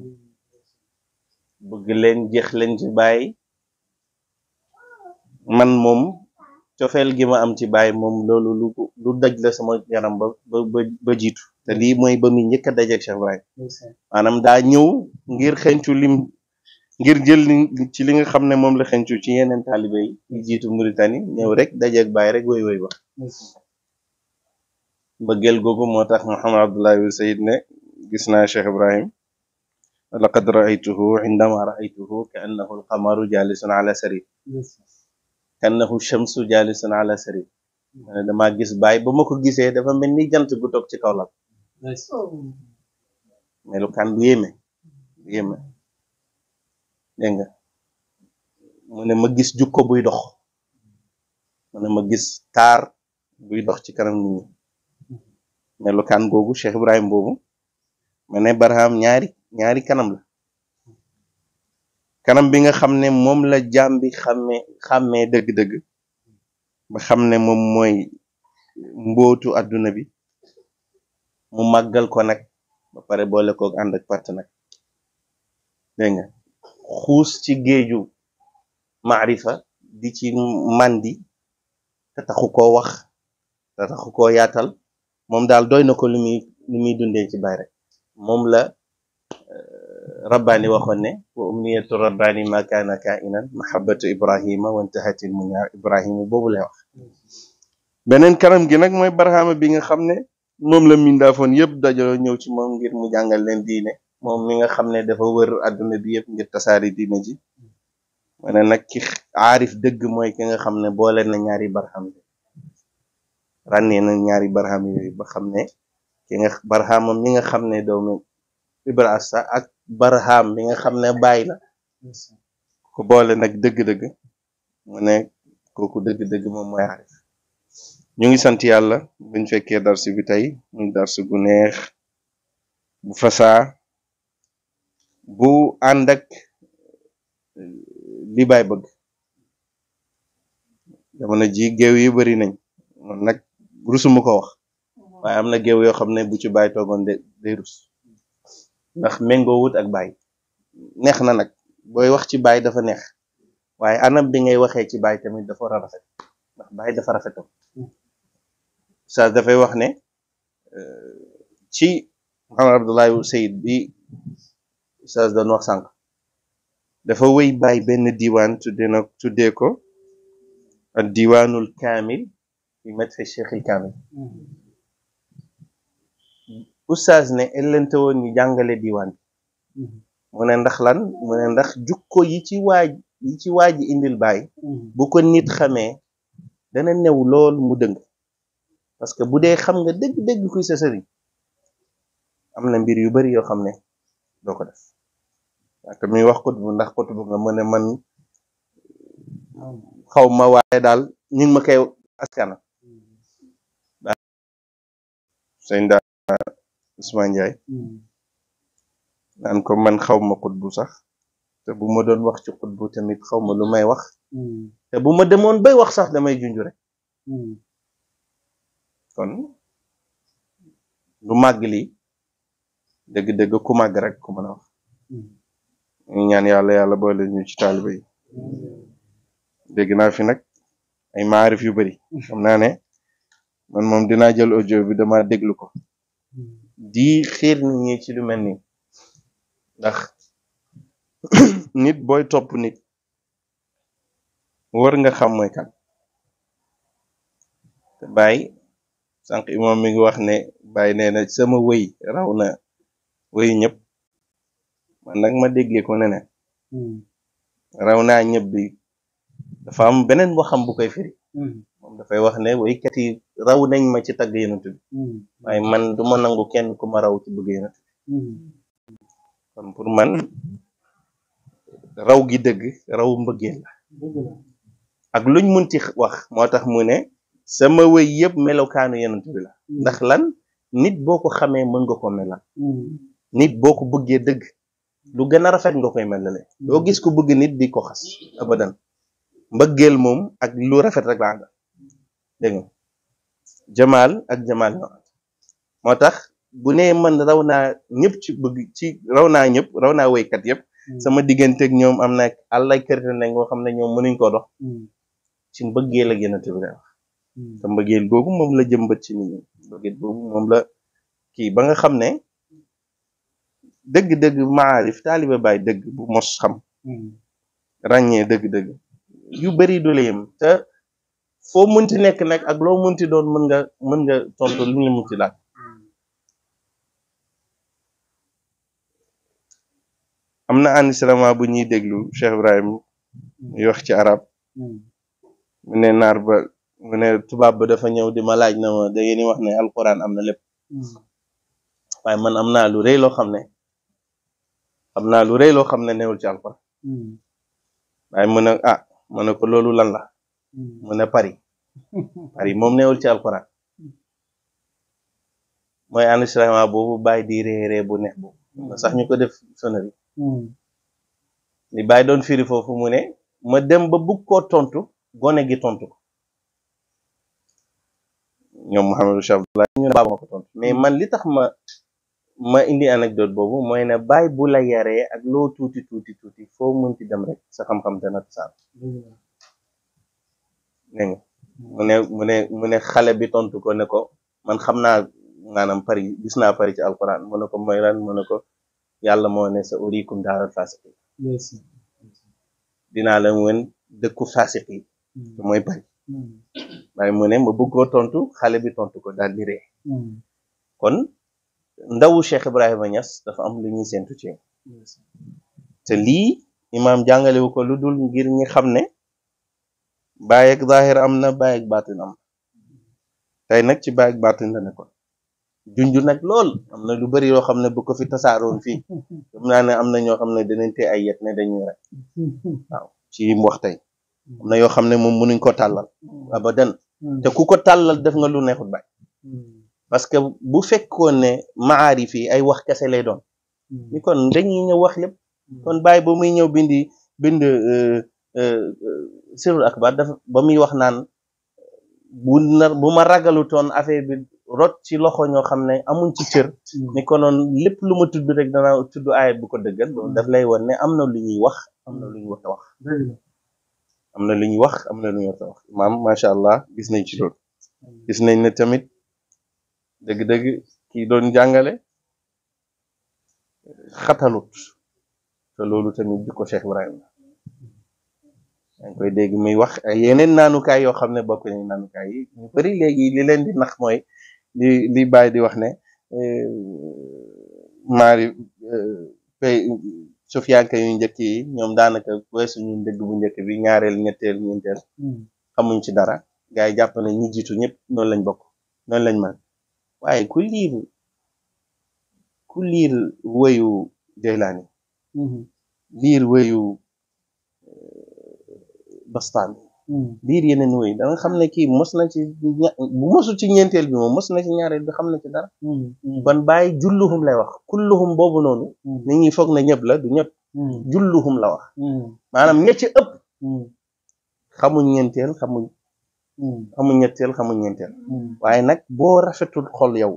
bëgg leen jeex leen ci bàyyi man moom cofel gi ma am ci bàyyi moom loolu lu daj la sama yaram ba ba ba jiitu te lii mooy ba muy njëkk a dajeeg Cheikh Ibrahim maanaam daa ñëw ngir xencu lim ngir jël ci li nga xam ne moom la xencu ci yeneen taalibe yi jiitu Mauritanie ñëw rek dajeeg baay rek woy woy wax mbëggeel googu moo tax Muhammad Abdullah bin Sayid ne gis naa Cheikh Ibrahim laqad raaytuhu indama raaytuhu ka annahu alqamaru jalisun ala sarir ka annahu shamsu ala sarir mane gis baay ba ma ko gisee dafa mel ni jant bu toog ci kaw lal oh. melukaan bu yéeme dégg nga mu ne ma gis jukko buy dox mu ne ma gis taar buy dox ci kanam nit ñi melokaan googu Cheikh Ibrahim boobu ma ne Barham ñaari ñaari kanam la kanam bi nga xam ne moom la jambi bi xàmmee xàmmee dëgg-dëgg ba xam ne moom mooy mbootu bi mu màggal ko nag ba pare boole koog ànd ak part nag dégg xuus ci géeju maarifa di ci màndi te taxu koo wax te taxu koo yaatal moom daal doy na ko lu muy lu muy ci bay rek moom la euh, rabbaani waxoon ne wa umniyatu rabbaani ma kaana kainan mahabbatu ibrahima wantahatil munaar ibrahima boobu lay wax benen kanam gi nag mooy barhama bi nga xam ne moom la mindaafoon yëpp dajaloo ñëw ci moom ngir mu jàngal leen diine mom mi nga xamne dafa wër aduna bi yëpp ngir tasaari diine ji mané nak nag ki aarif deug moy ki nga xamne ne boole na ñaari barham yi na ñaari barham yi ba xamne ki nga barham mi nga xamne ne doomi ibrahima ak barham mi nga xamne bayila ko la ku boole nak deug dëgg mu ne deug dëgg-dëgg moom mooy aarif ñu ngi sant buñu fekke dar ci bi ñu dar ci gu neex bu fasaa bu ànd li baay bëgg jamono ji géew yi bari nañ man nag rusuma ko wax waaye am na géew yoo xam ne bu ci baay toogoon de rus ndax méngoo wut ak baay neex na nag booy wax ci baay dafa neex waaye anam bi ngay waxee ci baay tamit dafa war a rafet ndax baay dafa rafetoon saa dafay wax ne euh, ci Muhammad Abdullahi Sayyid bi Oustaz doon wax sànq dafa woy bàyyi benn diwaan tuddee na tuddee ko ak diwaanul kaamil fi madhi cheikhil kaamil Oustaz ne ellente woon ñu jàngale diwaan bi mu ne ndax lan mu ne ndax jukko yi ci waaj yi ci waaj indil baay bu ko nit xamee dana new lool mu dëng parce que bu dee xam nga dëgg-dëgg kuy sa am na mbir yu bari yoo xam ne doo def waaw te muy wax côté bu ndax côté bu nga mën a man xaw ma waaye daal ñu ma kay askana sëñ daal Ousmane Ndiaye naan ko man xawma ma bu sax te bu ma doon wax ci xut bu tamit xaw ma lu may wax te bu ma demoon bay wax sax damay junj rek kon lu màgg lii dëgg-dëgg ku màgg rek ku mën a wax ñu ñaan yàlla yàlla boole ñu ci taaliba yi dégg naa fi nag ay maarif yu bari xam naa ne man moom dinaa jël audio bi dama déglu ko di xiir nit ñi ci lu mel nii ndax nit booy topp nit war nga xam mooy kan te Baye sànq mi ngi wax ne Baye nee na sama wëy raw na wëy man nag ma déggee ko ne hmm. raw naa ñëpp bi dafa am beneen waxam bu koy firi hmm. moom dafay wax ne woykat yi raw nañ ma ci tagg yonent bi hmm. waaye man du ma nangu kenn ku ma raw ci bëgg yonent bi kon pour man raw gi dëgg raw mbëggeel ak luñ mun ci wax moo tax mu ne sama wëy yëpp melokaanu yonent bi la ndax lan nit boo ko xamee mën nga ko melal nit boo ko bëggee dëgg lu gën a rafet nga koy mel melale loo gis ku bëgg nit di ko xas abadan mbëggeel moom ak lu rafet rek la àndal nga jamaal ak jamaal moo tax bu nee man raw naa ñëpp ci bëgg ci raw naa ñëpp raw naa woykat yëpp hmm. sama diggante digganteeg ñoom am na àllay kërte nañ ngoo xam ne ñoom mënuñ koo dox hmm. ci mbëggeel a tëbi wax hmm. te mbëggeel boobu moom la jëmbat ci nit moom la kii ba nga xam ne deug deug maarif taaliba bay deug bu mos xam hmm. ràññee deug deug yu bari du la yem te foo munti nekk nag ak lo munti doon mën nga mën nga tontu lu ñu munti laaj amna an salama bu ñi déglu Cheikh Ibrahim yu hmm. wax ci arab hmm. mune nar ba mune ne ba dafa ñew di ma laaj na ma da ngeen wax ne alquran amna lepp waye man amna lu reey lo ne xam naa lu rëy loo xam ne newul ci alxuraan hmm. waaye mu ne ah mën a ko loolu lan la hmm. mu a pari pari moom newul ci alxuraan mooy enregistrement boobu baay di réeree bu neex boobu hmm. sax ñu ko def sonori li bàyyi doon firi foofu mu ne ma dem ba bugg koo tontu gone gi tontu ko ñoom Mouhamadou Cheikh Abdoulaye ñu ma ko tontu mais man li tax ma indi anecdote boobu mooy na bàyyi bu la yaree ak loo tuuti tuuti tuuti foo mënti dem rek sa xam-xam dana saan mu ne mu ne mu ne xale bi tontu ko ne ko man xam naa maanaam pari gis naa pari ci alquran mu ne ko mooy lan mu ne ko yàlla moo ne sa urikum daaral faasiqi dinaa la wen dëkku faasiqi mm. mooy pari mm. waaye mu ne ma bëggoo tontu xale bi tontu ko daal di ree mm. kon ndawu Cheikh Ibrahima ñas dafa am lu ñuy séntu ci te lii imaam jàngalewu ko lu dul ngir ñi xam ne baay ak zaahir am na baay ak baatin am tey nag ci baay ak baatin la nekkoon junj nag lool am na lu bari yoo xam ne bu ko fi tasaaroon fii xam naa ne am na ñoo xam ne dinañ te ay yet ne dañuy rek waaw ci mu wax tey am na yoo xam ne moom mënuñ ko tàllal abadan te ku ko tàllal def nga lu neexut baay parce que bu fekkoon ne maarif yi ay wax kese doon hmm. ni kon dañuy ñëw wax lépp hmm. kon bàyyi ba muy ñëw bindi bind euh, euh, euh, sirul akbar dafa ba muy wax naan bu na bu ma ragalutoon affaire bi rot ci loxo ñoo xam ne amuñ ci cër hmm. ni konoon lépp lu ma tudd rek danaa tudd aayat bu ko dëggal daf lay won ne am na lu ñuy wax am na lu ñuy wax am na lu ñuy wax am na lu ñuy wax macha allah gis nañ ci loolu gis nañ ne tamit dëgg-dëgg ki doon jàngale xatalut te loolu tamit di ko Cheikh Ibrahim koy dégg muy wax yeneen naanukaay yoo xam ne bokk nañ naanukaay yi ñu bari léegi li leen di nax mooy li li di wax ne euh, maari euh, pay sufiyanka yu njëkk yi ñoom daanaka weesu ñu dëgg bu njëkk bi ñaareel ñetteel ñeenteel hmm. xamuñ ci dara gars yi jàpp ne ñi jiitu ñëpp noonu lañ bokk noonu lañ mën waaye ku liir ku liir woyu Jaylaani mm-hmm. liir wëyu eh, Bastaami mm-hmm. liir yeneen woyu da xam ne kii mos na ci bu ci ñeenteel bi mos na ci ñaareel bi xam na ci dara ban mm-hmm. bàyyi julluhum lay wax kulluhum boobu noonu nit ñi foog na ñëpp la du ñëpp julluhum la wax maanam ña ci ëpp xamuñ ñeenteel xamuñ Hmm. xamul ñetteel xamul ñeenteel hmm. waaye nag boo rafetul xol yow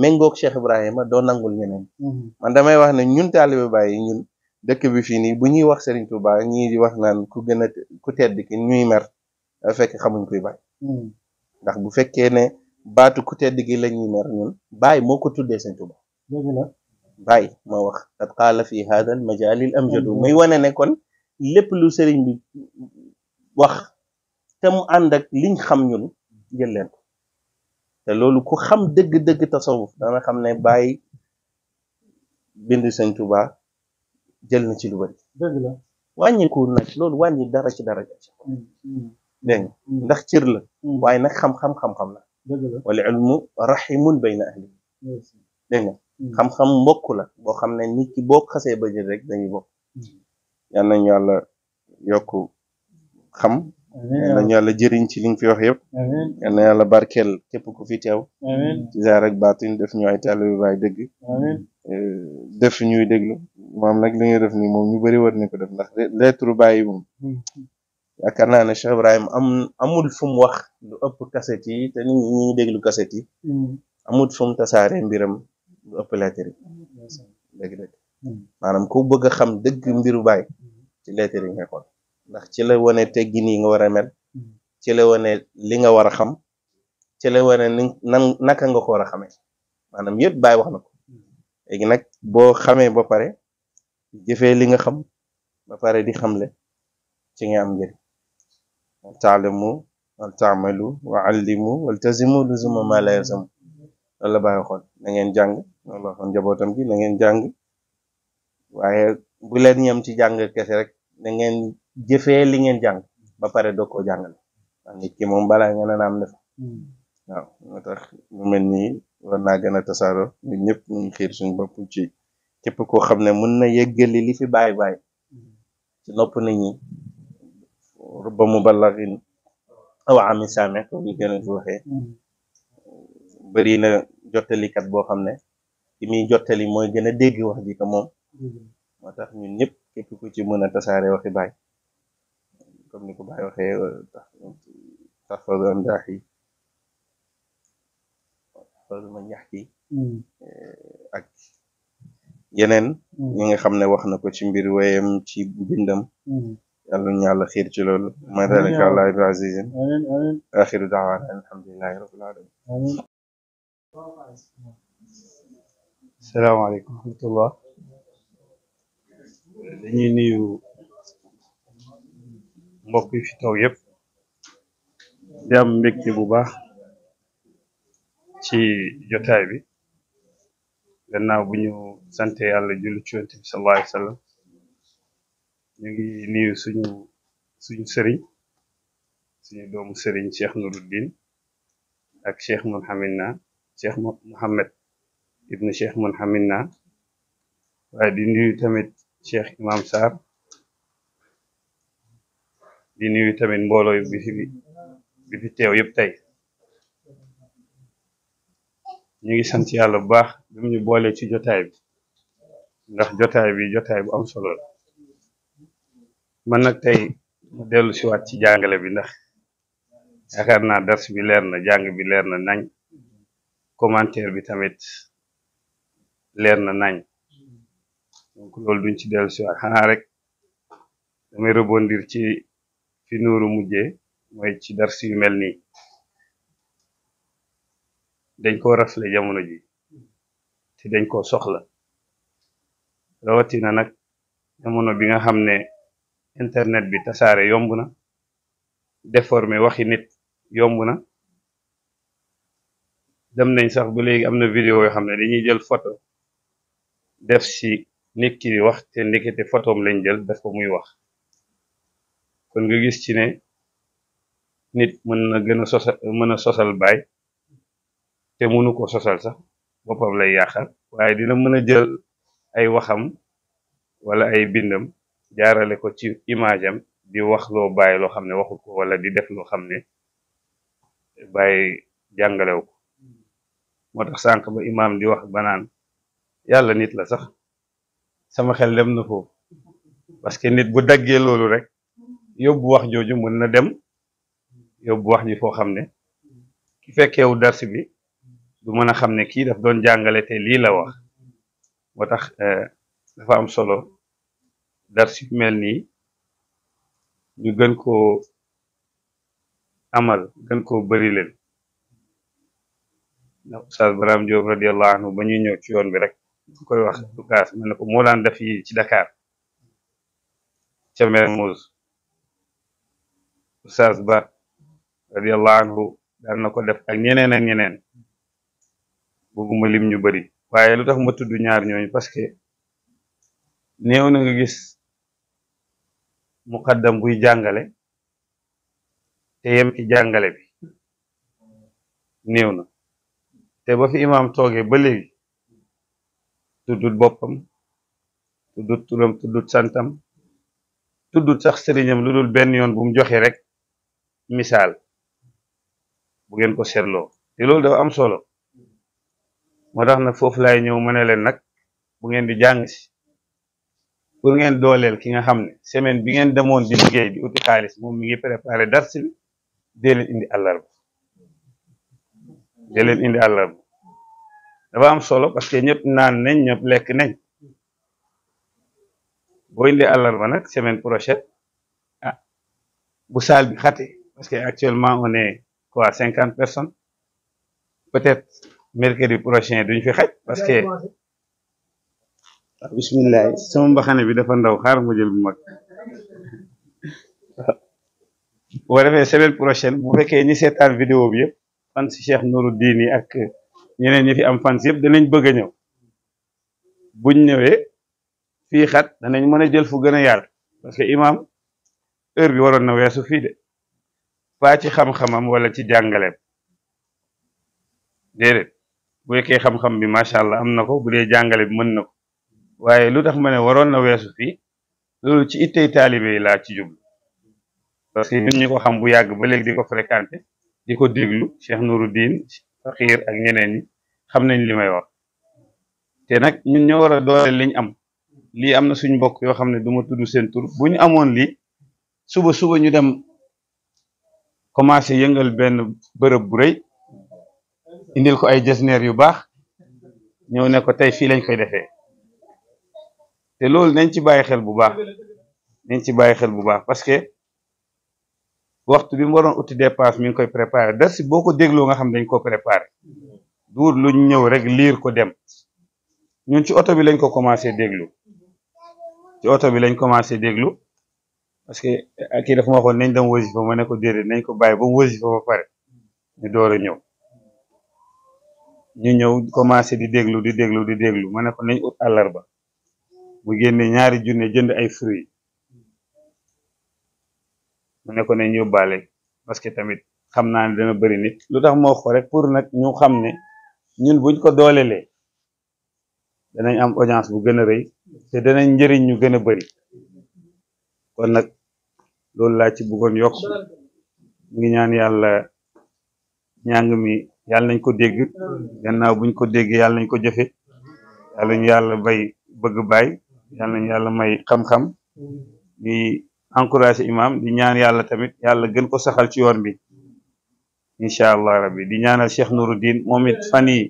méngoog Cheikh Ibrahima doo nangul ñeneen hmm. man damay wax ne ñun taalibe Baay yi ñun dëkk bi fii nii bu ñuy wax Serigne Touba ñii di wax naan ku gën a ku tedd ki ñuy mer fekk xamuñ kuy Baay ndax bu fekkee ne baatu ku tedd gi la ñuy mer ñun Baay moo ko tuddee Serigne Touba Baay moo wax qad qaala fi hadha al majaalil amjadu muy wane ne kon lépp lu Serigne bi wax te mu ànd ak liñ xam ñun jël leen ko te loolu ku xam dëgg-dëgg tasawuf dana xam ne bàyyi bind sëñ Tuba jël na ci lu bari wàññiku nag loolu wàññi dara ci dara ci mm, mm, dégg mm. ndax cër la waaye nag xam-xam xam-xam la wala ilmu rahimun bayna ahli dégg xam-xam mbokk la boo xam ne nit ki boo xasee ba jël rek dañuy bokk yal yàlla yokk xam yal jëriñ ci li nga fi wax yëpp. yal na yàlla képp ku fi teew. ci zaar ak baatin def ñu ay taalibe dëgg. Eh, def ñuy déglu moom nag li nga def nii moom ñu bëri war nañ ko def ndax lettre Baay moom. Hmm. yaakaar naa ne Cheikh Ibrahima am amul fu mu wax lu ëpp kaset yi te nit ñi déglu kaset yi. Hmm. amul fu mu tasaaree mbiram lu ëpp lettre hmm. dëgg dëgg maanaam ku bëgg xam dëgg mbiru Baay ci lettre yi ndax ci la wane teggin yi nga war a mel hmm. ci la wane li nga war a xam ci la wane ni nan naka nga ko war a xamee maanaam yëpp bàyyi wax na ko hmm. léegi nag boo xamee ba pare jëfee li nga xam ba pare di xamle ci nga am njëriñ taalamu wal taamalu wa allimu waltazimu luzuma ma la yazamu loolu la bàyyi waxoon na ngeen jàng loolu la waxoon njabootam gi na ngeen jàng waaye bu leen ñam ci jàng kese rek na ngeen jëfee li ngeen jàng ba pare doo ko jàngale nit ki moom balaa ngeen a am ne fa waaw moo tax mu mel nii war naa gën a tasaaroo ñun ñëpp ñu ngi xiir suñu bopp képp koo xam ne mun na yëggali li fi bàyyi bàyyi hmm. ci nopp nit ñi rubba mu ballaxin aw ami saame ko bi gën a waxee hmm. bëri na jottalikat boo xam ne ki muy jottali mooy gën a dégg wax ji moom hmm. moo tax ñun ñëpp képp ku ci mën a tasaare waxi baay comme ni ko Baye waxee taxfadu amdaaxi taxfadu ak yeneen hmm. ñi nga xam ne wax na ko ci mbir wayam ci bindam hmm. yàlla ñu yàlla xiir ci lool ma dalika àllah bi azizin axiru daawaana alhamdulilahi rabbil alamin salaamaaleykum wa rahmatullah dañuy nuyu mbokk yi fi taw yëpp di am bu baax ci jotaay bi gannaaw bu ñu sante yàlla julli ci yonent bi sallallahu alayhi wa ngi nuyu suñu suñu sëriñ suñu doomu sëriñ Cheikh Nuruddin ak Cheikh Mohammed na Cheikh Mohammed ibnu Cheikh Mohammed na waaye di nuyu tamit Cheikh Imam Sarr di nuyu tamit mbooloo bi fi bi fi teew yëpp tey ñu ngi sant yàlla bu baax bi mu ñu boole ci jotaay bi ndax jotaay bi jotaay bi am solo man nag tey mu dellu si ci jàngale bi ndax yaakaar naa dars bi leer na jàng bi leer na nañ commentaire bi tamit leer na nañ donc loolu duñ ci dellu si xanaa rek damay rebondir ci fi nuuru mujjee mooy ci dars yu mel nii dañ koo rafle jamono ji te dañ koo soxla rawatina nag jamono bi nga xam ne internet bi tasaare yomb na déformé waxi nit yomb na dem nañ sax bu léegi am na vidéo yoo xam ne dañuy jël photo def ci nit ki di wax te ndekete photom lañ jël def ko muy wax kon nga gis ci ne nit mën na gën a sosal mën a sosal bay te mënu ko sosal sax boppam lay yaaxal waaye dina mën a jël ay waxam wala ay bindam jaarale ko ci image am di wax loo bàyyi loo xam ne waxu ko wala di def loo xam ne bàyyi jàngalew ko moo tax sànq ba imaam di wax banan yàlla nit la sax sama xel dem na foofu parce que nit bu daggee loolu rek yóbbu wax jooju mën na dem yóbbu wax ji foo xam ne ki fekkeewu dars bi du mën a xam ne kii daf doon jàngale te lii la wax moo tax euh, dafa am solo dars yu mel nii ñu gën koo amal gën koo barileen leen ndax Oustaz Braham Diop radiallahu ba ñuy ñëw ci yoon bi rek koy wax du kaas mel ne ko moo daan def yi ci dakaar ca Mermoz Sasba, ba radiallahu anhu dal nako ko def ak ñeneen ak ñeneen bëgguma lim ñu bari waye lutax tax ma tudd ñaar ñoy parce que neew na nga gis muqaddam buy jàngale te yem ci jàngale bi neew na te ba fi imam toogee ba tuddut bopam tuddut turam tuddut santam tuddut sax serignam lulul ben yon bu mu joxe rek misaal bu ngeen ko seetloo te loolu dafa am solo moo tax nag foofu lay ñëw ma ne leen nag bu ngeen di jàng si pour ngeen dooleel ki nga xam ne semaine bi ngeen demoon di liggéey di uti xaalis moom mi ngi préparé dars dee leen indi àllarba dee leen indi àllarba dafa am solo parce que ñëpp naan nañ ñëpp lekk nañ boo indi àllarba nag semaine prochaine ah, bu saal bi xate parce que actuellement on est quoi, 50 personnes. Peut-être mercredi prochain, duñ fi xaj parce que ah, bismillah sama mbaxane bi dafa ndaw xaar mu jël bu mag boo defee semaine prochaine bu fekkee ñi sétal vidéo bi yépp fan ci Cheikh nouroudini ak ñeneen ñi fi am fans yëpp danañ bëgg ñëw buñ ñëwé fi xat danañ mën a jël fu gëna yar parce que imam heure bi waron na wessu fi de pas ci xam-xamam wala ci jàngaleem déedéet bu fekkee xam-xam bi macha allah am na ko bu dee jàngale bi mën na ko waaye lu tax ma ne waroon na weesu fii loolu ci ittey taalibe yi laa ci jublu parce que ñu ko xam bu yàgg ba léegi di ko fréquenté di ko déglu Cheikh Nouruddin Fakir ak ñeneen ñi xam nañ li may wax te nag ñun ñoo war doole liñ am lii am na suñ mbokk yoo xam ne du ma tudd seen tur bu ñu amoon lii suba suba ñu dem. commencé yëngal benn bërëb bu rëy indil ko ay gestionnaire yu baax ñëw ne ko tey fii lañ koy defee te loolu nañ ci bàyyi xel bu baax nañ ci bàyyi xel bu baax parce que waxtu bi mu waroon uti dépense mi ngi koy préparer préparé si boo ko dégloo nga xam dañ ko préparé duur luñ ñëw rek liir ko dem ñun ci oto bi lañ ko commencé déglu ci oto bi lañ commencé déglu parce que eh, kii dafa ma waxoon nañ dem wasifa ma ne ko déedéet nañ ko bàyyi bu mu ba pare ni doora ñew ñu ñew commencé di déglu di déglu di déglu ma ne ko nañ ut àllarba bu génne ñaari junne jënd ay fruit mu ne ko nañ yóbbaale parce que tamit xamna naa ne dana bëri nit lutax mo xor rek pour nak ñu xamné ñun buñ ko dolélé dañ am audience bu gëna reuy té dañ ñëriñ ñu gëna bari kon nak loolu laa ci bëggoon yokk mu ngi ñaan yàlla ñàng mi yàlla nañ ko dégg gannaaw buñ ko dégg yàlla nañ ko jëfe yàlla yàlla bay bëgg bay yàlla nañ yàlla may xam-xam di encouragé imam di ñaan yàlla tamit yàlla gën ko saxal ci yoon bi incha allah rabbi di ñaanal Cheikh Nouruddin moom it fan ñu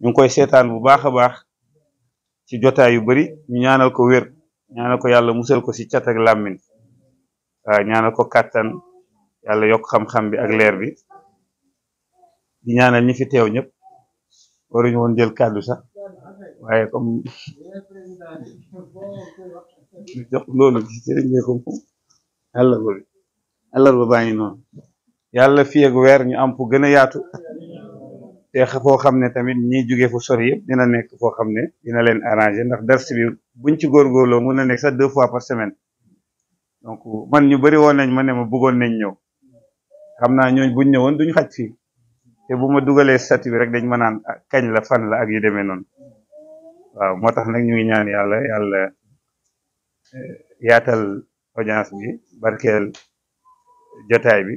ngi koy seetaan bu baax a baax ci jotaay yu bari ñu ñaanal ko wér ñaanal ko yàlla musal ko si cat ak waa ñaanal ko kàttan yàlla yokk xam-xam bi ak leer bi ñaanal ñi fi teew ñëpp waruñu woon jël kàddu sax waaye comme jox loolu baa ngi noonu yàlla fii weer ñu am fu gën a yaatu te foo xam ne tamit ñi jóge fu sori yëpp dina nekk foo xam ne dina leen arrangé ndax dars bi buñ ci góorgóorloo mun na nekk sax deux fois par semaine donc man ñu bëri woon nañ ma ne ma bëggoon nañ ñëw xam naa ñooñu buñ ñëwoon duñ xaj fii te bu ma dugalee statut rek dañ ma naan ah, kañ la fan la ak yu demee noonu waaw moo tax nag ñu ngi ñaan yàlla yàlla eh, yaatal audience bi barkeel jotaay bi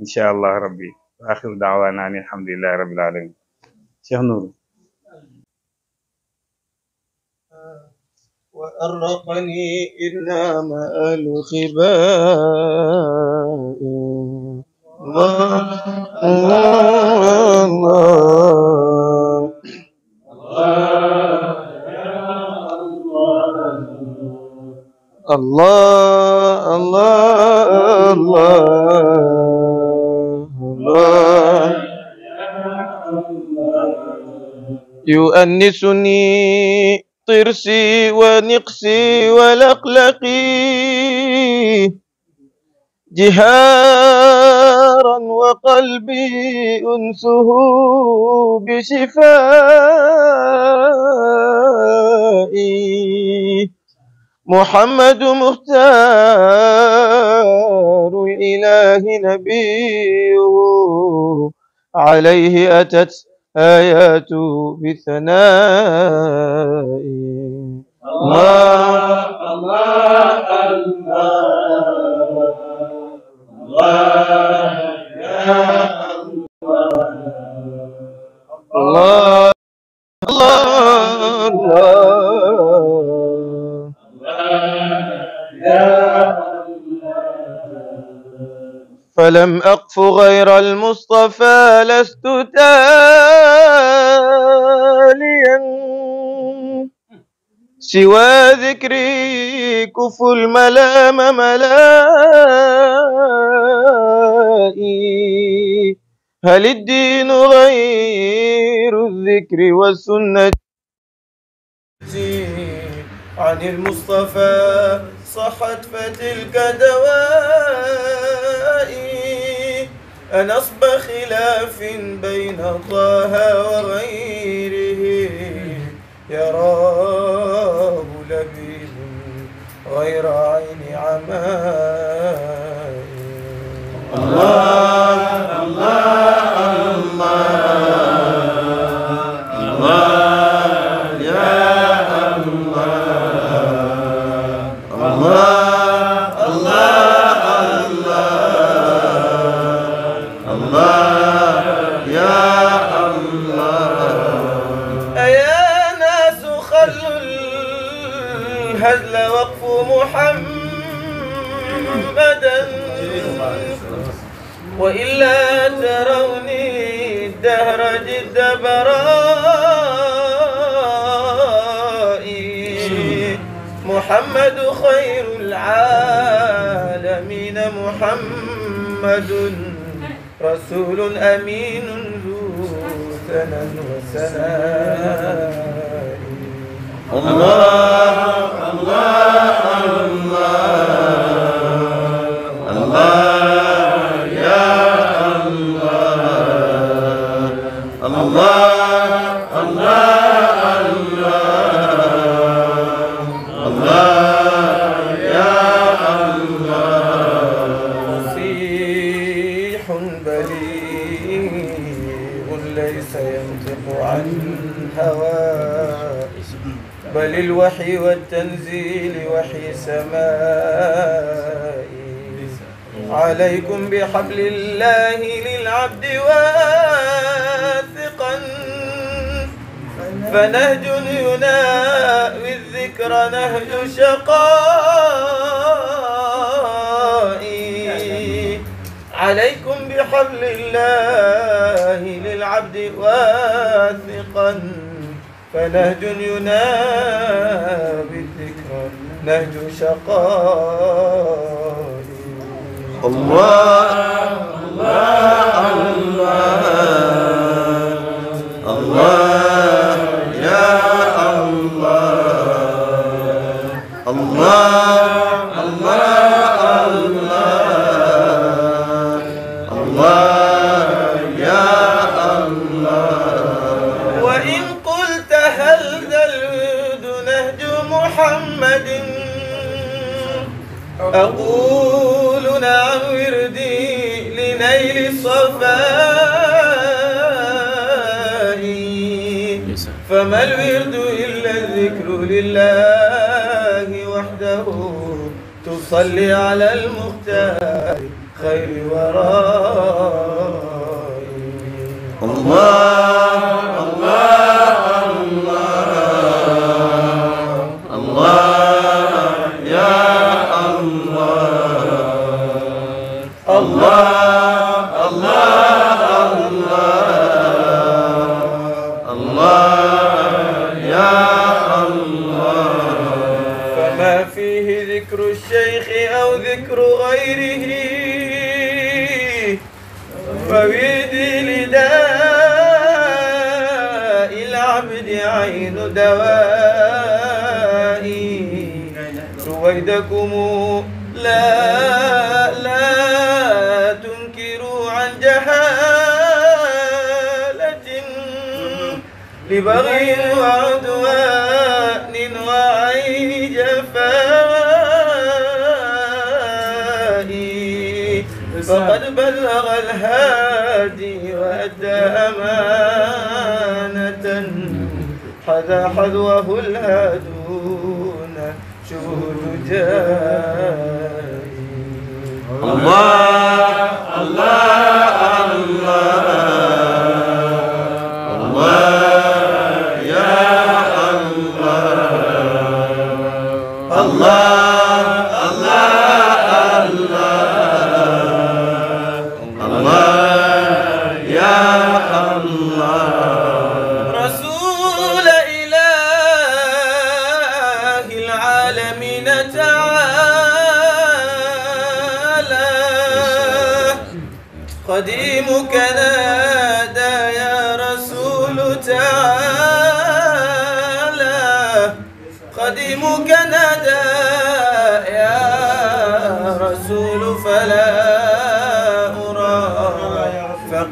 incha allah rabbi wa axiru daawaana ani alhamdulillahi rabbil alamin Cheikh Nourou وأرقني إلا مآل خباء الله الله الله الله الله الله يؤنسني طرسي ونقسي ولقلقي جهارا وقلبي أنسه بشفائي محمد مختار الإله نبيه عليه أتت آياته بثناء الله الله الله الله الله فلم أقف غير المصطفى لست تائب سوى ذكري كف الملام ملائي هل الدين غير الذكر والسنة عن المصطفى صحت فتلك دوائي أنصب خلاف بين طه وغيره يرى لبيب غير عين عماء الله الله الله وإلا تروني الدهر جد برائي محمد خير العالمين محمد رسول أمين ذو ثنى وسناء الله الله الله الله الوحي والتنزيل وحي سمائي عليكم بحبل الله للعبد واثقا فنهج يناوي الذكر نهج شقائي عليكم بحبل الله للعبد واثقا فنهج ينابي الذكرى نهج شقاء الله الله الله الله يا الله الله أقول نعم وردي لنيل الصفاء فما الورد إلا الذكر لله وحده تصلي على المختار خير ورائي الله كيدكم لا لا تنكروا عن جهالة لبغي وعدوان وعين جفاء فقد بلغ الهادي وأدى أمانة حذا حذوه الهادو شهود الله الله الله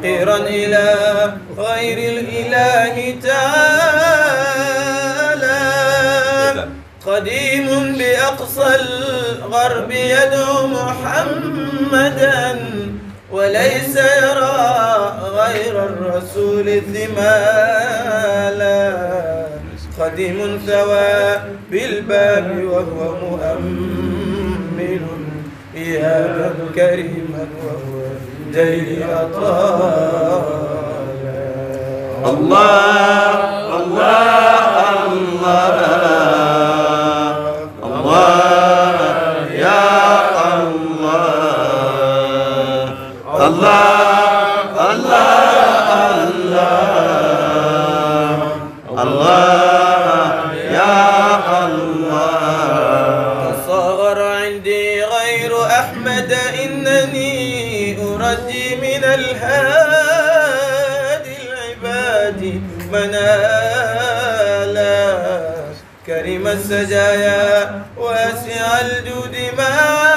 فقيرا إلى غير الإله تعالى قديم بأقصى الغرب يدعو محمدا وليس يرى غير الرسول ثمالا قديم ثوى بالباب وهو مؤمن يا من كريما يدي أطايا الله الله الله السجايا واسع الجود ما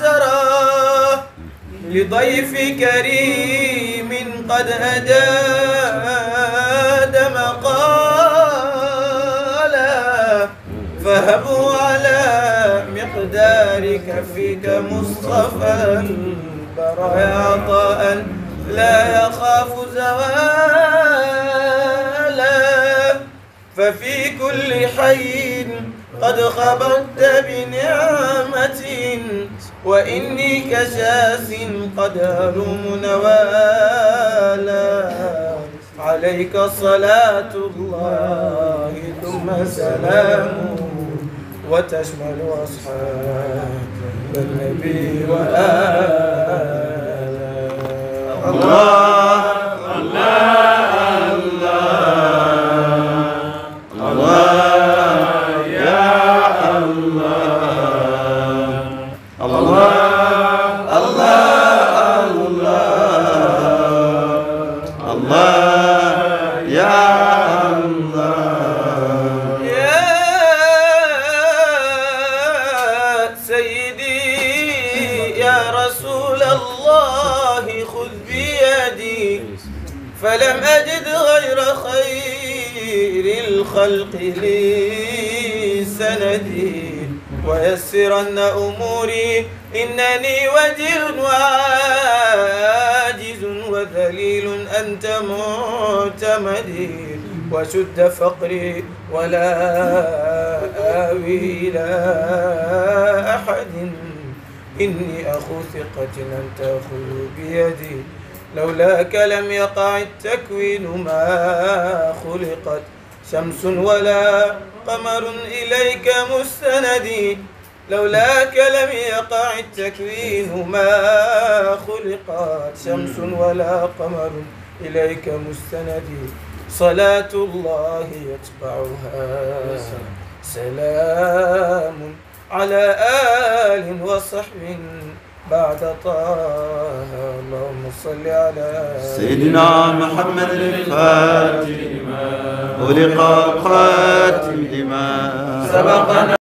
ترى لضيف كريم قد أدى مقالا فهبوا على مقدار فيك مصطفى برأي عطاء لا يخاف زوالا ففي كل حي قد خبرت بنعمة وإني كشاس قد هلوم نوالا عليك صلاة الله ثم سلامه وتشمل أصحاب النبي وآله الله الله الله ويسرن أموري إنني وجل واجز وذليل أنت معتمدي وشد فقري ولا آوي إلى أحد إني أخو ثقة لم تأخذ بيدي لولاك لم يقع التكوين ما خلقت شمس ولا قمر إليك مستندي لولاك لم يقع التكوين ما خلقت شمس ولا قمر إليك مستند صلاة الله يتبعها سلام على آل وصحب بعد طه اللهم صل على سيدنا محمد الفاتح ولقاء خاتم لما سبقنا